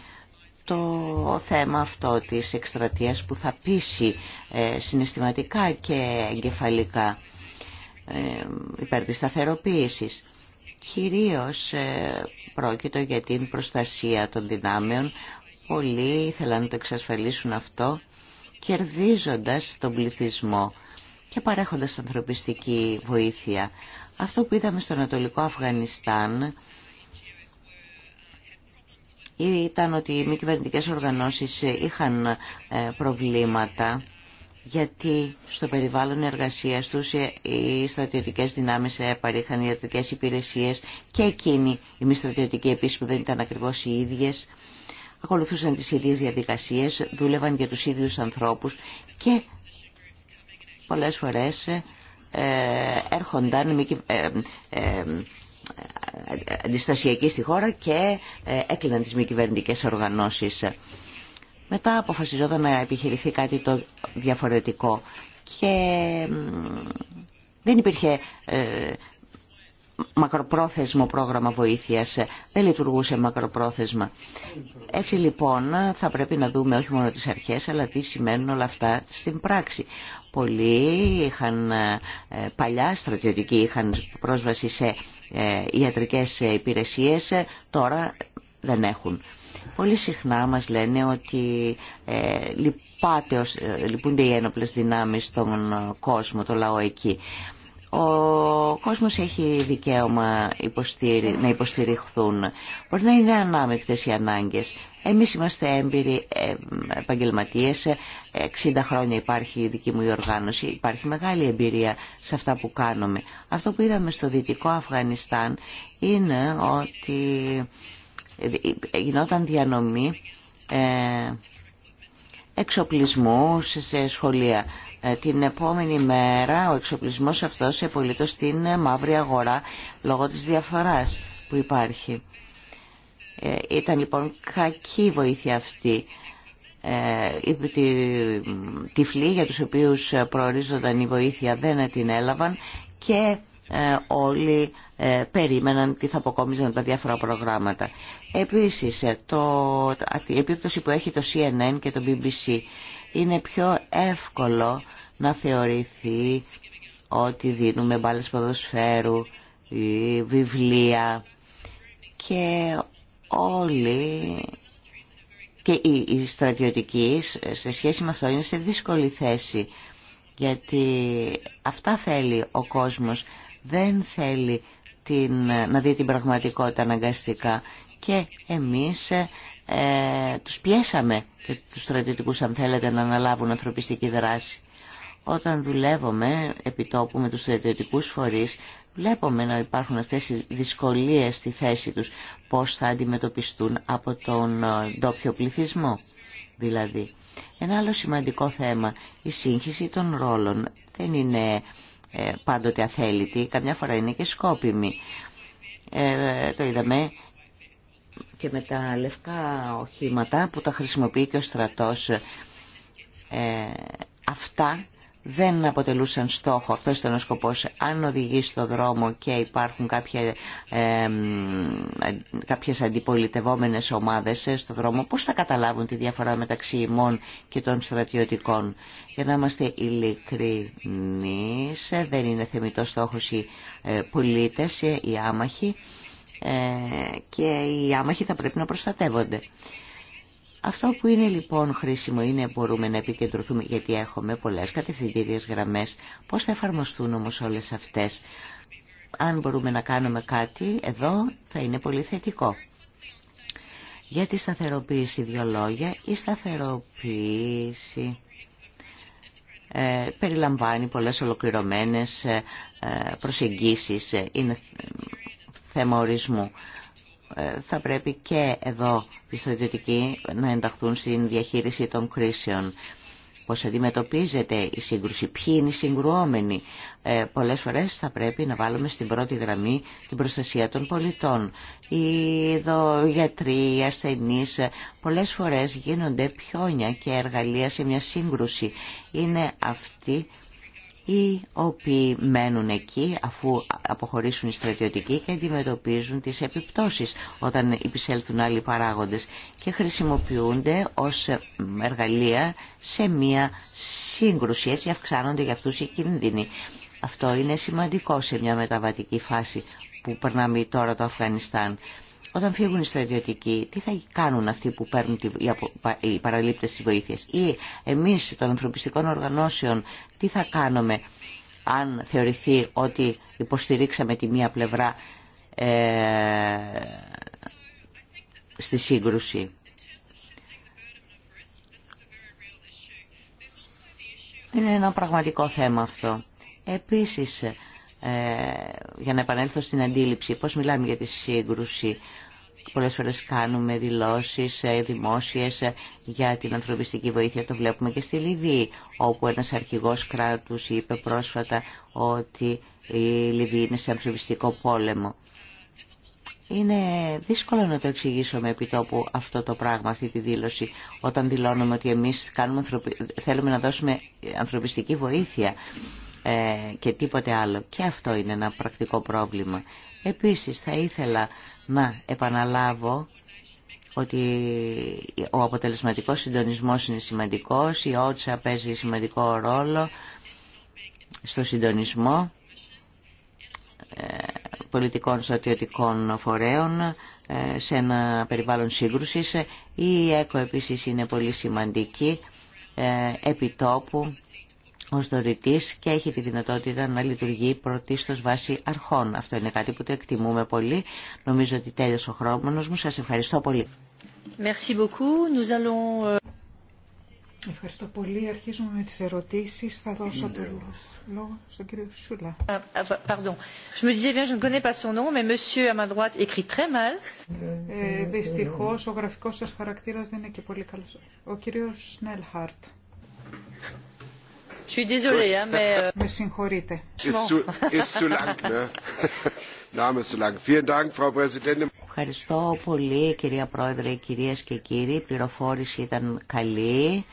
το θέμα αυτό της εκστρατείας που θα πείσει ε, συναισθηματικά και εγκεφαλικά ε, υπέρ της σταθεροποίησης. Κυρίως ε, πρόκειτο για την προστασία των δυνάμεων. Πολλοί ήθελαν να το εξασφαλίσουν αυτό, κερδίζοντας τον πληθυσμό και παρέχοντας ανθρωπιστική βοήθεια. Αυτό που είδαμε στο Ανατολικό Αφγανιστάν ήταν ότι οι μη κυβερνητικέ οργανώσεις είχαν ε, προβλήματα γιατί στο περιβάλλον εργασίας τους οι στρατιωτικές δυνάμεις παρήχαν ιατρικές υπηρεσίες και εκείνοι, οι μη στρατιωτικοί επίση που δεν ήταν ακριβώς οι ίδιες, ακολουθούσαν τις ίδιες διαδικασίες, δούλευαν για τους ίδιους ανθρώπους και πολλές φορές ε, έρχονταν ε, ε, ε, αντιστασιακοί στη χώρα και έκλειναν τις μη κυβερνητικέ οργανώσεις. Μετά αποφασιζόταν να επιχειρηθεί κάτι το διαφορετικό και δεν υπήρχε ε, μακροπρόθεσμο πρόγραμμα βοήθειας, δεν λειτουργούσε μακροπρόθεσμα. Έτσι λοιπόν θα πρέπει να δούμε όχι μόνο τις αρχές αλλά τι σημαίνουν όλα αυτά στην πράξη. Πολλοί είχαν ε, παλιά στρατιωτικοί, είχαν πρόσβαση σε ε, ιατρικές υπηρεσίες, τώρα δεν έχουν. Πολύ συχνά μας λένε ότι ε, λυπάται, ε, λυπούνται οι ένοπλες δυνάμεις στον ε, κόσμο, το λαό εκεί. Ο κόσμος έχει δικαίωμα υποστήρι, να υποστηριχθούν. Μπορεί να είναι ανάμεκτες οι ανάγκες. Εμείς είμαστε έμπειροι ε, επαγγελματίες, 60 χρόνια υπάρχει η δική μου η οργάνωση, υπάρχει μεγάλη εμπειρία σε αυτά που κάνουμε. Αυτό που είδαμε στο Δυτικό Αφγανιστάν είναι ότι γινόταν διανομή ε, εξοπλισμού σε σχολεία. Ε, την επόμενη μέρα ο εξοπλισμός αυτός επολύτως στην ε, μαύρη αγορά λόγω της διαφοράς που υπάρχει. Ήταν λοιπόν κακή βοήθεια αυτή. Τυφλοί για τους οποίους προορίζονταν η βοήθεια δεν την έλαβαν και ε, όλοι ε, περίμεναν τι θα αποκόμιζαν τα διάφορα προγράμματα. Επίσης, ε, το, η επίπτωση που έχει το CNN και το BBC είναι πιο εύκολο να θεωρηθεί ότι δίνουμε μπάλες ποδοσφαίρου ή βιβλία και όλοι και οι, οι στρατιωτικοί σε σχέση με αυτό είναι σε δύσκολη θέση γιατί αυτά θέλει ο κόσμος δεν θέλει την, να δει την πραγματικότητα αναγκαστικά και εμείς ε, ε, τους πιέσαμε και τους στρατιωτικούς αν θέλετε να αναλάβουν ανθρωπιστική δράση. Όταν δουλεύουμε επί τόπου με τους στρατιωτικούς φορείς βλέπουμε να υπάρχουν αυτές οι δυσκολίες στη θέση τους πώς θα αντιμετωπιστούν από τον ε, ντόπιο πληθυσμό δηλαδή. Ένα άλλο σημαντικό θέμα, η σύγχυση των ρόλων δεν είναι ε, πάντοτε αθέλητη, καμιά φορά είναι και σκόπιμη. Ε, το είδαμε και με τα λευκά οχήματα που τα χρησιμοποιεί και ο στρατός. Ε, αυτά δεν αποτελούσαν στόχο, αυτό ήταν ο σκοπός, αν οδηγεί στο δρόμο και υπάρχουν κάποια, ε, κάποιες αντιπολιτευόμενες ομάδες ε, στο δρόμο, πώς θα καταλάβουν τη διαφορά μεταξύ ημών και των στρατιωτικών. Για να είμαστε ειλικρινείς, ε, δεν είναι θεμητός στόχος οι ε, πολίτες, οι άμαχοι και οι άμαχοι θα πρέπει να προστατεύονται. Αυτό που είναι λοιπόν χρήσιμο είναι μπορούμε να επικεντρωθούμε γιατί έχουμε πολλές κατευθυντήριες γραμμές. Πώς θα εφαρμοστούν όμως όλες αυτές. Αν μπορούμε να κάνουμε κάτι εδώ θα είναι πολύ θετικό. Για τη σταθεροποίηση δύο λόγια. Η σταθεροποίηση ε, περιλαμβάνει πολλές ολοκληρωμένες ε, ε προσεγγίσεις. Ε, είναι θέμα ορισμού. Ε, θα πρέπει και εδώ οι στρατιωτικοί να ενταχθούν στην διαχείριση των κρίσεων. Πώς αντιμετωπίζεται η σύγκρουση, ποιοι είναι οι συγκρουόμενοι. Ε, πολλές φορές θα πρέπει να βάλουμε στην πρώτη γραμμή την προστασία των πολιτών. Οι γιατροί, οι ασθενείς, πολλές φορές γίνονται πιόνια και εργαλεία σε μια σύγκρουση. Είναι αυτή οι οποίοι μένουν εκεί αφού αποχωρήσουν οι στρατιωτικοί και αντιμετωπίζουν τις επιπτώσεις όταν επισέλθουν άλλοι παράγοντες και χρησιμοποιούνται ως εργαλεία σε μία σύγκρουση, έτσι αυξάνονται για αυτούς οι κίνδυνοι. Αυτό είναι σημαντικό σε μια μεταβατική φάση που περνάμε τώρα το Αφγανιστάν. Όταν φύγουν οι στρατιωτικοί, τι θα κάνουν αυτοί που παίρνουν οι παραλήπτες της βοήθειας ή εμείς των ανθρωπιστικών οργανώσεων τι θα κάνουμε αν θεωρηθεί ότι υποστηρίξαμε τη μία πλευρά ε, στη σύγκρουση. Είναι ένα πραγματικό θέμα αυτό. Επίσης, ε, για να επανέλθω στην αντίληψη, πώς μιλάμε για τη σύγκρουση, Πολλές φορές κάνουμε δηλώσεις ε, δημόσιες ε, για την ανθρωπιστική βοήθεια. Το βλέπουμε και στη Λιβύη, όπου ένας αρχηγός κράτους είπε πρόσφατα ότι η Λιβύη είναι σε ανθρωπιστικό πόλεμο. Είναι δύσκολο να το εξηγήσουμε επί τόπου αυτό το πράγμα, αυτή τη δήλωση, όταν δηλώνουμε ότι εμείς κάνουμε, θέλουμε να δώσουμε ανθρωπιστική βοήθεια ε, και τίποτε άλλο. Και αυτό είναι ένα πρακτικό πρόβλημα. Επίσης θα ήθελα να επαναλάβω ότι ο αποτελεσματικός συντονισμός είναι σημαντικός, η ότσα παίζει σημαντικό ρόλο στο συντονισμό ε, πολιτικών στρατιωτικών φορέων ε, σε ένα περιβάλλον σύγκρουσης. Η ΕΚΟ επίσης είναι πολύ σημαντική ε, επιτόπου ως δωρητή και έχει τη δυνατότητα να λειτουργεί πρωτίστω βάσει αρχών. Αυτό είναι κάτι που το εκτιμούμε πολύ. Νομίζω ότι τέλειωσε ο χρόνο μου. Σα ευχαριστώ πολύ. Merci beaucoup. Nous allons... Euh, ευχαριστώ πολύ. Αρχίζουμε με τις ερωτήσεις. Θα δώσω το λόγο στον κύριο Σούλα. Pardon. Je me disais bien, je ne connais pas son nom, mais monsieur à ma droite écrit très mal. Ε, δυστυχώς, ο γραφικός σας χαρακτήρας δεν είναι και πολύ καλός. Ο κύριος Σνέλχαρτ. Ευχαριστώ πολύ κυρία Πρόεδρε, κυρίες και κύριοι. Η πληροφόρηση ήταν καλή.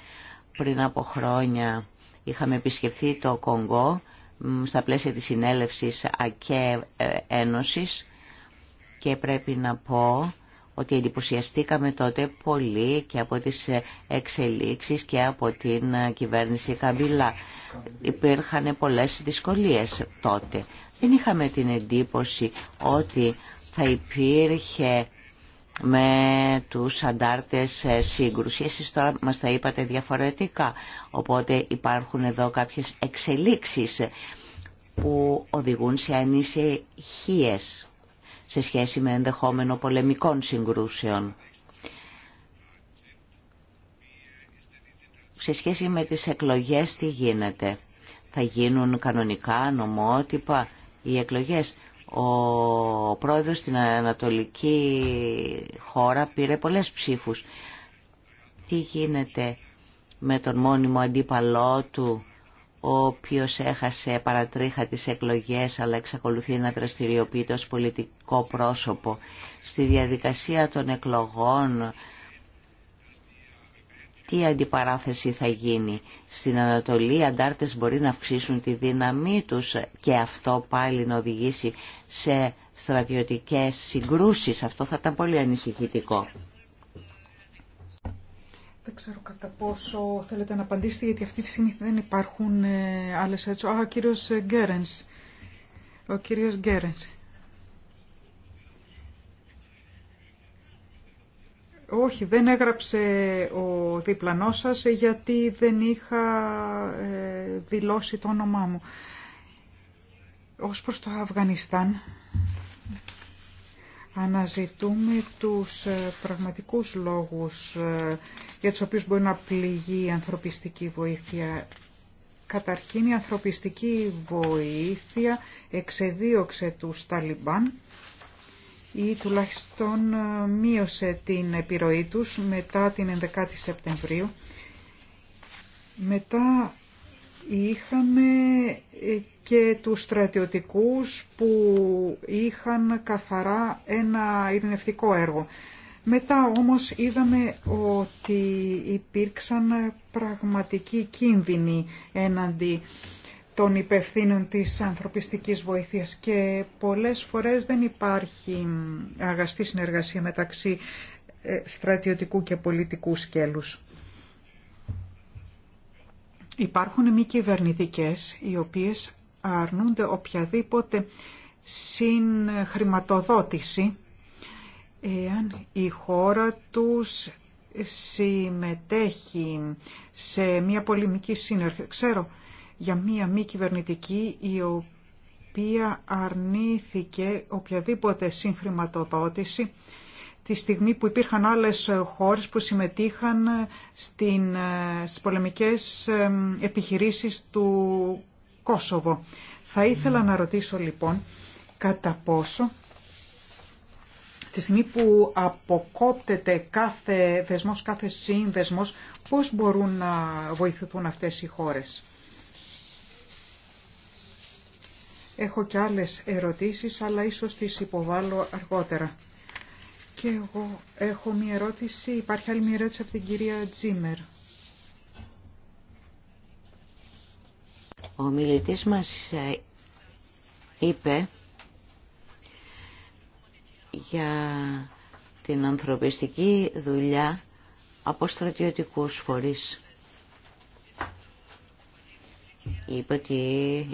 Πριν από χρόνια είχαμε επισκεφθεί το Κονγκό στα πλαίσια της συνέλευσης ΑΚΕ ε, Ένωσης και πρέπει να πω ότι εντυπωσιαστήκαμε τότε πολύ και από τις ε, εξελίξεις και από την ε, κυβέρνηση Καμπίλα. Υπήρχαν πολλές δυσκολίες τότε. Δεν είχαμε την εντύπωση ότι θα υπήρχε με τους αντάρτες ε, σύγκρουση. Εσείς τώρα μας τα είπατε διαφορετικά, οπότε υπάρχουν εδώ κάποιες εξελίξεις που οδηγούν σε ανησυχίες σε σχέση με ενδεχόμενο πολεμικών συγκρούσεων. Σε σχέση με τις εκλογές τι γίνεται. Θα γίνουν κανονικά, νομότυπα οι εκλογές. Ο πρόεδρος στην Ανατολική χώρα πήρε πολλές ψήφους. Τι γίνεται με τον μόνιμο αντίπαλό του όποιος έχασε παρατρίχα τις εκλογές αλλά εξακολουθεί να δραστηριοποιείται ως πολιτικό πρόσωπο στη διαδικασία των εκλογών τι αντιπαράθεση θα γίνει. Στην Ανατολή οι αντάρτες μπορεί να αυξήσουν τη δύναμή τους και αυτό πάλι να οδηγήσει σε στρατιωτικές συγκρούσεις. Αυτό θα ήταν πολύ ανησυχητικό. Δεν ξέρω κατά πόσο θέλετε να απαντήσετε, γιατί αυτή τη στιγμή δεν υπάρχουν ε, άλλες έτσι. Α, ο κύριος ε, Γκέρενς. Ο κύριος Γκέρενς. Όχι, δεν έγραψε ο διπλανός σας ε, γιατί δεν είχα δηλώσει το όνομά μου. Ως προς το Αφγανιστάν, Αναζητούμε τους ε, πραγματικούς λόγους ε, για τους οποίους μπορεί να πληγεί η ανθρωπιστική βοήθεια. Καταρχήν η ανθρωπιστική βοήθεια εξεδίωξε τους Ταλιμπάν ή τουλάχιστον ε, μείωσε την επιρροή τους μετά την 11η Σεπτεμβρίου. Μετά είχαμε και του στρατιωτικούς που είχαν καθαρά ένα ειρηνευτικό έργο. Μετά όμως είδαμε ότι υπήρξαν πραγματικοί κίνδυνοι έναντι των υπευθύνων της ανθρωπιστικής βοήθειας και πολλές φορές δεν υπάρχει αγαστή συνεργασία μεταξύ ε, στρατιωτικού και πολιτικού σκέλους. Υπάρχουν μη κυβερνητικέ οι οποίες αρνούνται οποιαδήποτε συγχρηματοδότηση εάν η χώρα τους συμμετέχει σε μια πολεμική σύνεργα. Ξέρω για μια μη κυβερνητική η οποία αρνήθηκε οποιαδήποτε συγχρηματοδότηση τη στιγμή που υπήρχαν άλλες χώρες που συμμετείχαν στην, στις πολεμικές επιχειρήσεις του Κόσοβο. Θα ήθελα να ρωτήσω λοιπόν κατά πόσο τη στιγμή που αποκόπτεται κάθε δεσμός, κάθε σύνδεσμος, πώς μπορούν να βοηθηθούν αυτές οι χώρες. Έχω και άλλες ερωτήσεις, αλλά ίσως τις υποβάλω αργότερα. Και εγώ έχω μία ερώτηση, υπάρχει άλλη μία ερώτηση από την κυρία Τζίμερ. Ο μιλητής μας ε, είπε για την ανθρωπιστική δουλειά από στρατιωτικούς φορείς είπε ότι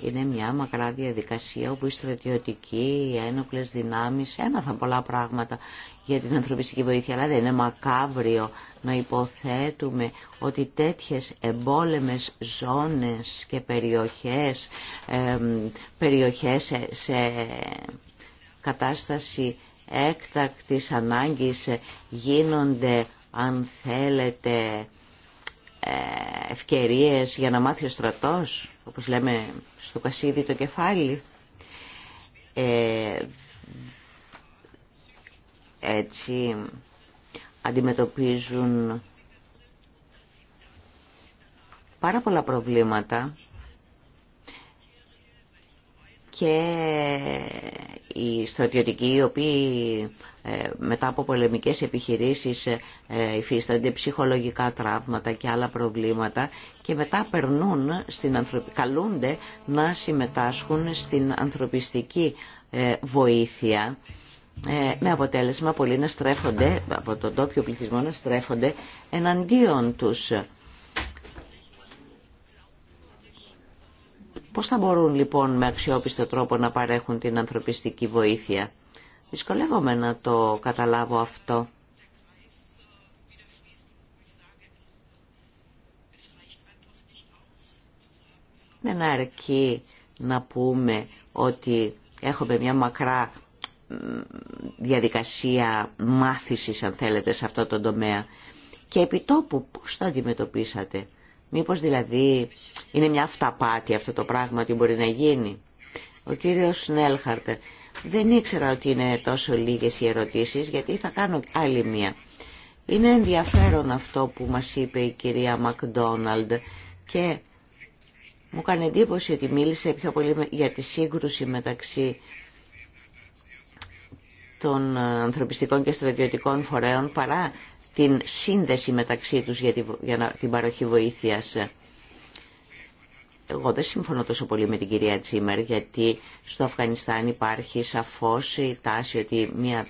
είναι μια μακρά διαδικασία όπου οι στρατιωτικοί, οι ένοπλες δυνάμεις έμαθαν πολλά πράγματα για την ανθρωπιστική βοήθεια, αλλά δεν είναι μακάβριο να υποθέτουμε ότι τέτοιε εμπόλεμε ζώνες και περιοχές, σε, σε κατάσταση έκτακτης ανάγκης γίνονται, αν θέλετε, ε, ευκαιρίες για να μάθει ο στρατός, όπως λέμε στο κασίδι το κεφάλι. Ε, έτσι αντιμετωπίζουν πάρα πολλά προβλήματα και οι στρατιωτικοί οι οποίοι ε, μετά από πολεμικές επιχειρήσεις ε, υφίστανται ψυχολογικά τραύματα και άλλα προβλήματα και μετά περνούν, στην καλούνται να συμμετάσχουν στην ανθρωπιστική ε, βοήθεια με αποτέλεσμα πολλοί να στρέφονται, από τον τόπιο πληθυσμό να στρέφονται εναντίον τους Πώς θα μπορούν λοιπόν με αξιόπιστο τρόπο να παρέχουν την ανθρωπιστική βοήθεια. Δυσκολεύομαι να το καταλάβω αυτό. Δεν αρκεί να πούμε ότι έχουμε μια μακρά διαδικασία μάθησης αν θέλετε σε αυτό το τομέα. Και επιτόπου πώς το αντιμετωπίσατε. Μήπως δηλαδή είναι μια αυταπάτη αυτό το πράγμα ότι μπορεί να γίνει. Ο κύριος Νέλχαρτερ. Δεν ήξερα ότι είναι τόσο λίγες οι ερωτήσεις γιατί θα κάνω άλλη μία. Είναι ενδιαφέρον αυτό που μας είπε η κυρία Μακδόναλντ και μου κάνει εντύπωση ότι μίλησε πιο πολύ για τη σύγκρουση μεταξύ των ανθρωπιστικών και στρατιωτικών φορέων παρά την σύνδεση μεταξύ τους για την παροχή βοήθειας. Εγώ δεν συμφωνώ τόσο πολύ με την κυρία Τσίμερ γιατί στο Αφγανιστάν υπάρχει σαφώς η τάση ότι μια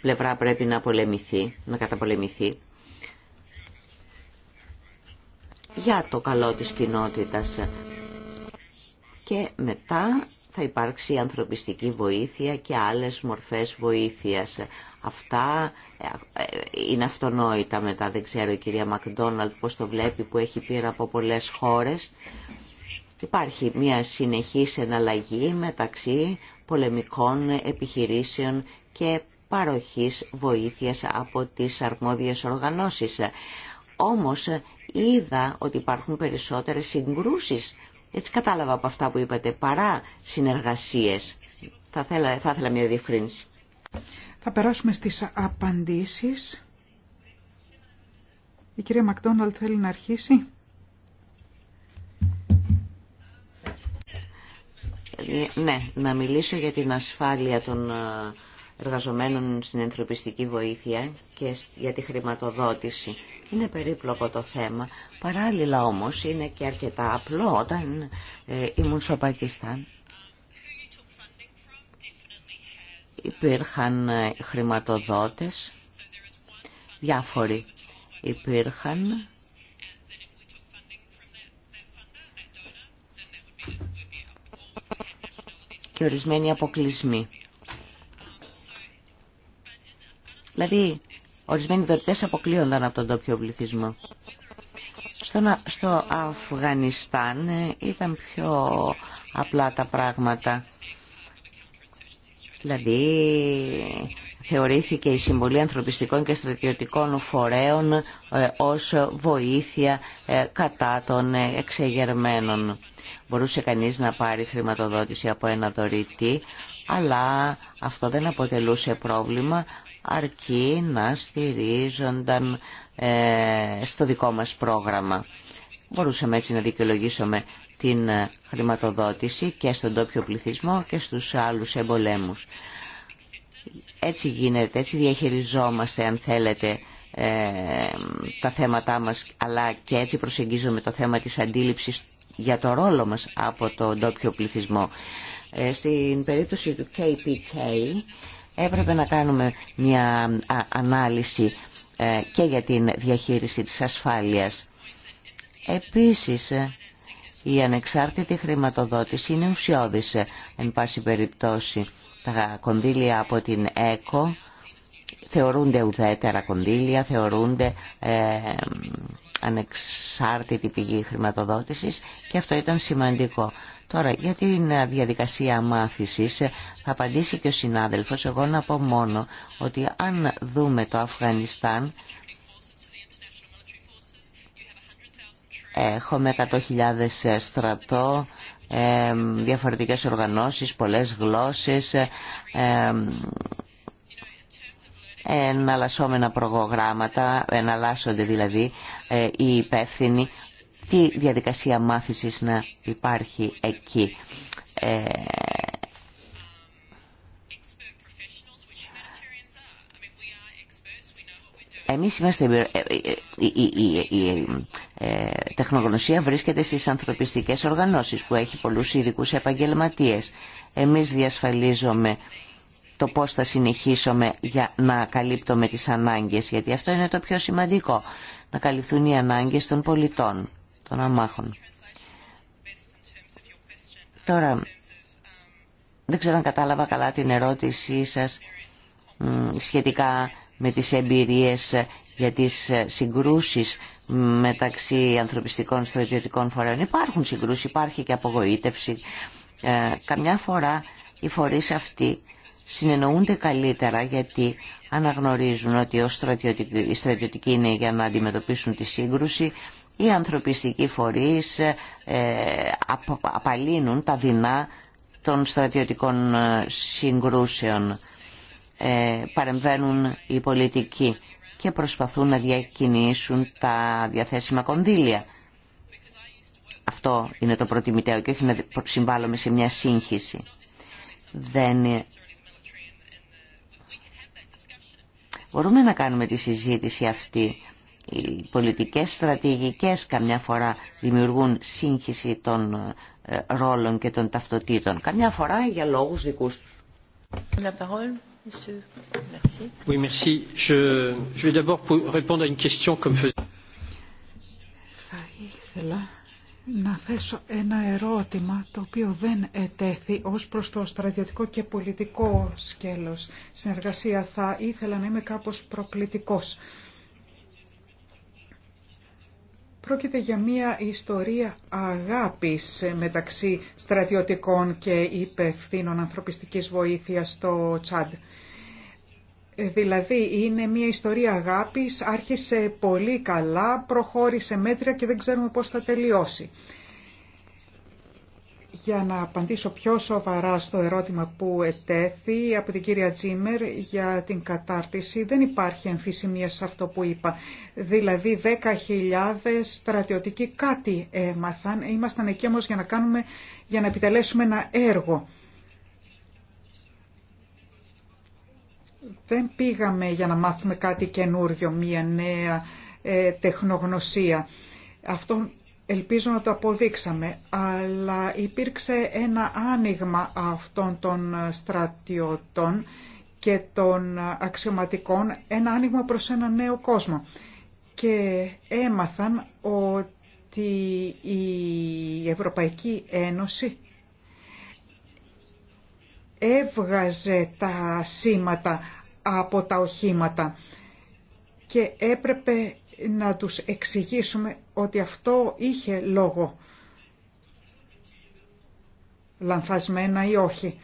πλευρά πρέπει να πολεμηθεί, να καταπολεμηθεί για το καλό της κοινότητας. Και μετά θα υπάρξει ανθρωπιστική βοήθεια και άλλες μορφές βοήθειας. Αυτά ε, ε, είναι αυτονόητα μετά, δεν ξέρω η κυρία Μακδόναλτ πώς το βλέπει που έχει πει από πολλές χώρες. Υπάρχει μια συνεχής εναλλαγή μεταξύ πολεμικών επιχειρήσεων και παροχής βοήθειας από τις αρμόδιες οργανώσεις. Όμως είδα ότι υπάρχουν περισσότερες συγκρούσεις, έτσι κατάλαβα από αυτά που είπατε, παρά συνεργασίες. Θα ήθελα, θα μια διευκρίνηση. Θα περάσουμε στις απαντήσεις. Η κυρία Μακδόναλτ θέλει να αρχίσει. Ναι, να μιλήσω για την ασφάλεια των ε, εργαζομένων στην ανθρωπιστική βοήθεια και για τη χρηματοδότηση. Είναι περίπλοκο το θέμα. Παράλληλα όμως είναι και αρκετά απλό όταν ε, ήμουν στο Πακιστάν. υπήρχαν ε, χρηματοδότες, διάφοροι υπήρχαν. και ορισμένοι αποκλεισμοί. Δηλαδή, ορισμένοι δωρητές αποκλείονταν από τον τόπιο πληθυσμό. Στο, στο Αφγανιστάν ε, ήταν πιο απλά τα πράγματα. Δηλαδή θεωρήθηκε η συμβολή ανθρωπιστικών και στρατιωτικών φορέων ε, ως βοήθεια ε, κατά των ε, εξεγερμένων. Μπορούσε κανείς να πάρει χρηματοδότηση από ένα δωρητή, αλλά αυτό δεν αποτελούσε πρόβλημα αρκεί να στηρίζονταν στο δικό μας πρόγραμμα. Μπορούσαμε έτσι να δικαιολογήσουμε την χρηματοδότηση και στον τόπιο πληθυσμό και στους άλλους εμπολέμους. Έτσι γίνεται, έτσι διαχειριζόμαστε αν θέλετε ε, τα θέματά μας αλλά και έτσι προσεγγίζουμε το θέμα της αντίληψης για το ρόλο μας από τον τόπιο πληθυσμό. Ε, στην περίπτωση του KPK έπρεπε να κάνουμε μια ανάλυση ε, και για την διαχείριση της ασφάλειας. Επίσης η ανεξάρτητη χρηματοδότηση είναι ουσιώδης εν πάση περιπτώσει. Τα κονδύλια από την ΕΚΟ θεωρούνται ουδέτερα κονδύλια, θεωρούνται ε, ανεξάρτητη πηγή χρηματοδότησης και αυτό ήταν σημαντικό. Τώρα, για την διαδικασία μάθησης θα απαντήσει και ο συνάδελφος. Εγώ να πω μόνο ότι αν δούμε το Αφγανιστάν Έχουμε 100.000 ε, στρατό, ε, διαφορετικές οργανώσεις, πολλές γλώσσες, ε, εναλλασσόμενα προγράμματα, εναλλάσσονται δηλαδή οι υπεύθυνοι. Τι διαδικασία μάθησης να υπάρχει εκεί. Εμείς είμαστε... Ε, ε, ε, η, τεχνογνωσία βρίσκεται στις ανθρωπιστικές οργανώσεις που έχει πολλούς ειδικού επαγγελματίες. Εμείς διασφαλίζουμε το πώς θα συνεχίσουμε για να καλύπτουμε τις ανάγκες, γιατί αυτό είναι το πιο σημαντικό, να καλυφθούν οι ανάγκες των πολιτών, των αμάχων. Τώρα, δεν ξέρω αν κατάλαβα καλά την ερώτησή σας σχετικά με τις εμπειρίες ε, για τις ε, συγκρούσεις μεταξύ ανθρωπιστικών στρατιωτικών φορέων. Υπάρχουν συγκρούσεις, υπάρχει και απογοήτευση. Ε, καμιά φορά οι φορείς αυτοί συνεννοούνται καλύτερα γιατί αναγνωρίζουν ότι ο στρατιωτικοί, οι στρατιωτικοί είναι για να αντιμετωπίσουν τη σύγκρουση, οι ανθρωπιστικοί φορείς απαλύνουν τα δεινά των στρατιωτικών συγκρούσεων. Ε, παρεμβαίνουν οι πολιτικοί και προσπαθούν να διακινήσουν τα διαθέσιμα κονδύλια. Αυτό είναι το προτιμητέο και όχι να συμβάλλουμε σε μια σύγχυση. Δεν... Μπορούμε να κάνουμε τη συζήτηση αυτή. Οι πολιτικές στρατηγικές καμιά φορά δημιουργούν σύγχυση των ε, ρόλων και των ταυτοτήτων. Καμιά φορά για λόγους δικούς τους. Θα ήθελα να θέσω ένα ερώτημα το οποίο δεν ετέθη ως προς το στρατιωτικό και πολιτικό σκέλος συνεργασία. Θα ήθελα να είμαι κάπως προκλητικός. Πρόκειται για μια ιστορία αγάπης ε, μεταξύ στρατιωτικών και υπευθύνων ανθρωπιστικής βοήθειας στο Τσάντ. Ε, δηλαδή είναι μια ιστορία αγάπης, άρχισε πολύ καλά, προχώρησε μέτρια και δεν ξέρουμε πώς θα τελειώσει για να απαντήσω πιο σοβαρά στο ερώτημα που ετέθη από την κυρία Τζίμερ για την κατάρτιση. Δεν υπάρχει εμφυσιμία σε αυτό που είπα. Δηλαδή 10.000 στρατιωτικοί κάτι έμαθαν. Ήμασταν εκεί όμως για να, κάνουμε, για να επιτελέσουμε ένα έργο. Δεν πήγαμε για να μάθουμε κάτι καινούριο, μία νέα ε, τεχνογνωσία. Αυτό Ελπίζω να το αποδείξαμε, αλλά υπήρξε ένα άνοιγμα αυτών των στρατιωτών και των αξιωματικών, ένα άνοιγμα προς ένα νέο κόσμο. Και έμαθαν ότι η Ευρωπαϊκή Ένωση έβγαζε τα σήματα από τα οχήματα και έπρεπε να τους εξηγήσουμε ότι αυτό είχε λόγο, λανθασμένα ή όχι.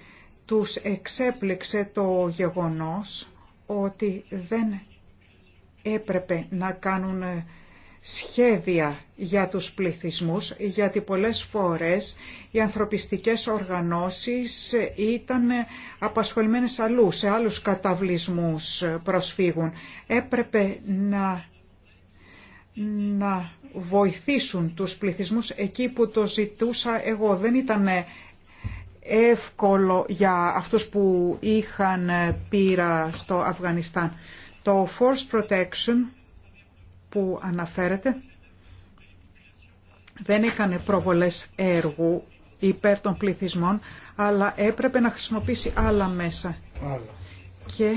Τους εξέπληξε το γεγονός ότι δεν έπρεπε να κάνουν σχέδια για τους πληθυσμούς, γιατί πολλές φορές οι ανθρωπιστικές οργανώσεις ήταν απασχολημένες αλλού, σε άλλους καταβλισμούς προσφύγουν. Έπρεπε να να βοηθήσουν τους πληθυσμούς εκεί που το ζητούσα εγώ. Δεν ήταν εύκολο για αυτούς που είχαν πείρα στο Αφγανιστάν. Το Force Protection που αναφέρεται δεν έκανε προβολές έργου υπέρ των πληθυσμών, αλλά έπρεπε να χρησιμοποιήσει άλλα μέσα. Και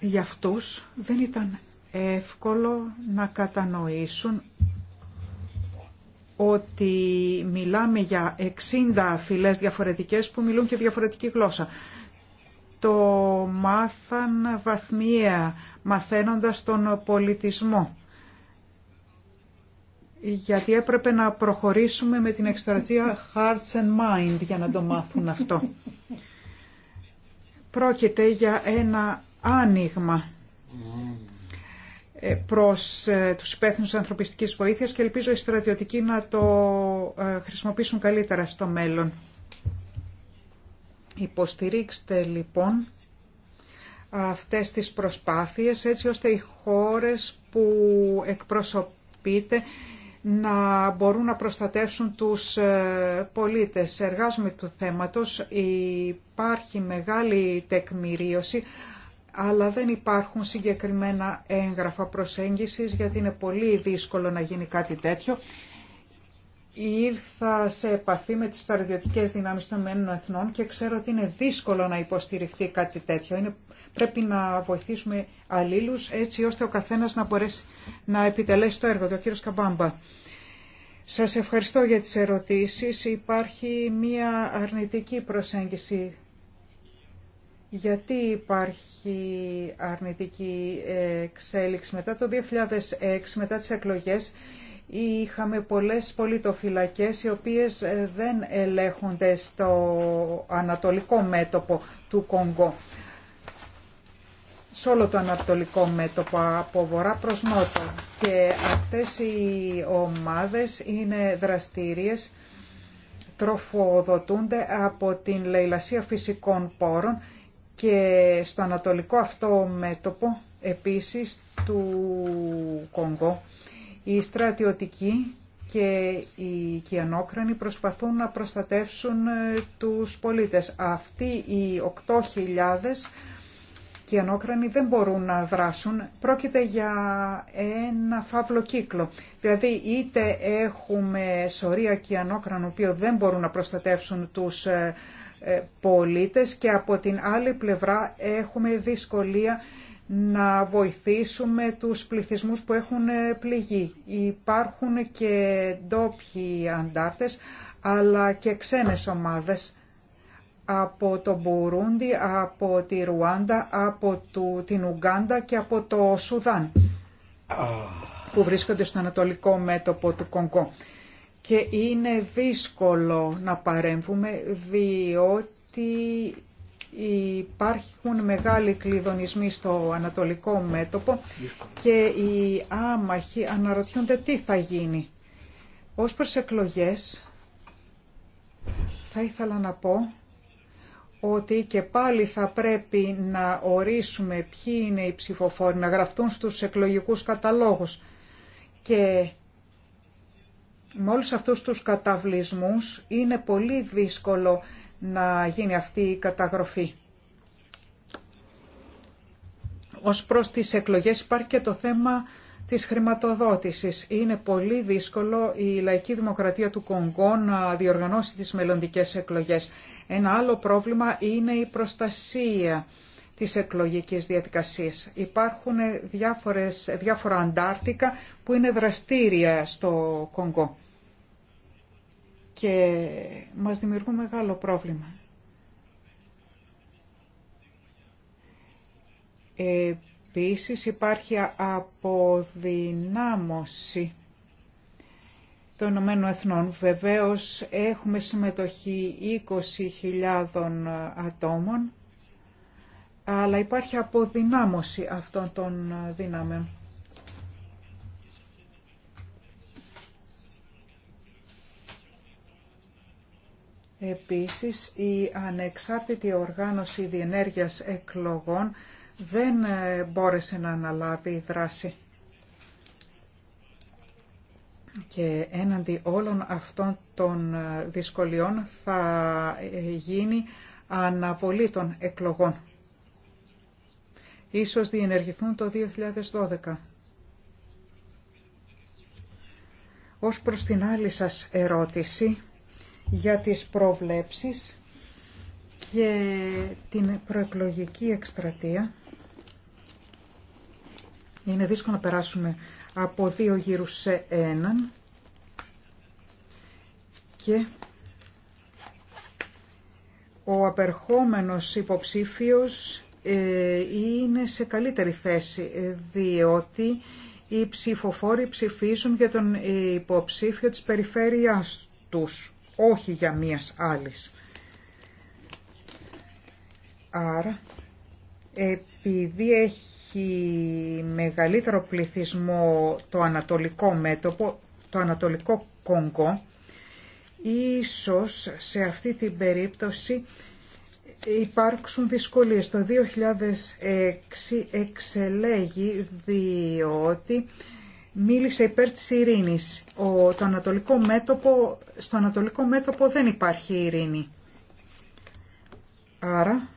για αυτούς δεν ήταν εύκολο να κατανοήσουν ότι μιλάμε για 60 φυλές διαφορετικές που μιλούν και διαφορετική γλώσσα. Το μάθαν βαθμία μαθαίνοντας τον πολιτισμό. Γιατί έπρεπε να προχωρήσουμε με την εκστρατεία Hearts and Mind για να το μάθουν αυτό. Πρόκειται για ένα άνοιγμα ε, προς ε, τους υπεύθυνους ανθρωπιστικής βοήθειας και ελπίζω οι στρατιωτικοί να το ε, χρησιμοποιήσουν καλύτερα στο μέλλον. Υποστηρίξτε λοιπόν αυτές τις προσπάθειες έτσι ώστε οι χώρες που εκπροσωπείτε να μπορούν να προστατεύσουν τους πολίτες. Εργάζομαι του θέματος, υπάρχει μεγάλη τεκμηρίωση αλλά δεν υπάρχουν συγκεκριμένα έγγραφα προσέγγισης γιατί είναι πολύ δύσκολο να γίνει κάτι τέτοιο. Ήρθα σε επαφή με τις στρατιωτικές δυνάμεις των Μένων Εθνών και ξέρω ότι είναι δύσκολο να υποστηριχτεί κάτι τέτοιο. Είναι, πρέπει να βοηθήσουμε αλλήλους έτσι ώστε ο καθένας να μπορέσει να επιτελέσει το έργο του. Ο Καμπάμπα. Σας ευχαριστώ για τις ερωτήσεις. Υπάρχει μία αρνητική προσέγγιση γιατί υπάρχει αρνητική εξέλιξη. Μετά το 2006, μετά τις εκλογές, είχαμε πολλές πολιτοφυλακές οι οποίες δεν ελέγχονται στο ανατολικό μέτωπο του Κονγκό. Σε όλο το ανατολικό μέτωπο από βορρά προς νότο. Και αυτές οι ομάδες είναι δραστήριες, τροφοδοτούνται από την λαιλασία φυσικών πόρων και στο ανατολικό αυτό μέτωπο επίσης του Κονγκό οι στρατιωτικοί και οι κιανόκρανοι προσπαθούν να προστατεύσουν ε, τους πολίτες. Αυτοί οι 8.000 κιανόκρανοι δεν μπορούν να δράσουν. Πρόκειται για ένα φαύλο κύκλο. Δηλαδή είτε έχουμε σωρία κιανόκρανων που δεν μπορούν να προστατεύσουν τους ε, ε, πολίτες και από την άλλη πλευρά έχουμε δυσκολία να βοηθήσουμε τους πληθυσμούς που έχουν ε, πληγεί. Υπάρχουν και ντόπιοι αντάρτες, αλλά και ξένες ομάδες από το Μπουρούντι, από τη Ρουάντα, από το, την Ουγκάντα και από το Σουδάν, που βρίσκονται στο ανατολικό μέτωπο του Κονγκό και είναι δύσκολο να παρέμβουμε διότι υπάρχουν μεγάλοι κλειδονισμοί στο ανατολικό μέτωπο και οι άμαχοι αναρωτιούνται τι θα γίνει. Ως προς εκλογές θα ήθελα να πω ότι και πάλι θα πρέπει να ορίσουμε ποιοι είναι οι ψηφοφόροι, να γραφτούν στους εκλογικούς καταλόγους και με όλους αυτούς τους καταβλισμούς είναι πολύ δύσκολο να γίνει αυτή η καταγραφή. Ως προς τις εκλογές υπάρχει και το θέμα της χρηματοδότησης. Είναι πολύ δύσκολο η λαϊκή δημοκρατία του Κονγκό να διοργανώσει τις μελλοντικές εκλογές. Ένα άλλο πρόβλημα είναι η προστασία τις εκλογικής διαδικασίας. Υπάρχουν διάφορες, διάφορα αντάρτικα που είναι δραστήρια στο Κονγκό και μας δημιουργούν μεγάλο πρόβλημα. Επίσης υπάρχει αποδυνάμωση των Ηνωμένων Εθνών. Βεβαίως έχουμε συμμετοχή 20.000 ατόμων αλλά υπάρχει αποδυνάμωση αυτών των ε, δυνάμεων. Επίσης, η ανεξάρτητη οργάνωση διενέργειας εκλογών δεν ε, μπόρεσε να αναλάβει δράση. Και έναντι όλων αυτών των ε, δυσκολιών θα γίνει αναβολή των εκλογών ίσως διενεργηθούν το 2012. Ως προς την άλλη σας ερώτηση για τις προβλέψεις και την προεκλογική εκστρατεία, είναι δύσκολο να περάσουμε από δύο γύρους σε έναν και ο απερχόμενος υποψήφιος ε, είναι σε καλύτερη θέση, ε, διότι οι ψηφοφόροι ψηφίζουν για τον ε, υποψήφιο της περιφέρειάς τους, όχι για μίας άλλης. Άρα, επειδή έχει μεγαλύτερο πληθυσμό το ανατολικό μέτωπο, το ανατολικό Κόγκο, ίσως σε αυτή την περίπτωση υπάρξουν δυσκολίες. Το 2006 εξελέγει διότι μίλησε υπέρ της ειρήνης. Ο, το ανατολικό μέτωπο, στο ανατολικό μέτωπο δεν υπάρχει ειρήνη. Άρα,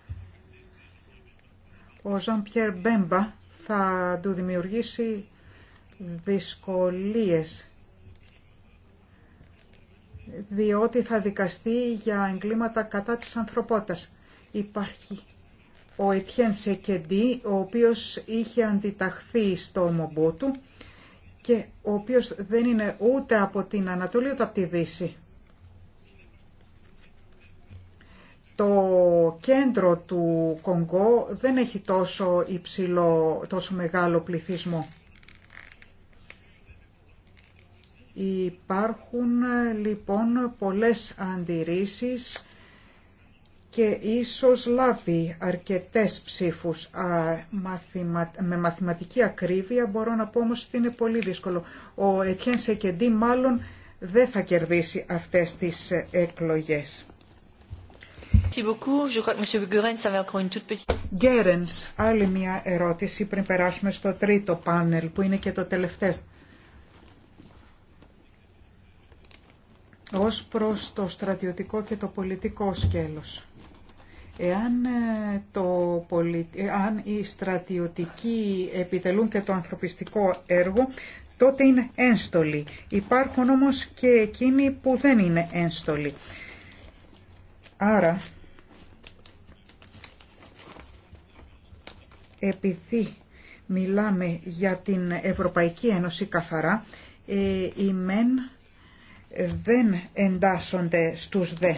ο Ζαν Πιέρ Μπέμπα θα του δημιουργήσει δυσκολίες διότι θα δικαστεί για εγκλήματα κατά της ανθρωπότητας. Υπάρχει ο Ετιέν Σεκεντή, ο οποίος είχε αντιταχθεί στο όμομπό του και ο οποίος δεν είναι ούτε από την Ανατολή ούτε από τη Δύση. Το κέντρο του Κονγκό δεν έχει τόσο υψηλό, τόσο μεγάλο πληθυσμό. Υπάρχουν λοιπόν πολλές αντιρρήσεις και ίσως λάβει αρκετές ψήφους α, με μαθηματική ακρίβεια. Μπορώ να πω όμως ότι είναι πολύ δύσκολο. Ο Ετιέν Σεκεντή μάλλον δεν θα κερδίσει αυτές τις ε, εκλογές. Γκέρενς, άλλη μια ερώτηση πριν περάσουμε στο τρίτο πάνελ που είναι και το τελευταίο. Ως προς το στρατιωτικό και το πολιτικό σκέλος. Εάν, ε, το ε, οι στρατιωτικοί επιτελούν και το ανθρωπιστικό έργο, τότε είναι ένστολοι. Υπάρχουν όμως και εκείνοι που δεν είναι ένστολοι. Άρα, επειδή μιλάμε για την Ευρωπαϊκή Ένωση καθαρά, ε, οι μεν δεν εντάσσονται στους δε.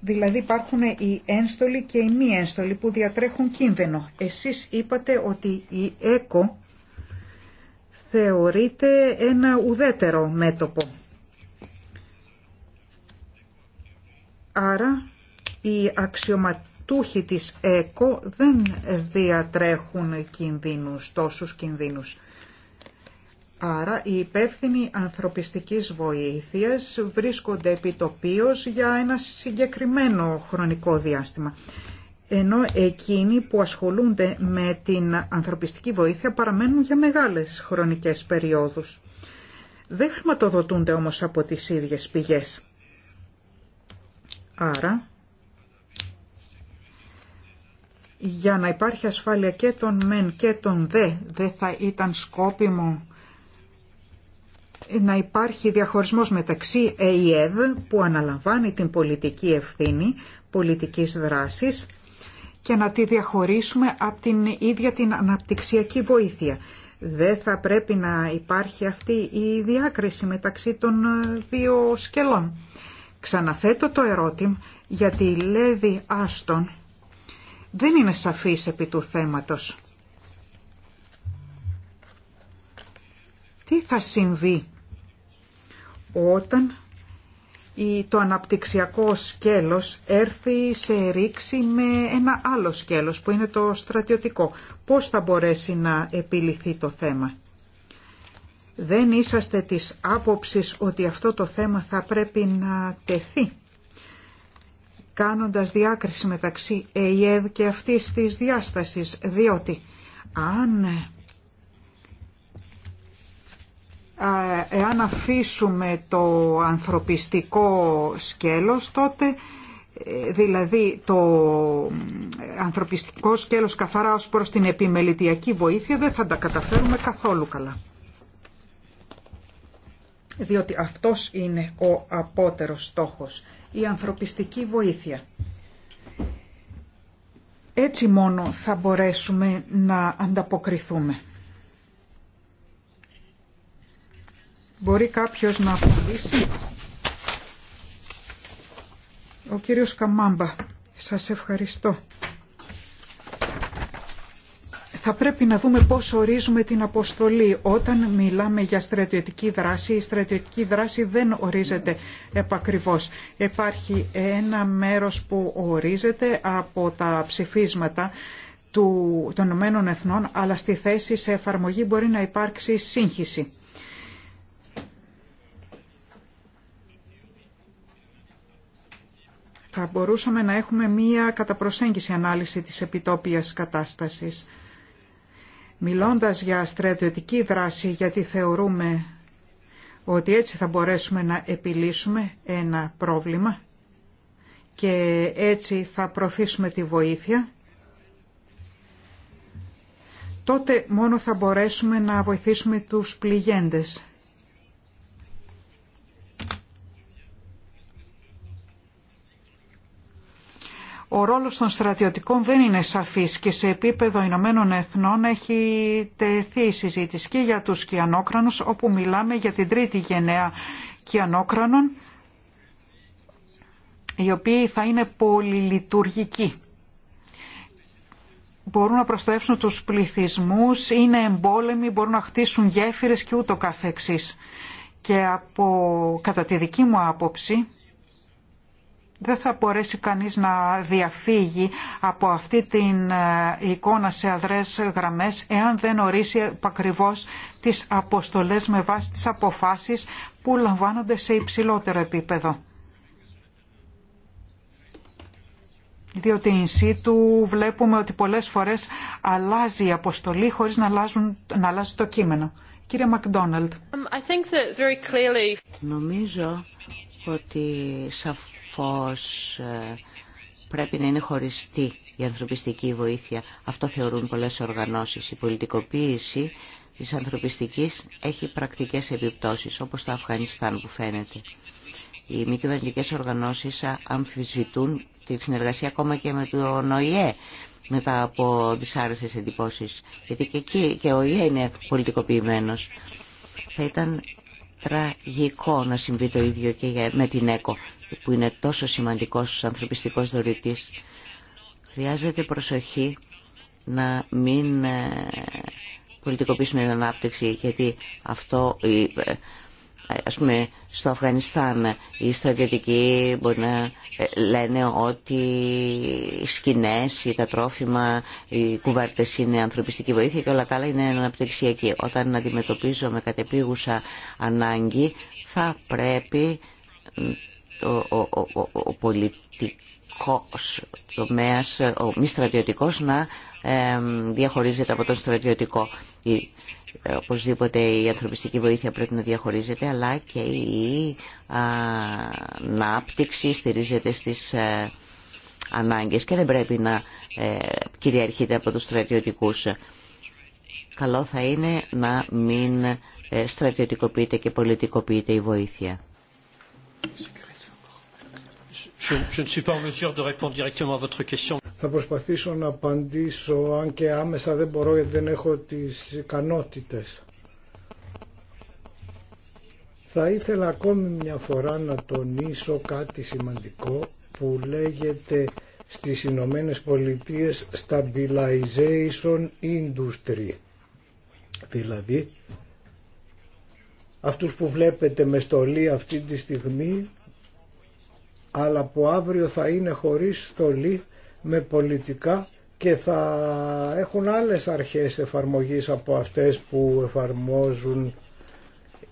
Δηλαδή υπάρχουν οι ένστολοι και οι μη ένστολοι που διατρέχουν κίνδυνο. Εσείς είπατε ότι η ΕΚΟ θεωρείται ένα ουδέτερο μέτωπο. Άρα οι αξιωματούχοι της ΕΚΟ δεν διατρέχουν κινδύνους, τόσους κινδύνους. Άρα οι υπεύθυνοι ανθρωπιστικής βοήθειας βρίσκονται επιτοπίως για ένα συγκεκριμένο χρονικό διάστημα. Ενώ εκείνοι που ασχολούνται με την ανθρωπιστική βοήθεια παραμένουν για μεγάλες χρονικές περιόδους. Δεν χρηματοδοτούνται όμως από τις ίδιες πηγές. Άρα, για να υπάρχει ασφάλεια και των μεν και των δε, δεν θα ήταν σκόπιμο να υπάρχει διαχωρισμός μεταξύ ΕΙΕΔ που αναλαμβάνει την πολιτική ευθύνη πολιτικής δράσης και να τη διαχωρίσουμε από την ίδια την αναπτυξιακή βοήθεια. Δεν θα πρέπει να υπάρχει αυτή η διάκριση μεταξύ των ε, δύο σκελών. Ξαναθέτω το ερώτημα γιατί η Λέδη Άστον δεν είναι σαφής επί του θέματος. Τι θα συμβεί όταν το αναπτυξιακό σκέλος έρθει σε ρήξη με ένα άλλο σκέλος που είναι το στρατιωτικό. Πώς θα μπορέσει να επιληθεί το θέμα. Δεν είσαστε της άποψης ότι αυτό το θέμα θα πρέπει να τεθεί κάνοντας διάκριση μεταξύ ΕΙΕΔ και αυτής της διάστασης, διότι αν εάν αφήσουμε το ανθρωπιστικό σκέλος τότε ε, δηλαδή το ε, ανθρωπιστικό σκέλος καθαρά ως προς την επιμελητιακή βοήθεια δεν θα τα καταφέρουμε καθόλου καλά. Διότι αυτός είναι ο απότερος στόχος, η ανθρωπιστική βοήθεια. Έτσι μόνο θα μπορέσουμε να ανταποκριθούμε. Μπορεί κάποιος να απαντήσει. Ο κύριος Καμάμπα, σας ευχαριστώ. Θα πρέπει να δούμε πώς ορίζουμε την αποστολή. Όταν μιλάμε για στρατιωτική δράση, η στρατιωτική δράση δεν ορίζεται επακριβώς. Υπάρχει ένα μέρος που ορίζεται από τα ψηφίσματα των Ηνωμένων Εθνών, αλλά στη θέση σε εφαρμογή μπορεί να υπάρξει σύγχυση. θα μπορούσαμε να έχουμε μία καταπροσέγγιση ανάλυση της επιτόπιας κατάστασης. Μιλώντας για στρατιωτική δράση, γιατί θεωρούμε ότι έτσι θα μπορέσουμε να επιλύσουμε ένα πρόβλημα και έτσι θα προωθήσουμε τη βοήθεια, τότε μόνο θα μπορέσουμε να βοηθήσουμε τους πληγέντες. ο ρόλος των στρατιωτικών δεν είναι σαφής και σε επίπεδο Ηνωμένων Εθνών έχει τεθεί η συζήτηση και για τους κιανόκρανους όπου μιλάμε για την τρίτη γενναία κιανόκρανων οι οποίοι θα είναι πολυλειτουργικοί. Μπορούν να προστατεύσουν τους πληθυσμούς, είναι εμπόλεμοι, μπορούν να χτίσουν γέφυρες και ούτω καθεξής. Και από, κατά τη δική μου άποψη, δεν θα μπορέσει κανείς να διαφύγει από αυτή την ε, εικόνα σε αδρές γραμμές εάν δεν ορίσει ακριβώ τις αποστολές με βάση τις αποφάσεις που λαμβάνονται σε υψηλότερο επίπεδο. Διότι in του βλέπουμε ότι πολλές φορές αλλάζει η αποστολή χωρίς να, αλλάζει το κείμενο. Κύριε Μακδόναλντ. Um, Νομίζω ότι πως ε, πρέπει να είναι χωριστή η ανθρωπιστική βοήθεια. Αυτό θεωρούν πολλές οργανώσεις. Η πολιτικοποίηση της ανθρωπιστικής έχει πρακτικές επιπτώσεις, όπως το Αφγανιστάν που φαίνεται. Οι μη κυβερνητικέ οργανώσεις αμφισβητούν τη συνεργασία ακόμα και με τον ΟΗΕ μετά από δυσάρεστες εντυπώσεις. Γιατί και εκεί και ο ΟΗΕ είναι πολιτικοποιημένος. Θα ήταν τραγικό να συμβεί το ίδιο και με την ΕΚΟ που είναι τόσο σημαντικός ανθρωπιστικός δωρητής, χρειάζεται προσοχή να μην ε, πολιτικοποιήσουμε την ανάπτυξη, γιατί αυτό, ε, ας πούμε, στο Αφγανιστάν οι στρατιωτικοί μπορεί να ε, λένε ότι οι σκηνές τα τρόφιμα, οι κουβέρτες είναι ανθρωπιστική βοήθεια και όλα τα άλλα είναι αναπτυξιακή. Όταν αντιμετωπίζουμε με κατεπίγουσα ανάγκη θα πρέπει ο πολιτικός τομέας, ο μη στρατιωτικός να διαχωρίζεται από τον στρατιωτικό. Ε, οπωσδήποτε η ανθρωπιστική βοήθεια πρέπει να διαχωρίζεται, αλλά και η ανάπτυξη στηρίζεται στις ε, ανάγκες και δεν πρέπει να ε, κυριαρχείται από τους στρατιωτικούς. Καλό θα είναι να μην στρατιωτικοποιείται και πολιτικοποιείται η βοήθεια. Θα προσπαθήσω να απαντήσω, αν και άμεσα δεν μπορώ γιατί δεν έχω τις ικανότητες. Θα ήθελα ακόμη μια φορά να τονίσω κάτι σημαντικό που λέγεται στις Ηνωμένε Πολιτείε Stabilization Industry. Δηλαδή, αυτούς που βλέπετε με στολή αυτή τη στιγμή αλλά που αύριο θα είναι χωρίς στολή με πολιτικά και θα έχουν άλλες αρχές εφαρμογής από αυτές που εφαρμόζουν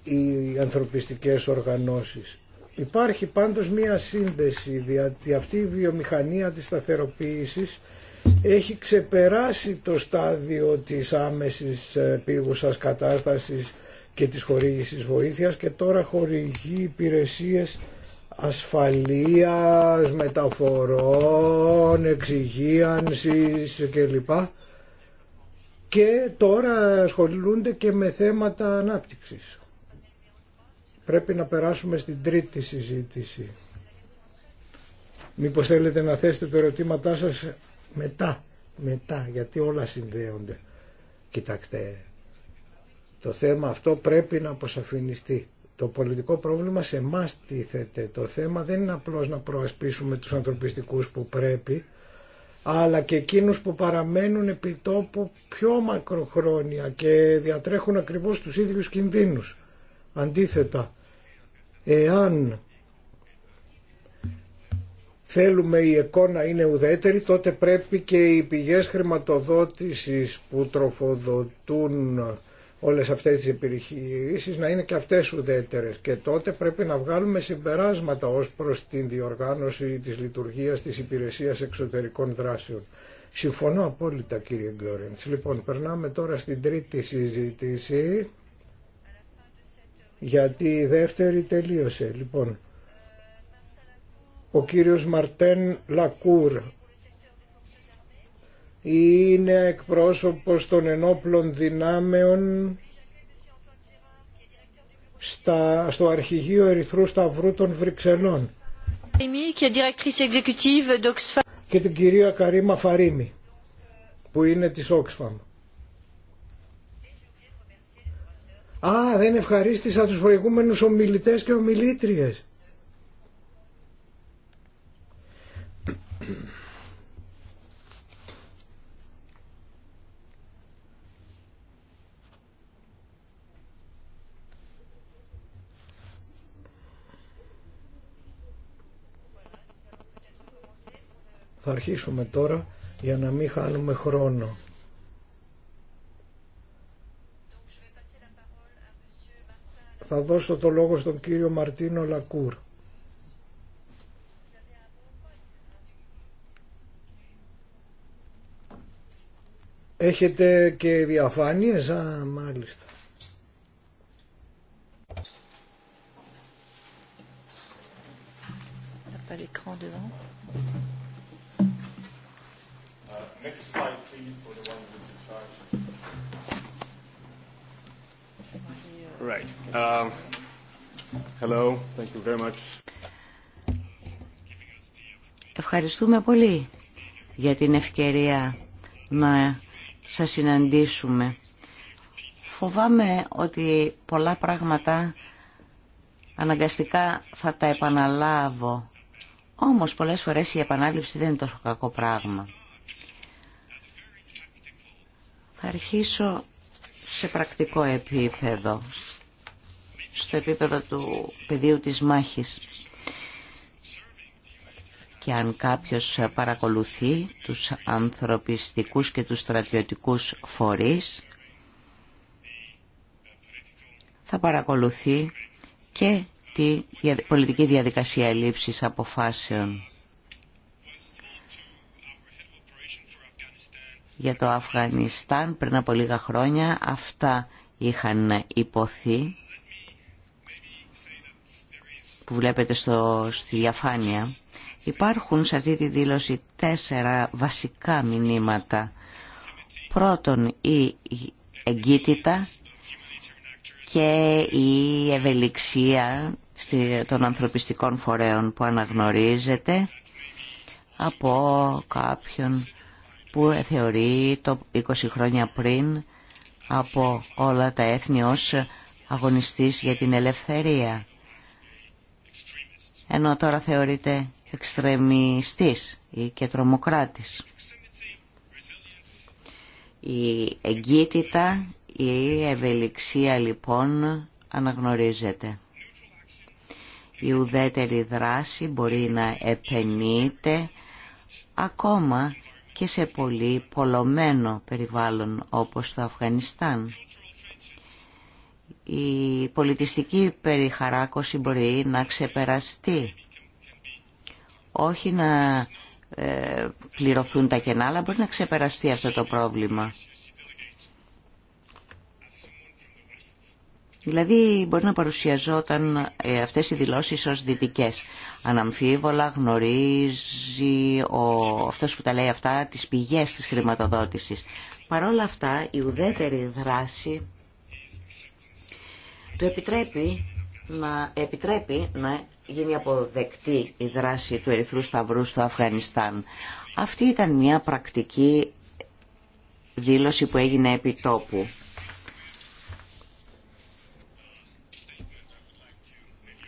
οι ανθρωπιστικές οργανώσεις. Υπάρχει πάντως μία σύνδεση, διότι αυτή η βιομηχανία της σταθεροποίησης έχει ξεπεράσει το στάδιο της άμεσης ε, πήγουσας κατάστασης και της χορήγησης βοήθειας και τώρα χορηγεί υπηρεσίες ασφαλείας, μεταφορών, εξυγίανσης κλπ. Και τώρα ασχολούνται και με θέματα ανάπτυξης. Πρέπει να περάσουμε στην τρίτη συζήτηση. Μήπως θέλετε να θέσετε το ερωτήματά σας μετά, μετά, γιατί όλα συνδέονται. Κοιτάξτε, το θέμα αυτό πρέπει να αποσαφινιστεί. Το πολιτικό πρόβλημα σε εμά τίθεται. Το θέμα δεν είναι απλώς να προασπίσουμε τους ανθρωπιστικούς που πρέπει, αλλά και εκείνου που παραμένουν επί τόπου πιο μακροχρόνια και διατρέχουν ακριβώς τους ίδιους κινδύνους. Αντίθετα, εάν θέλουμε η εικόνα είναι ουδέτερη, τότε πρέπει και οι πηγές χρηματοδότησης που τροφοδοτούν όλες αυτές τις επιχειρήσεις να είναι και αυτές ουδέτερες και τότε πρέπει να βγάλουμε συμπεράσματα ως προς την διοργάνωση της λειτουργίας της υπηρεσίας εξωτερικών δράσεων. Συμφωνώ απόλυτα κύριε Γκόρεντς. Λοιπόν, περνάμε τώρα στην τρίτη συζήτηση γιατί η δεύτερη τελείωσε. Λοιπόν, ο κύριος Μαρτέν Λακούρ είναι εκπρόσωπος των ενόπλων δυνάμεων στο αρχηγείο Ερυθρού Σταυρού των Βρυξελών και την κυρία Καρίμα Φαρίμη που είναι της Oxfam. Α, δεν ευχαρίστησα τους προηγούμενους ομιλητές και ομιλήτριες. Θα αρχίσουμε τώρα για να μην χάνουμε χρόνο. Θα δώσω το λόγο στον κύριο Μαρτίνο Λακούρ. Έχετε και διαφάνειες, α, μάλιστα. Next for the one the Right. Um, hello. Thank you very much. Ευχαριστούμε πολύ για την ευκαιρία να σας συναντήσουμε. Φοβάμαι ότι πολλά πράγματα αναγκαστικά θα τα επαναλάβω. Όμως πολλές φορές η επανάληψη δεν είναι τόσο κακό πράγμα. Θα αρχίσω σε πρακτικό επίπεδο, στο επίπεδο του πεδίου της μάχης. Και αν κάποιος παρακολουθεί τους ανθρωπιστικούς και τους στρατιωτικούς φορείς, θα παρακολουθεί και τη πολιτική διαδικασία λήψης αποφάσεων για το Αφγανιστάν πριν από λίγα χρόνια. Αυτά είχαν υποθεί που βλέπετε στο, στη διαφάνεια. Υπάρχουν σε αυτή τη δήλωση τέσσερα βασικά μηνύματα. Πρώτον, η εγκύτητα και η ευελιξία των ανθρωπιστικών φορέων που αναγνωρίζεται από κάποιον που θεωρεί το 20 χρόνια πριν από όλα τα έθνη ως αγωνιστής για την ελευθερία. Ενώ τώρα θεωρείται εξτρεμιστής ή και τρομοκράτης. Η εγκύτητα, η ευελιξία λοιπόν αναγνωρίζεται. Η ουδέτερη δράση μπορεί να επενείται ακόμα και σε πολύ πολλωμένο περιβάλλον όπως το Αφγανιστάν. Η πολιτιστική περιχαράκωση μπορεί να ξεπεραστεί. Όχι να ε, πληρωθούν τα κενά, αλλά μπορεί να ξεπεραστεί αυτό το πρόβλημα. Δηλαδή μπορεί να παρουσιαζόταν ε, αυτές οι δηλώσεις ως δυτικές. Αναμφίβολα γνωρίζει ο, αυτός που τα λέει αυτά τις πηγές της χρηματοδότησης. Παρ' όλα αυτά η ουδέτερη δράση του επιτρέπει να, επιτρέπει να γίνει αποδεκτή η δράση του Ερυθρού Σταυρού στο Αφγανιστάν. Αυτή ήταν μια πρακτική δήλωση που έγινε επί τόπου.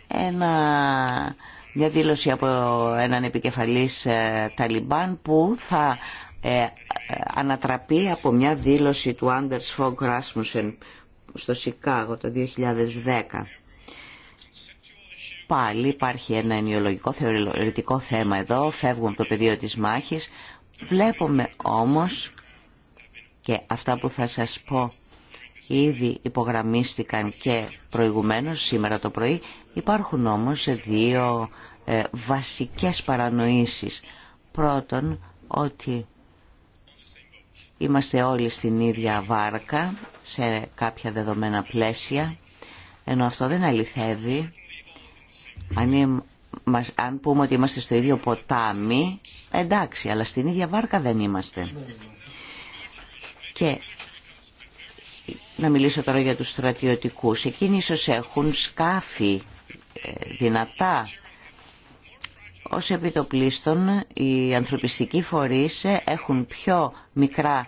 Ένα μια δήλωση από έναν επικεφαλής ε, Ταλιμπάν που θα ε, ανατραπεί από μια δήλωση του Anders Fogg Rasmussen στο Σικάγο το 2010. Πάλι υπάρχει ένα ενοιολογικό θεωρητικό θέμα εδώ, φεύγουν από το πεδίο της μάχης. Βλέπουμε όμως, και αυτά που θα σας πω ήδη υπογραμμίστηκαν και προηγουμένως σήμερα το πρωί. Υπάρχουν όμως δύο ε, βασικές παρανοήσεις. Πρώτον, ότι είμαστε όλοι στην ίδια βάρκα, σε κάποια δεδομένα πλαίσια, ενώ αυτό δεν αληθεύει. Αν, αν πούμε ότι είμαστε στο ίδιο ποτάμι, εντάξει, αλλά στην ίδια βάρκα δεν είμαστε. Και να μιλήσω τώρα για τους στρατιωτικούς. Εκείνοι ίσως έχουν σκάφη ε, δυνατά. Ως επιτοπλίστων οι ανθρωπιστικοί φορείς ε, έχουν πιο μικρά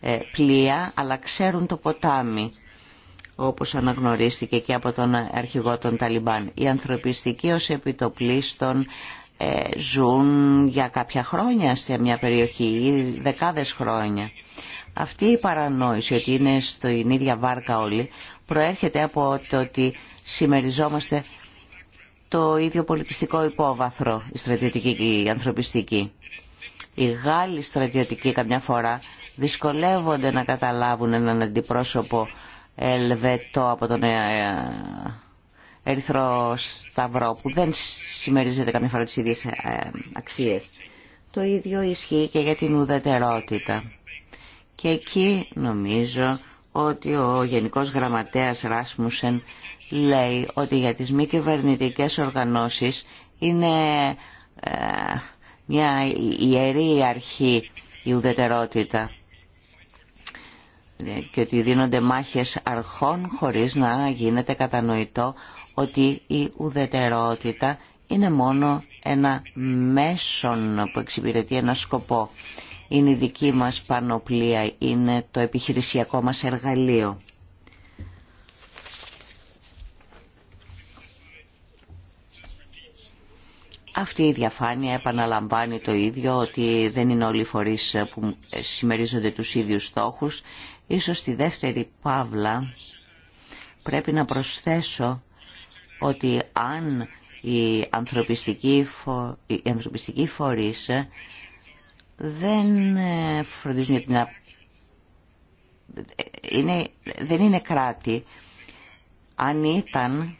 ε, πλοία αλλά ξέρουν το ποτάμι όπως αναγνωρίστηκε και από τον αρχηγό των Ταλιμπάν. Οι ανθρωπιστικοί ως επιτοπλίστων ζουν για κάποια χρόνια σε μια περιοχή ή δεκάδες χρόνια. Αυτή η παρανόηση ότι είναι στην ίδια βάρκα όλοι προέρχεται από το ότι συμμεριζόμαστε το ίδιο πολιτιστικό υπόβαθρο, η στρατιωτική και η ανθρωπιστική. Οι Γάλλοι στρατιωτικοί καμιά φορά δυσκολεύονται να καταλάβουν έναν αντιπρόσωπο Ελβετό από τον ε, Ερυθρό Σταυρό που δεν συμμερίζεται καμιά φορά τις ίδιες ε, αξίες. Το ίδιο ισχύει και για την ουδετερότητα. Και εκεί νομίζω ότι ο Γενικός Γραμματέας Ράσμουσεν λέει ότι για τις μη κυβερνητικέ οργανώσεις είναι ε, μια ιερή αρχή η ουδετερότητα και ότι δίνονται μάχες αρχών χωρίς να γίνεται κατανοητό ότι η ουδετερότητα είναι μόνο ένα μέσον που εξυπηρετεί ένα σκοπό είναι η δική μας πανοπλία, είναι το επιχειρησιακό μας εργαλείο. Αυτή η διαφάνεια επαναλαμβάνει το ίδιο ότι δεν είναι όλοι οι φορείς που συμμερίζονται τους ίδιους στόχους. Ίσως στη δεύτερη παύλα πρέπει να προσθέσω ότι αν οι ανθρωπιστικοί, φο... ανθρωπιστικοί φορείς δεν ε, φροντίζουν ε, είναι, δεν είναι κράτη. Αν ήταν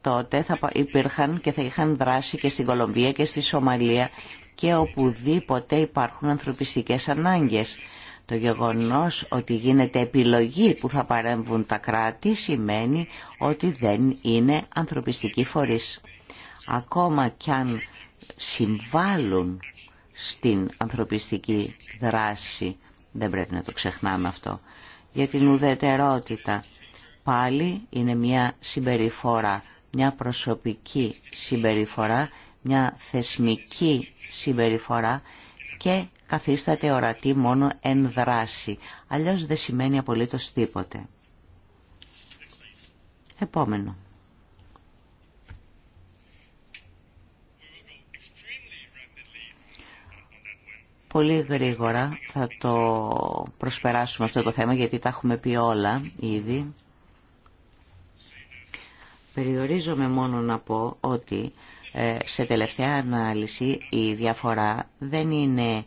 τότε θα υπήρχαν και θα είχαν δράσει και στην Κολομβία και στη Σομαλία και οπουδήποτε υπάρχουν ανθρωπιστικές ανάγκες. Το γεγονός ότι γίνεται επιλογή που θα παρέμβουν τα κράτη σημαίνει ότι δεν είναι ανθρωπιστικοί φορείς. Ακόμα κι αν συμβάλλουν στην ανθρωπιστική δράση. Δεν πρέπει να το ξεχνάμε αυτό. Για την ουδετερότητα πάλι είναι μια συμπεριφορά, μια προσωπική συμπεριφορά, μια θεσμική συμπεριφορά και καθίσταται ορατή μόνο εν δράση. Αλλιώς δεν σημαίνει απολύτως τίποτε. Επόμενο. Πολύ γρήγορα θα το προσπεράσουμε αυτό το θέμα γιατί τα έχουμε πει όλα ήδη. Περιορίζομαι μόνο να πω ότι ε, σε τελευταία ανάλυση η διαφορά δεν είναι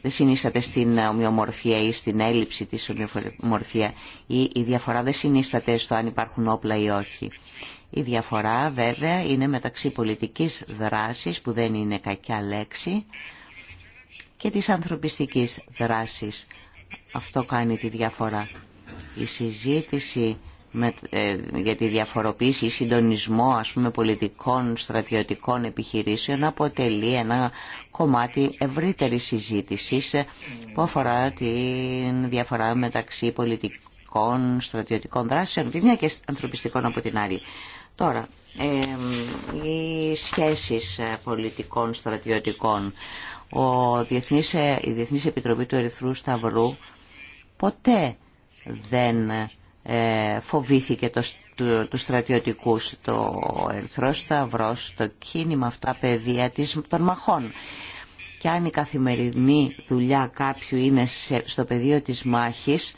δεν συνίσταται στην ομοιομορφία ή στην έλλειψη της ομοιομορφία ή η διαφορά δεν συνίσταται στο αν υπάρχουν όπλα ή όχι. Η διαφορά βέβαια είναι μεταξύ πολιτικής δράσης που δεν είναι κακιά λέξη και της ανθρωπιστικής δράσης. Αυτό κάνει τη διαφορά. Η συζήτηση με, ε, για τη διαφοροποίηση, συντονισμό ας πούμε, πολιτικών, στρατιωτικών επιχειρήσεων αποτελεί ένα κομμάτι ευρύτερη συζήτησης ε, που αφορά τη διαφορά μεταξύ πολιτικών, στρατιωτικών δράσεων τη μια και ανθρωπιστικών από την άλλη. Τώρα, ε, οι σχέσεις ε, πολιτικών, στρατιωτικών ο Διεθνής, η Διεθνής Επιτροπή του Ερυθρού Σταυρού ποτέ δεν ε, φοβήθηκε το, του, στρατιωτικού. στρατιωτικούς το Ερυθρό Σταυρό το κίνημα αυτά παιδεία της, των μαχών. Και αν η καθημερινή δουλειά κάποιου είναι στο πεδίο της μάχης,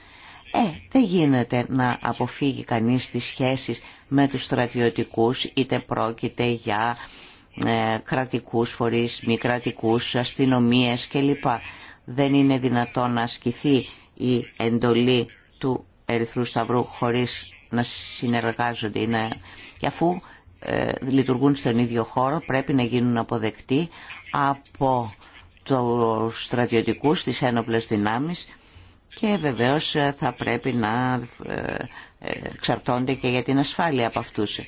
ε, δεν γίνεται να αποφύγει κανείς τις σχέσεις με τους στρατιωτικούς, είτε πρόκειται για ε, κρατικούς φορείς, μη κρατικούς, αστυνομίες κλπ. Δεν είναι δυνατόν να ασκηθεί η εντολή του Ερυθρού Σταυρού χωρίς να συνεργάζονται. Είναι... Και αφού ε, λειτουργούν στον ίδιο χώρο πρέπει να γίνουν αποδεκτοί από τους στρατιωτικούς της ένοπλες δυνάμεις και βεβαίως ε, θα πρέπει να εξαρτώνται και για την ασφάλεια από αυτούς.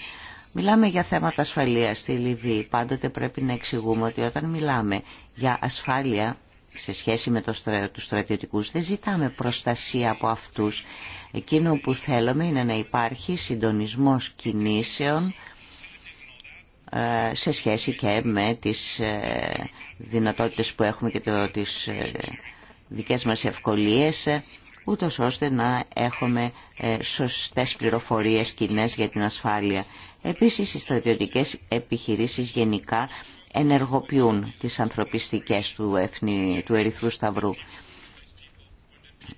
Μιλάμε για θέματα ασφαλείας στη Λιβύη. Πάντοτε πρέπει να εξηγούμε ότι όταν μιλάμε για ασφάλεια σε σχέση με το στρα... τους στρατιωτικούς δεν ζητάμε προστασία από αυτούς. Εκείνο που θέλουμε είναι να υπάρχει συντονισμός κινήσεων ε, σε σχέση και με τις ε, δυνατότητες που έχουμε και το, τις ε, δικές μας ευκολίες ούτω ώστε να έχουμε σωστές πληροφορίες κοινέ για την ασφάλεια Επίσης οι στρατιωτικές επιχειρήσεις γενικά ενεργοποιούν τις ανθρωπιστικές του, Εθνή, του Ερυθρού Σταυρού.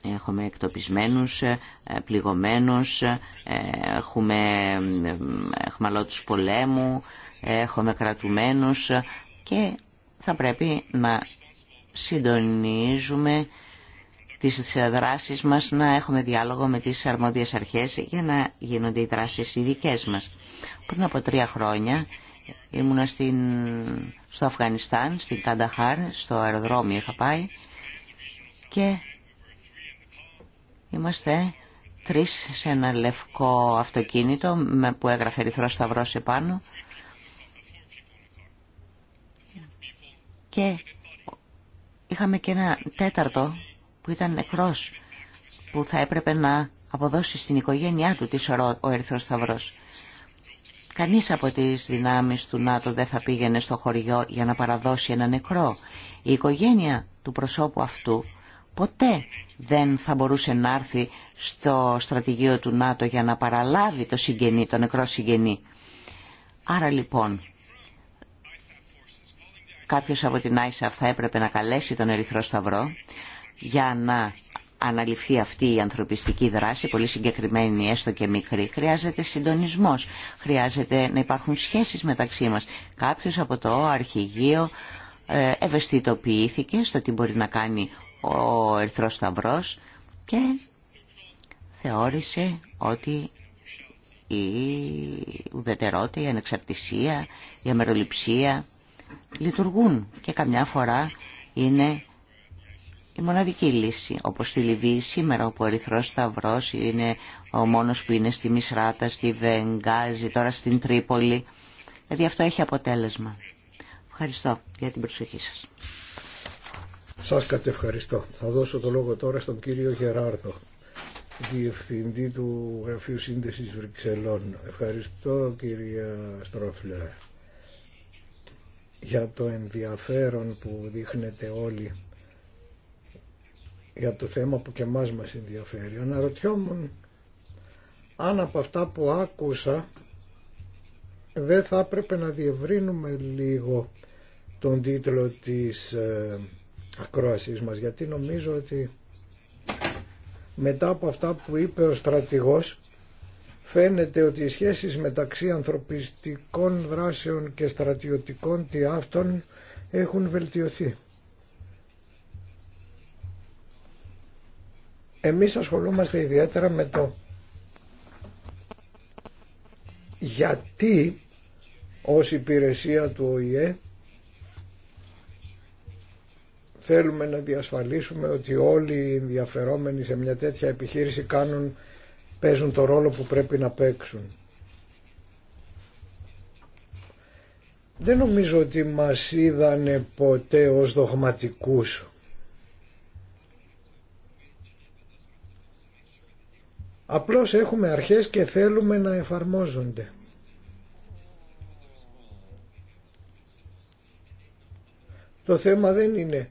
Έχουμε εκτοπισμένους, ε, πληγωμένους, ε, έχουμε ε, χμαλώτους πολέμου, έχουμε κρατουμένους και θα πρέπει να συντονίζουμε τις δράσεις μας, να έχουμε διάλογο με τις αρμόδιες αρχές για να γίνονται οι δράσεις οι δικές μας. Πριν από τρία χρόνια ήμουνα στην, στο Αφγανιστάν, στην Κανταχάρ, στο αεροδρόμιο είχα πάει και είμαστε τρεις σε ένα λευκό αυτοκίνητο με, που έγραφε σταυρό Σταυρός πάνω και είχαμε και ένα τέταρτο που ήταν νεκρός, που θα έπρεπε να αποδώσει στην οικογένειά του τη ο Ερυθρός Σταυρός. Κανείς από τις δυνάμεις του ΝΑΤΟ δεν θα πήγαινε στο χωριό για να παραδώσει ένα νεκρό. Η οικογένεια του προσώπου αυτού ποτέ δεν θα μπορούσε να έρθει στο στρατηγείο του ΝΑΤΟ για να παραλάβει το συγγενή, το νεκρό συγγενή. Άρα λοιπόν, κάποιος από την ISAF θα έπρεπε να καλέσει τον Ερυθρό Σταυρό, για να αναλυφθεί αυτή η ανθρωπιστική δράση, πολύ συγκεκριμένη έστω και μικρή, χρειάζεται συντονισμός, χρειάζεται να υπάρχουν σχέσεις μεταξύ μας. Κάποιος από το αρχηγείο ε, ευαισθητοποιήθηκε στο τι μπορεί να κάνει ο Ερθρός Σταυρός και θεώρησε ότι η ουδετερότητα, η ανεξαρτησία, η αμεροληψία λειτουργούν και καμιά φορά είναι η μοναδική λύση. Όπως στη Λιβύη σήμερα ο Ερυθρό Σταυρό είναι ο μόνος που είναι στη Μισράτα, στη Βενγκάζη, τώρα στην Τρίπολη. Δηλαδή αυτό έχει αποτέλεσμα. Ευχαριστώ για την προσοχή σας. Σας κατευχαριστώ. Θα δώσω το λόγο τώρα στον κύριο Γεράρδο, Διευθυντή του Γραφείου Σύνδεσης Βρυξελών. Ευχαριστώ κύριε Στρόφλε για το ενδιαφέρον που δείχνετε όλοι για το θέμα που και εμάς μας ενδιαφέρει. Αναρωτιόμουν αν από αυτά που άκουσα δεν θα έπρεπε να διευρύνουμε λίγο τον τίτλο της ε, ακρόασής μας γιατί νομίζω ότι μετά από αυτά που είπε ο στρατηγός φαίνεται ότι οι σχέσεις μεταξύ ανθρωπιστικών δράσεων και στρατιωτικών τιάφτων έχουν βελτιωθεί. Εμείς ασχολούμαστε ιδιαίτερα με το γιατί ως υπηρεσία του ΟΗΕ θέλουμε να διασφαλίσουμε ότι όλοι οι ενδιαφερόμενοι σε μια τέτοια επιχείρηση κάνουν, παίζουν το ρόλο που πρέπει να παίξουν. Δεν νομίζω ότι μας είδανε ποτέ ως δογματικούς. Απλώς έχουμε αρχές και θέλουμε να εφαρμόζονται. Το θέμα δεν είναι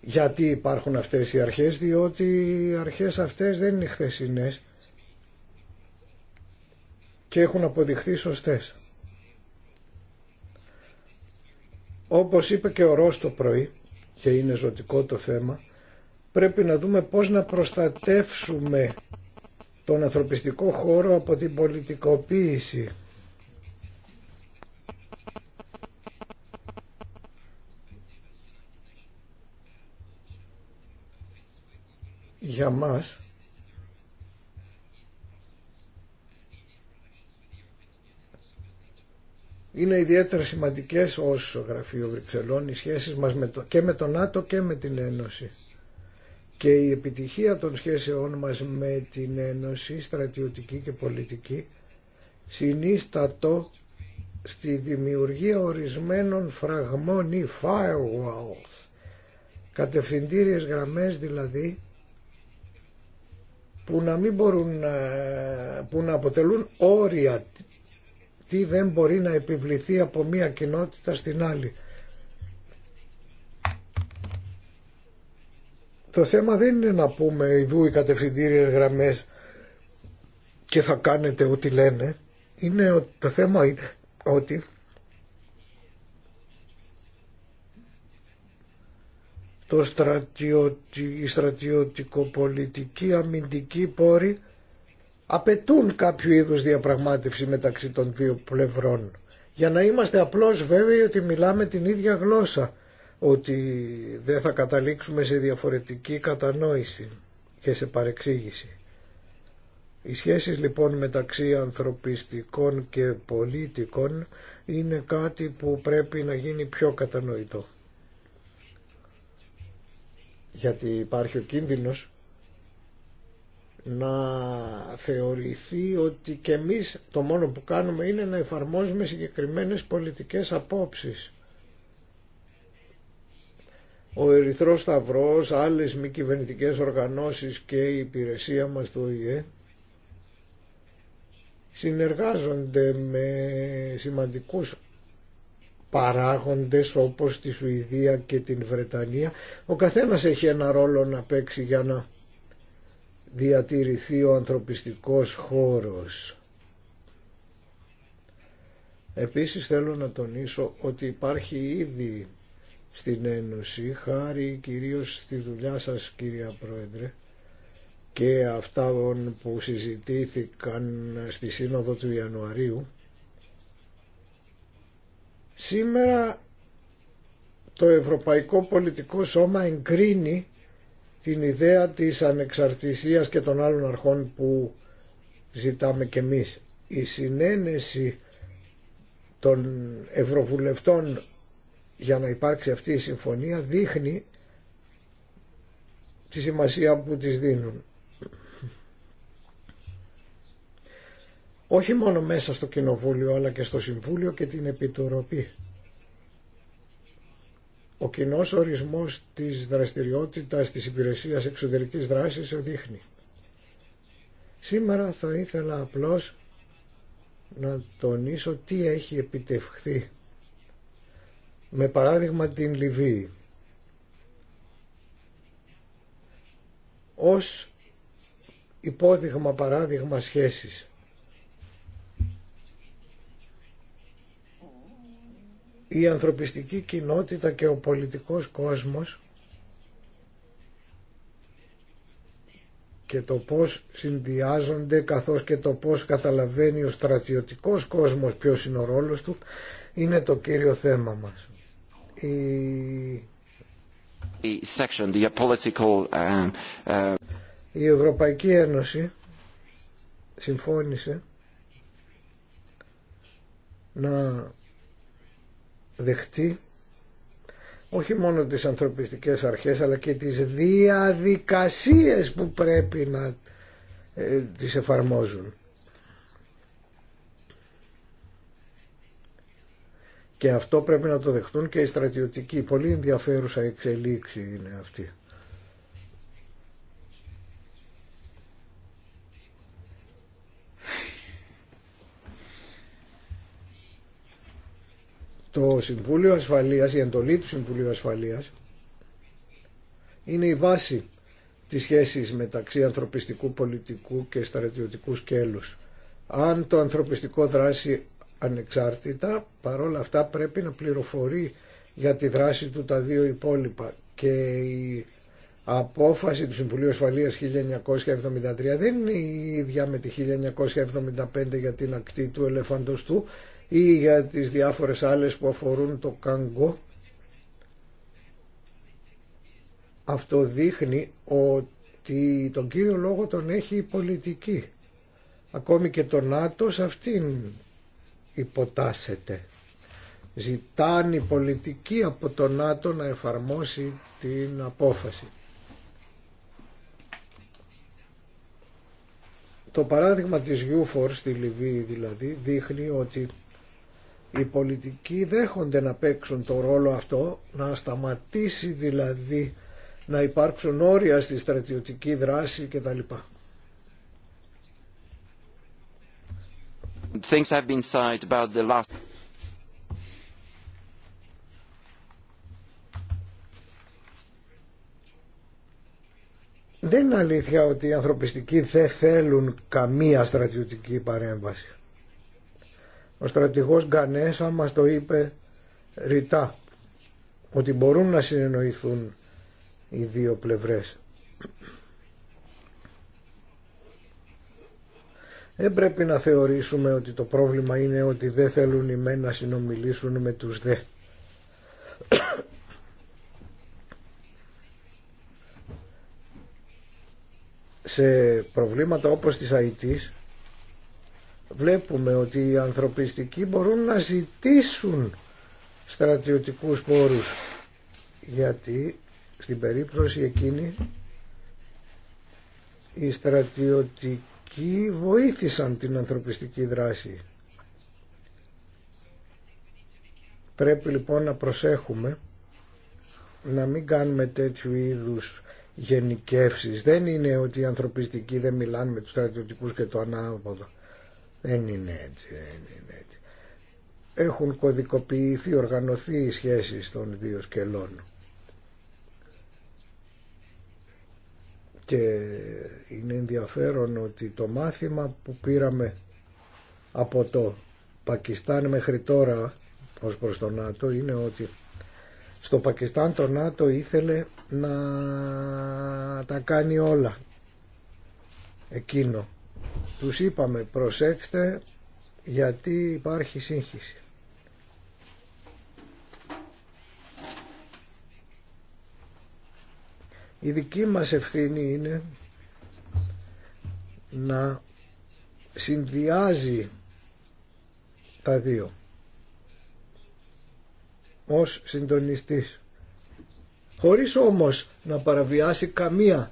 γιατί υπάρχουν αυτές οι αρχές, διότι οι αρχές αυτές δεν είναι χθεσινές και έχουν αποδειχθεί σωστές. Όπως είπε και ο Ρος το πρωί, και είναι ζωτικό το θέμα, πρέπει να δούμε πώς να προστατεύσουμε τον ανθρωπιστικό χώρο από την πολιτικοποίηση. Για μας, Είναι ιδιαίτερα σημαντικές όσο Γραφείο Βρυξελών οι σχέσεις μας με το, και με τον ΝΑΤΟ και με την Ένωση. Και η επιτυχία των σχέσεών μας με την Ένωση, στρατιωτική και πολιτική, συνίστατο στη δημιουργία ορισμένων φραγμών ή firewalls, κατευθυντήριες γραμμές δηλαδή, που να μην μπορούν, ε, που να αποτελούν όρια τι δεν μπορεί να επιβληθεί από μία κοινότητα στην άλλη. Το θέμα δεν είναι να πούμε ειδού οι κατευθυντήριε γραμμές και θα κάνετε ό,τι λένε. Είναι, το θέμα είναι ότι το στρατιωτι, η στρατιωτικοπολιτική αμυντική πόρη απαιτούν κάποιο είδους διαπραγμάτευση μεταξύ των δύο πλευρών για να είμαστε απλώς βέβαιοι ότι μιλάμε την ίδια γλώσσα ότι δεν θα καταλήξουμε σε διαφορετική κατανόηση και σε παρεξήγηση. Οι σχέσεις λοιπόν μεταξύ ανθρωπιστικών και πολιτικών είναι κάτι που πρέπει να γίνει πιο κατανοητό. Γιατί υπάρχει ο κίνδυνος να θεωρηθεί ότι και εμείς το μόνο που κάνουμε είναι να εφαρμόζουμε συγκεκριμένες πολιτικές απόψεις ο Ερυθρός Σταυρός, άλλες μη κυβερνητικέ οργανώσεις και η υπηρεσία μας του ΟΗΕ συνεργάζονται με σημαντικούς παράγοντες όπως τη Σουηδία και την Βρετανία. Ο καθένας έχει ένα ρόλο να παίξει για να διατηρηθεί ο ανθρωπιστικός χώρος. Επίσης θέλω να τονίσω ότι υπάρχει ήδη στην Ένωση, χάρη κυρίως στη δουλειά σας κυρία Πρόεδρε και αυτά που συζητήθηκαν στη Σύνοδο του Ιανουαρίου. Σήμερα το Ευρωπαϊκό Πολιτικό Σώμα εγκρίνει την ιδέα της ανεξαρτησίας και των άλλων αρχών που ζητάμε και εμείς. Η συνένεση των Ευρωβουλευτών για να υπάρξει αυτή η συμφωνία δείχνει τη σημασία που τις δίνουν. Όχι μόνο μέσα στο Κοινοβούλιο αλλά και στο Συμβούλιο και την Επιτροπή. Ο κοινό ορισμός της δραστηριότητας της υπηρεσίας εξωτερικής δράσης δείχνει. Σήμερα θα ήθελα απλώς να τονίσω τι έχει επιτευχθεί με παράδειγμα την Λιβύη. Ως υπόδειγμα παράδειγμα σχέσης. Η ανθρωπιστική κοινότητα και ο πολιτικός κόσμος και το πώς συνδυάζονται καθώς και το πώς καταλαβαίνει ο στρατιωτικός κόσμος ποιος είναι ο ρόλος του είναι το κύριο θέμα μας. Um, uh, Η... Ευρωπαϊκή Ένωση συμφώνησε να δεχτεί όχι μόνο τις ανθρωπιστικές αρχές αλλά και τις διαδικασίες που πρέπει να ε, τις εφαρμόζουν. Και αυτό πρέπει να το δεχτούν και οι στρατιωτικοί. Πολύ ενδιαφέρουσα εξελίξη είναι αυτή. Το Συμβούλιο Ασφαλείας, η εντολή του Συμβουλίου Ασφαλείας είναι η βάση της σχέσης μεταξύ ανθρωπιστικού, πολιτικού και στρατιωτικού σκέλους. Αν το ανθρωπιστικό δράση ανεξάρτητα, παρόλα αυτά πρέπει να πληροφορεί για τη δράση του τα δύο υπόλοιπα και η απόφαση του Συμβουλίου Ασφαλείας 1973 δεν είναι η ίδια με τη 1975 για την ακτή του ελεφαντοστού ή για τις διάφορες άλλες που αφορούν το καγκό. Αυτό δείχνει ότι τον κύριο λόγο τον έχει η πολιτική. Ακόμη και το ΝΑΤΟ σε αυτήν υποτάσσεται. Ζητάνε η πολιτική από τον ΝΑΤΟ να εφαρμόσει την απόφαση. Το παράδειγμα της UFOR στη Λιβύη δηλαδή δείχνει ότι οι πολιτικοί δέχονται να παίξουν το ρόλο αυτό, να σταματήσει δηλαδή να υπάρξουν όρια στη στρατιωτική δράση κτλ. Things Δεν είναι αλήθεια ότι οι ανθρωπιστικοί δεν θέλουν καμία στρατιωτική παρέμβαση. Ο στρατηγός Γκανέσα μας το είπε ρητά ότι μπορούν να συνεννοηθούν οι δύο πλευρές. Δεν πρέπει να θεωρήσουμε ότι το πρόβλημα είναι ότι δεν θέλουν οι μένα να συνομιλήσουν με τους δε. Σε προβλήματα όπως της ΑΕΤΙΣ βλέπουμε ότι οι ανθρωπιστικοί μπορούν να ζητήσουν στρατιωτικούς πόρους γιατί στην περίπτωση εκείνη η στρατιωτική εκεί βοήθησαν την ανθρωπιστική δράση. Πρέπει λοιπόν να προσέχουμε να μην κάνουμε τέτοιου είδους γενικεύσεις. Δεν είναι ότι οι ανθρωπιστικοί δεν μιλάνε με τους στρατιωτικούς και το ανάποδο. Δεν είναι έτσι, δεν είναι έτσι. Έχουν κωδικοποιηθεί, οργανωθεί οι σχέσεις των δύο σκελών. και είναι ενδιαφέρον ότι το μάθημα που πήραμε από το Πακιστάν μέχρι τώρα ως προς το ΝΑΤΟ είναι ότι στο Πακιστάν το ΝΑΤΟ ήθελε να τα κάνει όλα εκείνο. Τους είπαμε προσέξτε γιατί υπάρχει σύγχυση. Η δική μας ευθύνη είναι να συνδυάζει τα δύο ως συντονιστής χωρίς όμως να παραβιάσει καμία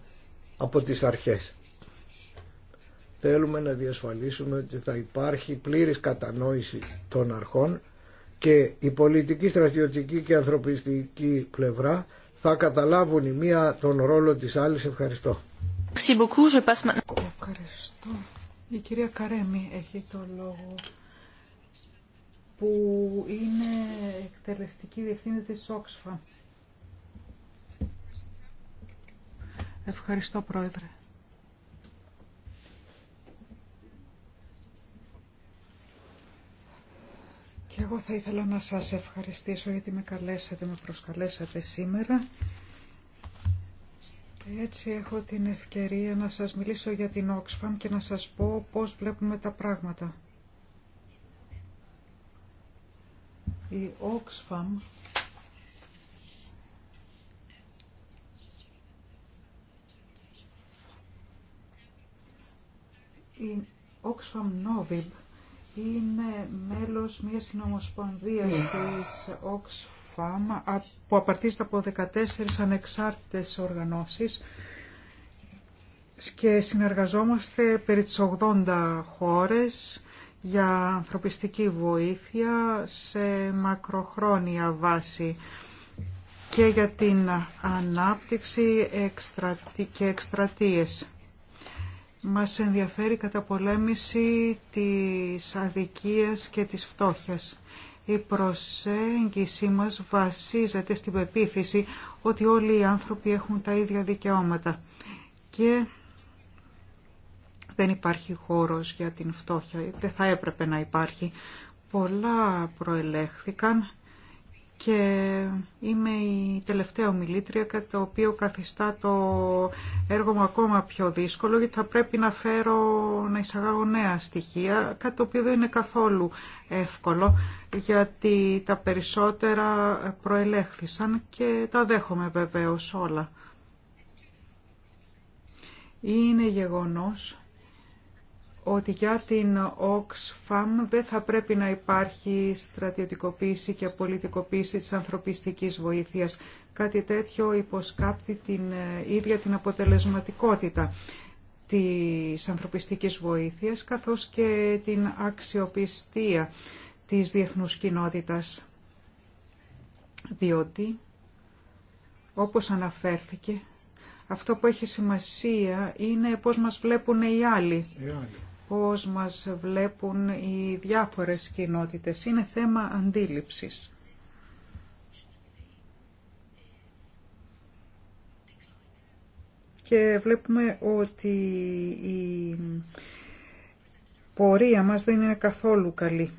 από τις αρχές. Θέλουμε να διασφαλίσουμε ότι θα υπάρχει πλήρης κατανόηση των αρχών και η πολιτική, στρατιωτική και ανθρωπιστική πλευρά θα καταλάβουν η μία τον ρόλο της άλλης. Ευχαριστώ. Ευχαριστώ. Η κυρία Καρέμι έχει το λόγο που είναι εκτελεστική διευθύντρια της Oxfam. Ευχαριστώ, Πρόεδρε. Και εγώ θα ήθελα να σας ευχαριστήσω γιατί με καλέσατε, με προσκαλέσατε σήμερα. Και έτσι έχω την ευκαιρία να σας μιλήσω για την Oxfam και να σας πω πώς βλέπουμε τα πράγματα. Η Oxfam η Oxfam Novib είναι μέλος μιας συνομοσπονδίας της Oxfam που απαρτίζεται από 14 ανεξάρτητες οργανώσεις και συνεργαζόμαστε περί τις 80 χώρες για ανθρωπιστική βοήθεια σε μακροχρόνια βάση και για την ανάπτυξη και εκστρατείες. Μας ενδιαφέρει κατά καταπολέμηση της αδικίας και της φτώχειας. Η προσέγγιση μας βασίζεται στην πεποίθηση ότι όλοι οι άνθρωποι έχουν τα ίδια δικαιώματα και δεν υπάρχει χώρος για την φτώχεια, δεν θα έπρεπε να υπάρχει. Πολλά προελέχθηκαν και είμαι η τελευταία ομιλήτρια κατά το οποίο καθιστά το έργο μου ακόμα πιο δύσκολο γιατί θα πρέπει να φέρω να εισαγάγω νέα στοιχεία κάτι το οποίο δεν είναι καθόλου εύκολο γιατί τα περισσότερα προελέχθησαν και τα δέχομαι βεβαίως όλα. Είναι γεγονός ότι για την Oxfam δεν θα πρέπει να υπάρχει στρατιωτικοποίηση και πολιτικοποίηση της ανθρωπιστικής βοήθειας. Κάτι τέτοιο υποσκάπτει την ε, ίδια την αποτελεσματικότητα της ανθρωπιστικής βοήθειας καθώς και την αξιοπιστία της διεθνούς κοινότητας. Διότι, όπως αναφέρθηκε, αυτό που έχει σημασία είναι πώς μας βλέπουν Οι άλλοι πώς μας βλέπουν οι διάφορες κοινότητες. Είναι θέμα αντίληψης. Και βλέπουμε ότι η πορεία μας δεν είναι καθόλου καλή.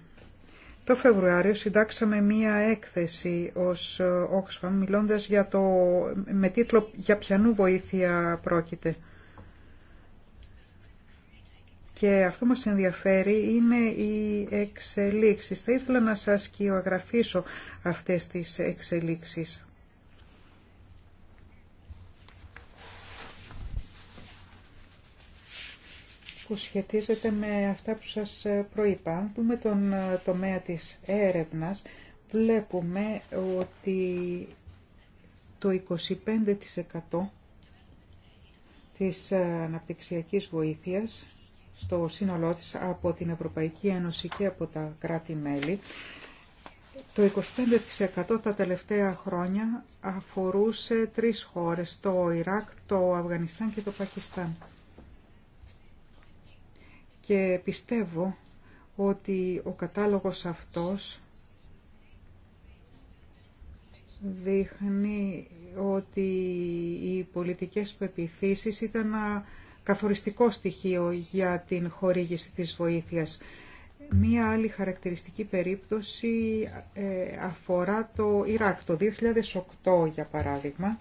Το Φεβρουάριο συντάξαμε μία έκθεση ως Oxfam μιλώντας για το, με τίτλο «Για ποιανού βοήθεια πρόκειται» και αυτό μας ενδιαφέρει είναι οι εξελίξεις. Θα ήθελα να σας κοιογραφήσω αυτές τις εξελίξεις. που σχετίζεται με αυτά που σας προείπα. Αν πούμε τον τομέα της έρευνας, βλέπουμε ότι το 25% της αναπτυξιακής βοήθειας στο σύνολό της από την Ευρωπαϊκή Ένωση και από τα κράτη-μέλη. Το 25% τα τελευταία χρόνια αφορούσε τρεις χώρες, το Ιράκ, το Αφγανιστάν και το Πακιστάν. Και πιστεύω ότι ο κατάλογος αυτός δείχνει ότι οι πολιτικές πεπιθήσεις ήταν να καθοριστικό στοιχείο για την χορήγηση της βοήθειας. Μία άλλη χαρακτηριστική περίπτωση ε, αφορά το Ιράκ. Το 2008, για παράδειγμα,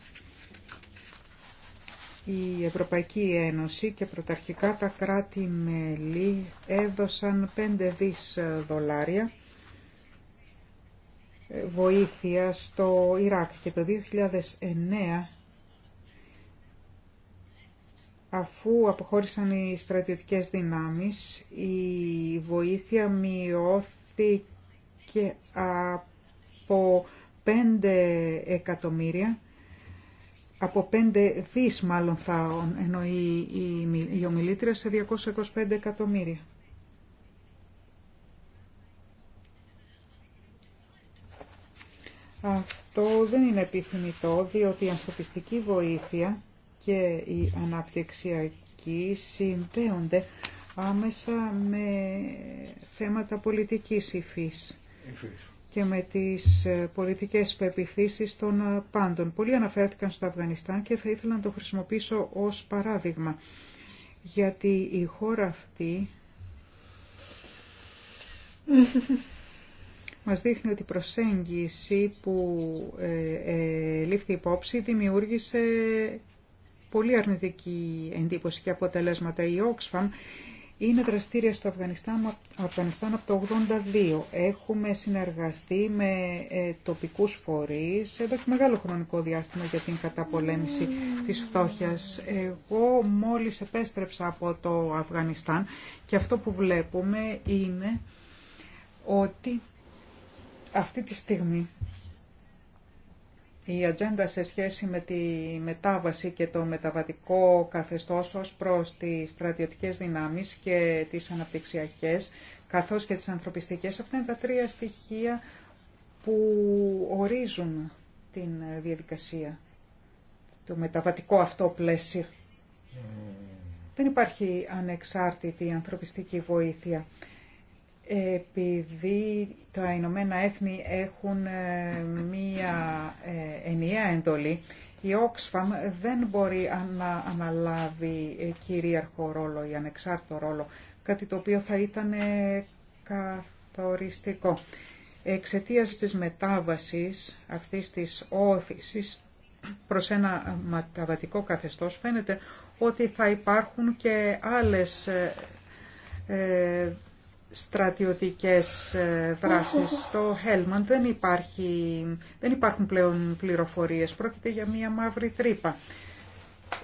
η Ευρωπαϊκή Ένωση και πρωταρχικά τα κράτη-μέλη έδωσαν 5 δις δολάρια βοήθεια στο Ιράκ και το 2009 αφού αποχώρησαν οι στρατιωτικές δυνάμεις, η βοήθεια μειώθηκε από 5 εκατομμύρια, από 5 δις μάλλον θα εννοεί η ομιλήτρια, σε 225 εκατομμύρια. Αυτό δεν είναι επιθυμητό, διότι η ανθρωπιστική βοήθεια και η αναπτυξιακή συνδέονται άμεσα με θέματα πολιτικής υφής και με τις ε, πολιτικές πεπιθήσεις των ε, πάντων. Πολλοί αναφέρθηκαν στο Αφγανιστάν και θα ήθελα να το χρησιμοποιήσω ως παράδειγμα, γιατί η χώρα αυτή μας δείχνει ότι η προσέγγιση που ε, ε, λήφθη υπόψη δημιούργησε πολύ αρνητική εντύπωση και αποτελέσματα. Η Oxfam είναι δραστήρια στο Αφγανιστάν, Αφγανιστάν από το 1982. Έχουμε συνεργαστεί με ε, τοπικούς φορείς εδώ και μεγάλο χρονικό διάστημα για την καταπολέμηση της φτώχειας. Εγώ μόλις επέστρεψα από το Αφγανιστάν και αυτό που βλέπουμε είναι ότι αυτή τη στιγμή η ατζέντα σε σχέση με τη μετάβαση και το μεταβατικό καθεστώς ως προς τις στρατιωτικές δυνάμεις και τις αναπτυξιακές, καθώς και τις ανθρωπιστικές, αυτά είναι τα τρία στοιχεία που ορίζουν την διαδικασία, το μεταβατικό αυτό πλαίσιο. Δεν υπάρχει ανεξάρτητη ανθρωπιστική βοήθεια επειδή τα Ηνωμένα Έθνη έχουν ε, μια εντολή, η Oxfam δεν μπορεί να αναλάβει ε, κυρίαρχο ρόλο ή ανεξάρτητο ρόλο, κάτι το οποίο θα ήταν ε, καθοριστικό. Εξαιτίας της μετάβασης αυτής της όθησης προς ένα μεταβατικό καθεστώς φαίνεται ότι θα υπάρχουν και άλλες ε, στρατιωτικές ε, δράσεις. Στο Χέλμαν δεν, υπάρχει, δεν υπάρχουν πλέον πληροφορίες. Πρόκειται για μία μαύρη τρύπα.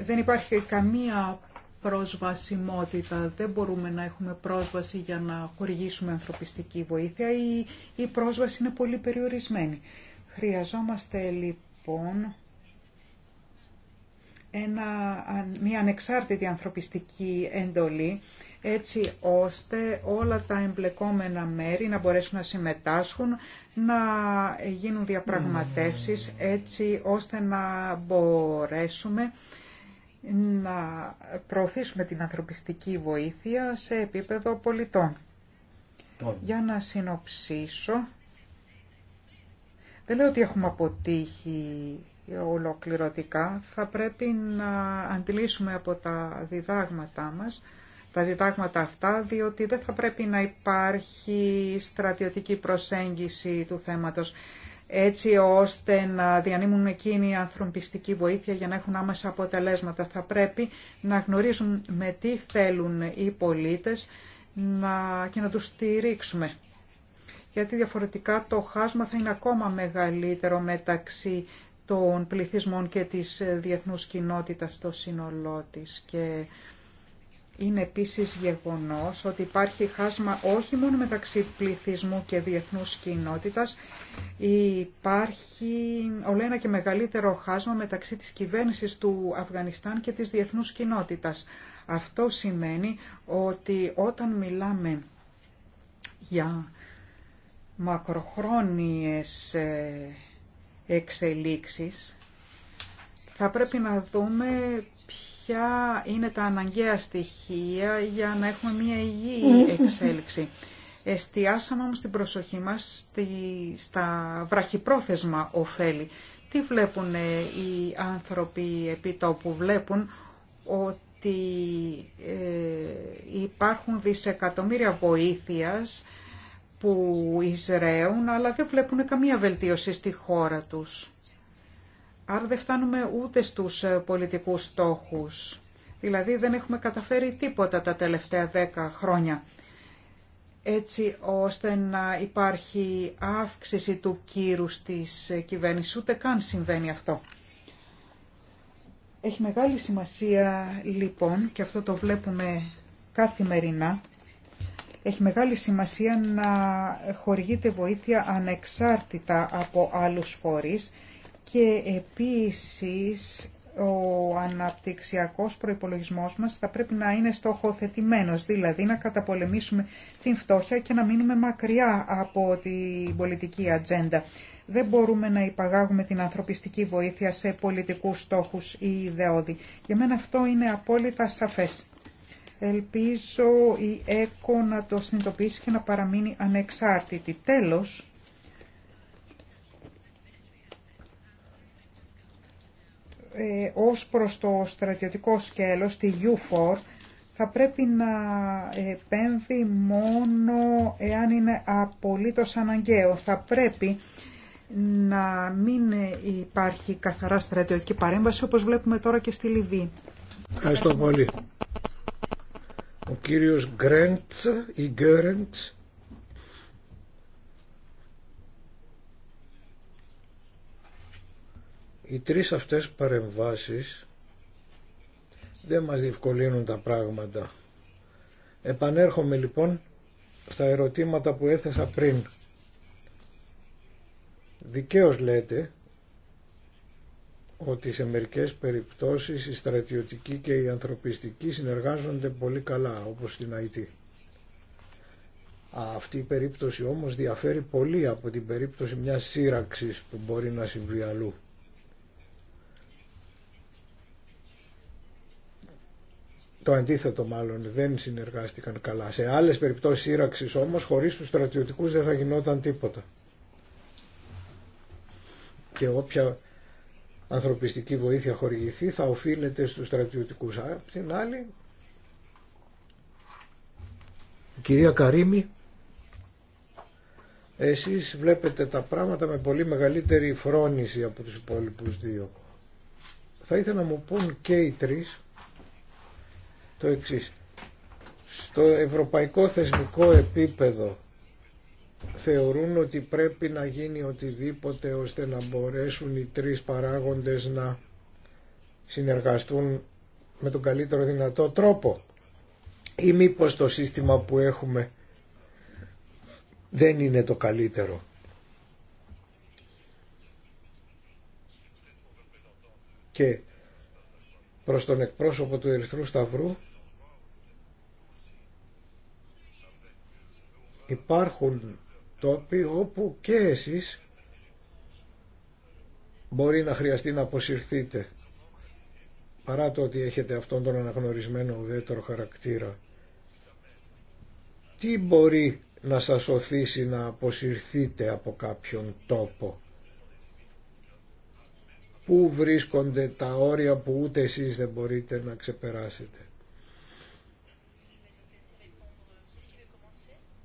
Δεν υπάρχει καμία πρόσβασιμότητα. Δεν μπορούμε να έχουμε πρόσβαση για να χορηγήσουμε ανθρωπιστική βοήθεια. Η, η πρόσβαση είναι πολύ περιορισμένη. Χρειαζόμαστε λοιπόν ένα, μια ανεξάρτητη ανθρωπιστική εντολή έτσι ώστε όλα τα εμπλεκόμενα μέρη να μπορέσουν να συμμετάσχουν, να γίνουν διαπραγματεύσεις έτσι ώστε να μπορέσουμε να προωθήσουμε την ανθρωπιστική βοήθεια σε επίπεδο πολιτών. Για να συνοψίσω, δεν λέω ότι έχουμε αποτύχει ολοκληρωτικά, θα πρέπει να αντιλήσουμε από τα διδάγματά μας, τα διδάγματα αυτά, διότι δεν θα πρέπει να υπάρχει στρατιωτική προσέγγιση του θέματος, έτσι ώστε να διανύμουν εκείνη η ανθρωπιστική βοήθεια για να έχουν άμεσα αποτελέσματα. Θα πρέπει να γνωρίζουν με τι θέλουν οι πολίτες να... και να τους στηρίξουμε. Γιατί διαφορετικά το χάσμα θα είναι ακόμα μεγαλύτερο μεταξύ των πληθυσμών και της ε, διεθνούς κοινότητας στο σύνολό της. Και είναι επίσης γεγονός ότι υπάρχει χάσμα όχι μόνο μεταξύ πληθυσμού και διεθνούς κοινότητας, υπάρχει ολένα και μεγαλύτερο χάσμα μεταξύ της κυβέρνησης του Αφγανιστάν και της διεθνούς κοινότητας. Αυτό σημαίνει ότι όταν μιλάμε για μακροχρόνιες ε, εξελίξεις, θα πρέπει να δούμε ποια είναι τα αναγκαία στοιχεία για να έχουμε μια υγιή mm-hmm. εξέλιξη. Εστιάσαμε όμως την προσοχή μας στη, στα βραχυπρόθεσμα ωφέλη. Τι βλέπουν ε, οι άνθρωποι επί που βλέπουν ότι ε, υπάρχουν δισεκατομμύρια βοήθειας που εισραίουν, αλλά δεν βλέπουν καμία βελτίωση στη χώρα τους. Άρα δεν φτάνουμε ούτε στους ε, πολιτικούς στόχους. Δηλαδή δεν έχουμε καταφέρει τίποτα τα τελευταία δέκα χρόνια έτσι ώστε να υπάρχει αύξηση του κύρους της ε, κυβέρνησης. Ούτε καν συμβαίνει αυτό. Έχει μεγάλη σημασία λοιπόν, και αυτό το βλέπουμε καθημερινά, έχει μεγάλη σημασία να χορηγείται βοήθεια ανεξάρτητα από άλλους φορείς και επίσης ο αναπτυξιακός προϋπολογισμός μας θα πρέπει να είναι στοχοθετημένος, δηλαδή να καταπολεμήσουμε την φτώχεια και να μείνουμε μακριά από την πολιτική ατζέντα. Δεν μπορούμε να υπαγάγουμε την ανθρωπιστική βοήθεια σε πολιτικούς στόχους ή ιδεώδη. Για μένα αυτό είναι απόλυτα σαφές. Ελπίζω η ΕΚΟ να το συνειδητοποιήσει και να παραμείνει ανεξάρτητη. Τέλος, ε, ως προς το στρατιωτικό σκέλος, τη U4, θα πρέπει να επέμβει μόνο εάν είναι απολύτως αναγκαίο. Θα πρέπει να μην υπάρχει καθαρά στρατιωτική παρέμβαση όπως βλέπουμε τώρα και στη Λιβύη. Ευχαριστώ πολύ. Ο κύριος Γκρέντς ή Γκέρεντς Οι τρεις αυτές παρεμβάσεις δεν μας διευκολύνουν τα πράγματα. Επανέρχομαι λοιπόν στα ερωτήματα που έθεσα πριν. Δικαίως λέτε ότι σε μερικές περιπτώσεις οι στρατιωτική και οι ανθρωπιστική συνεργάζονται πολύ καλά, όπως στην ΑΕΤ. Αυτή η περίπτωση όμως διαφέρει πολύ από την περίπτωση μιας σύραξης που μπορεί να συμβεί αλλού. Το αντίθετο μάλλον, δεν συνεργάστηκαν καλά. Σε άλλες περιπτώσεις σύραξης όμως, χωρίς τους στρατιωτικούς δεν θα γινόταν τίποτα. Και όποια ανθρωπιστική βοήθεια χορηγηθεί θα οφείλεται στους στρατιωτικούς. Από την άλλη, η κυρία Καρίμη, εσείς βλέπετε τα πράγματα με πολύ μεγαλύτερη φρόνηση από τους υπόλοιπους δύο. Θα ήθελα να μου πούν και οι τρεις το εξής. Στο ευρωπαϊκό θεσμικό επίπεδο θεωρούν ότι πρέπει να γίνει οτιδήποτε ώστε να μπορέσουν οι τρεις παράγοντες να συνεργαστούν με τον καλύτερο δυνατό τρόπο ή μήπω το σύστημα που έχουμε δεν είναι το καλύτερο. Και προς τον εκπρόσωπο του Ερυθρού Σταυρού υπάρχουν τόποι όπου και εσείς μπορεί να χρειαστεί να αποσυρθείτε παρά το ότι έχετε αυτόν τον αναγνωρισμένο ουδέτερο χαρακτήρα. Τι μπορεί να σας οθήσει να αποσυρθείτε από κάποιον τόπο. Πού βρίσκονται τα όρια που ούτε εσείς δεν μπορείτε να ξεπεράσετε.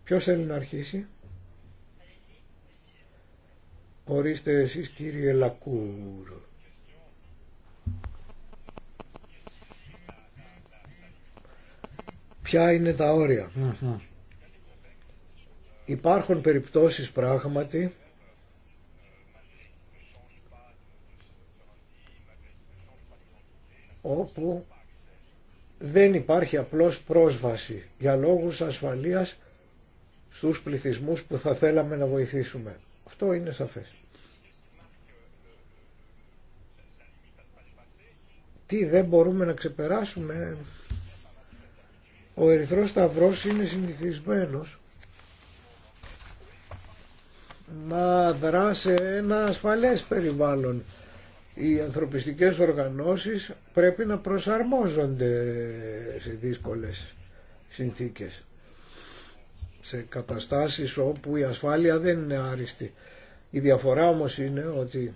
Ποιος θέλει να αρχίσει. Ορίστε εσείς κύριε Λακούρο. Ποια είναι τα όρια. Υπάρχουν περιπτώσεις πράγματι όπου δεν υπάρχει απλώς πρόσβαση για λόγους ασφαλείας στους πληθυσμούς που θα θέλαμε να βοηθήσουμε. Αυτό είναι σαφές. Τι δεν μπορούμε να ξεπεράσουμε. Ο Ερυθρός Σταυρός είναι συνηθισμένος να δράσει σε ένα ασφαλές περιβάλλον. Οι ανθρωπιστικές οργανώσεις πρέπει να προσαρμόζονται σε δύσκολες συνθήκες σε καταστάσεις όπου η ασφάλεια δεν είναι άριστη. Η διαφορά όμως είναι ότι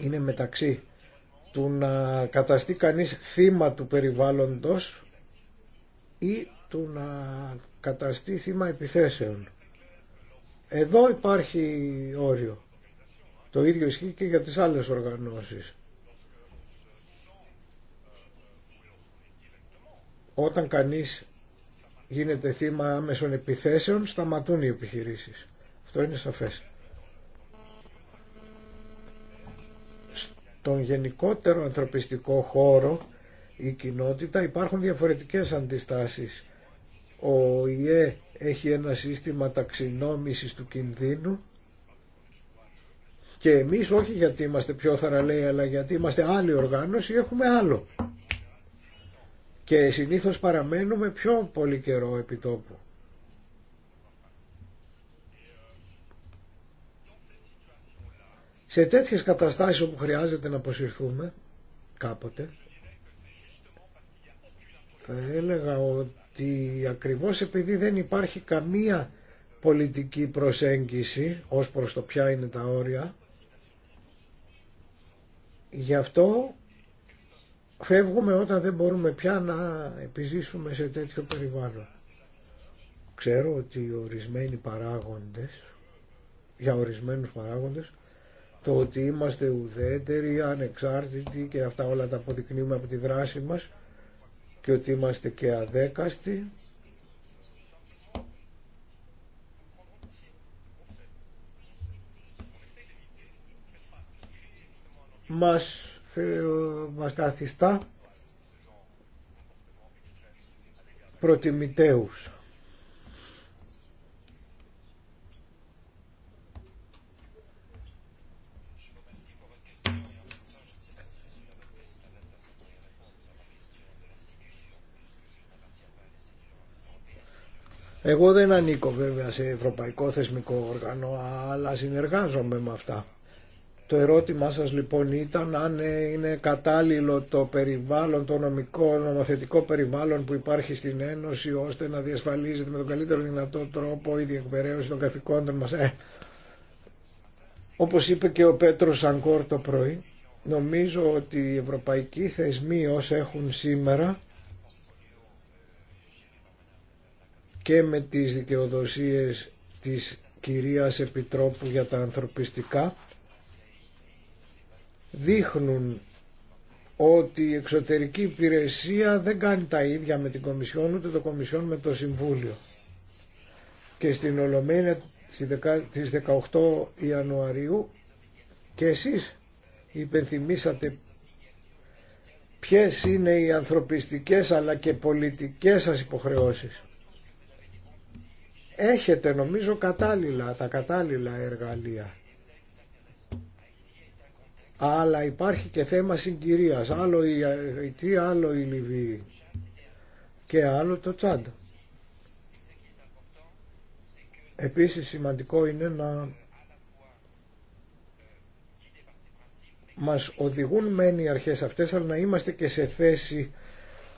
είναι μεταξύ του να καταστεί κανείς θύμα του περιβάλλοντος ή του να καταστεί θύμα επιθέσεων. Εδώ υπάρχει όριο. Το ίδιο ισχύει και για τις άλλες οργανώσεις. Όταν κανείς γίνεται θύμα άμεσων επιθέσεων σταματούν οι επιχειρήσεις. Αυτό είναι σαφές. Στον γενικότερο ανθρωπιστικό χώρο η κοινότητα υπάρχουν διαφορετικές αντιστάσεις. Ο ΙΕ έχει ένα σύστημα ταξινόμησης του κινδύνου και εμείς όχι γιατί είμαστε πιο θαραλέοι αλλά γιατί είμαστε άλλη οργάνωση έχουμε άλλο και συνήθως παραμένουμε πιο πολύ καιρό επί τόπου. Σε τέτοιες καταστάσεις όπου χρειάζεται να αποσυρθούμε κάποτε θα έλεγα ότι ακριβώς επειδή δεν υπάρχει καμία πολιτική προσέγγιση ως προς το ποια είναι τα όρια γι' αυτό φεύγουμε όταν δεν μπορούμε πια να επιζήσουμε σε τέτοιο περιβάλλον. Ξέρω ότι ορισμένοι παράγοντες, για ορισμένους παράγοντες, το ότι είμαστε ουδέτεροι, ανεξάρτητοι και αυτά όλα τα αποδεικνύουμε από τη δράση μας και ότι είμαστε και αδέκαστοι, μας μας καθιστά προτιμητέους. Εγώ δεν ανήκω βέβαια σε ευρωπαϊκό θεσμικό όργανο, αλλά συνεργάζομαι με αυτά. Το ερώτημά σας λοιπόν ήταν αν ε, είναι κατάλληλο το περιβάλλον, το νομικό, νομοθετικό περιβάλλον που υπάρχει στην Ένωση ώστε να διασφαλίζεται με τον καλύτερο δυνατό τρόπο η διεκπαιρέωση των καθηκόντων μας. Ε, όπως είπε και ο Πέτρος Σανκόρ το πρωί, νομίζω ότι οι ευρωπαϊκοί θεσμοί όσοι έχουν σήμερα και με τις δικαιοδοσίες της κυρίας Επιτρόπου για τα ανθρωπιστικά δείχνουν ότι η εξωτερική υπηρεσία δεν κάνει τα ίδια με την Κομισιόν ούτε το Κομισιόν με το Συμβούλιο. Και στην Ολομένεια στις 18 Ιανουαρίου και εσείς υπενθυμίσατε ποιες είναι οι ανθρωπιστικές αλλά και πολιτικές σας υποχρεώσεις. Έχετε νομίζω κατάλληλα, τα κατάλληλα εργαλεία αλλά υπάρχει και θέμα συγκυρίας. Άλλο η Αιτή, άλλο η Λιβύη και άλλο το Τσάντ. Επίσης σημαντικό είναι να μας οδηγούν μένει οι αρχές αυτές αλλά να είμαστε και σε θέση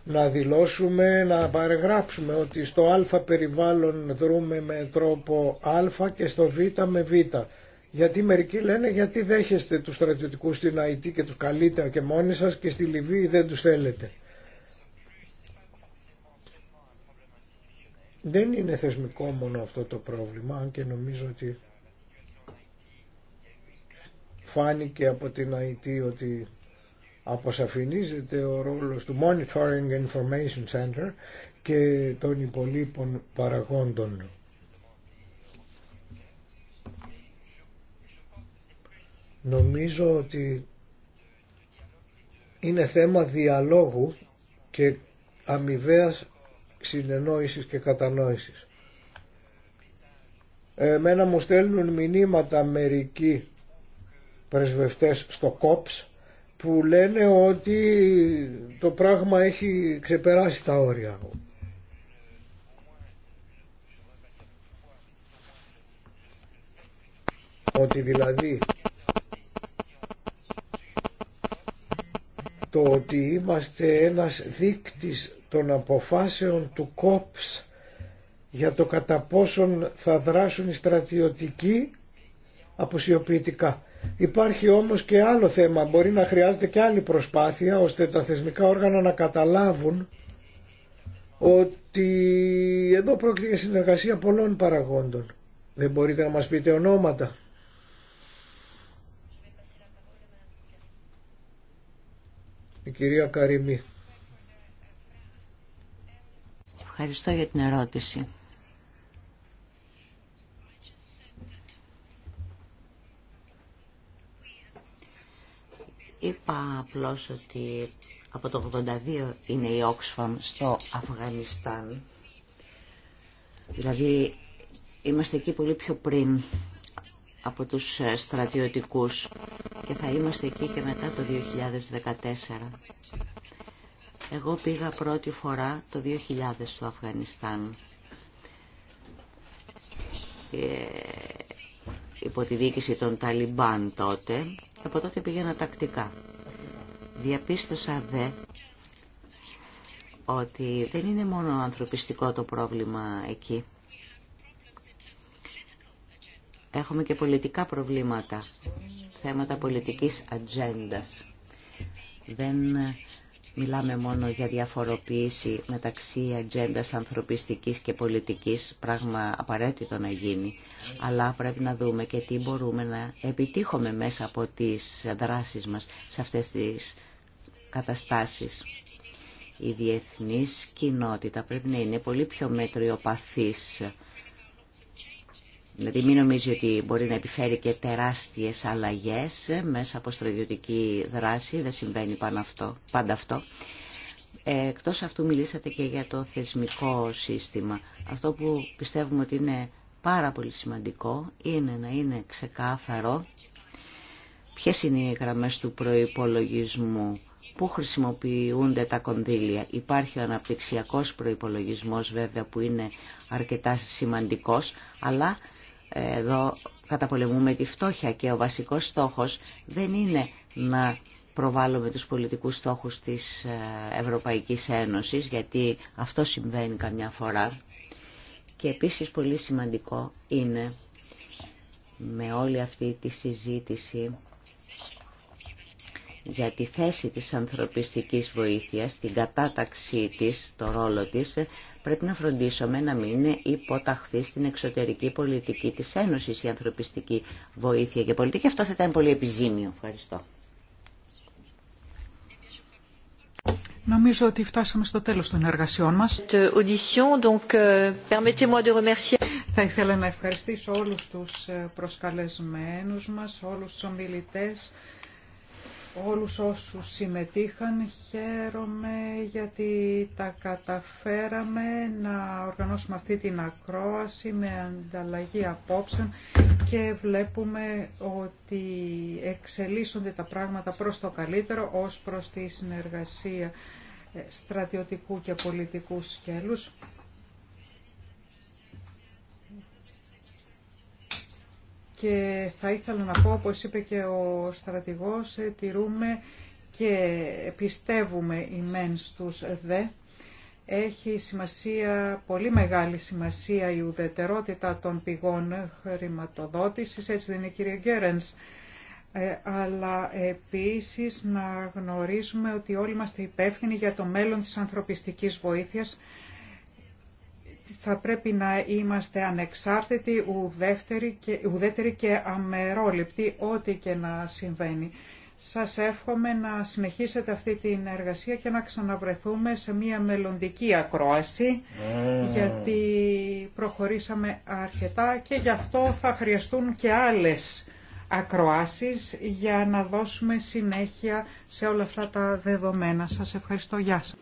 να δηλώσουμε, να παρεγράψουμε ότι στο α περιβάλλον δρούμε με τρόπο α και στο β με β γιατί μερικοί λένε γιατί δέχεστε τους στρατιωτικούς στην ΑΕΤ και τους καλείτε και μόνοι σας και στη Λιβύη δεν τους θέλετε. Δεν είναι θεσμικό μόνο αυτό το πρόβλημα, αν και νομίζω ότι φάνηκε από την ΑΕΤ ότι αποσαφηνίζεται ο ρόλος του Monitoring Information Center και των υπολείπων παραγόντων. Νομίζω ότι είναι θέμα διαλόγου και αμοιβαίας συνεννόησης και κατανόησης. Εμένα μου στέλνουν μηνύματα μερικοί πρεσβευτές στο ΚΟΠΣ που λένε ότι το πράγμα έχει ξεπεράσει τα όρια. Ότι δηλαδή το ότι είμαστε ένας δείκτης των αποφάσεων του ΚΟΠΣ για το κατά πόσον θα δράσουν οι στρατιωτικοί αποσιοποιητικά. Υπάρχει όμως και άλλο θέμα, μπορεί να χρειάζεται και άλλη προσπάθεια ώστε τα θεσμικά όργανα να καταλάβουν ότι εδώ πρόκειται για συνεργασία πολλών παραγόντων. Δεν μπορείτε να μας πείτε ονόματα. Η κυρία Καρυμή. Ευχαριστώ για την ερώτηση. Είπα απλώ ότι από το 82 είναι η Oxfam στο Αφγανιστάν. Δηλαδή είμαστε εκεί πολύ πιο πριν από τους ε, στρατιωτικούς και θα είμαστε εκεί και μετά το 2014. Εγώ πήγα πρώτη φορά το 2000 στο Αφγανιστάν. Και υπό τη διοίκηση των Ταλιμπάν τότε. Από τότε πήγαινα τακτικά. Διαπίστωσα δε ότι δεν είναι μόνο ανθρωπιστικό το πρόβλημα εκεί έχουμε και πολιτικά προβλήματα, θέματα πολιτικής ατζέντα. Δεν μιλάμε μόνο για διαφοροποίηση μεταξύ ατζέντα ανθρωπιστικής και πολιτικής, πράγμα απαραίτητο να γίνει, αλλά πρέπει να δούμε και τι μπορούμε να επιτύχουμε μέσα από τις δράσεις μας σε αυτές τις καταστάσεις. Η διεθνής κοινότητα πρέπει να είναι πολύ πιο μετριοπαθής Δηλαδή μην νομίζει ότι μπορεί να επιφέρει και τεράστιες αλλαγές μέσα από στρατιωτική δράση, δεν συμβαίνει αυτό, πάντα αυτό. Ε, εκτός αυτού μιλήσατε και για το θεσμικό σύστημα. Αυτό που πιστεύουμε ότι είναι πάρα πολύ σημαντικό είναι να είναι ξεκάθαρο ποιες είναι οι γραμμές του προϋπολογισμού Πού χρησιμοποιούνται τα κονδύλια. Υπάρχει ο αναπτυξιακός προϋπολογισμός βέβαια που είναι αρκετά σημαντικός, αλλά εδώ καταπολεμούμε τη φτώχεια και ο βασικός στόχος δεν είναι να προβάλλουμε τους πολιτικούς στόχους της ε, Ευρωπαϊκής Ένωσης, γιατί αυτό συμβαίνει καμιά φορά. Και επίσης πολύ σημαντικό είναι με όλη αυτή τη συζήτηση για τη θέση της ανθρωπιστικής βοήθειας, την κατάταξή της, το ρόλο της, πρέπει να φροντίσουμε να μην υποταχθεί στην εξωτερική πολιτική της Ένωσης η ανθρωπιστική βοήθεια και πολιτική. Αυτό θα ήταν πολύ επιζήμιο. Ευχαριστώ. Νομίζω ότι φτάσαμε στο τέλος των εργασιών μας. Euh, θα ήθελα να ευχαριστήσω όλους τους ε, προσκαλεσμένους μας, όλους τους ομιλητές όλους όσους συμμετείχαν. Χαίρομαι γιατί τα καταφέραμε να οργανώσουμε αυτή την ακρόαση με ανταλλαγή απόψεων και βλέπουμε ότι εξελίσσονται τα πράγματα προς το καλύτερο ως προς τη συνεργασία στρατιωτικού και πολιτικού σκέλους Και θα ήθελα να πω, όπως είπε και ο στρατηγός, ε, τηρούμε και πιστεύουμε οι μεν στους δε. Έχει σημασία, πολύ μεγάλη σημασία η ουδετερότητα των πηγών χρηματοδότησης, έτσι δεν είναι κύριε Γκέρενς, ε, αλλά επίσης να γνωρίζουμε ότι όλοι είμαστε υπεύθυνοι για το μέλλον της ανθρωπιστικής βοήθειας θα πρέπει να είμαστε ανεξάρτητοι, και, ουδέτεροι και αμερόληπτοι, ό,τι και να συμβαίνει. Σας εύχομαι να συνεχίσετε αυτή την εργασία και να ξαναβρεθούμε σε μια μελλοντική ακρόαση, ε. γιατί προχωρήσαμε αρκετά και γι' αυτό θα χρειαστούν και άλλες ακροάσεις για να δώσουμε συνέχεια σε όλα αυτά τα δεδομένα. Σας ευχαριστώ. Γεια σας.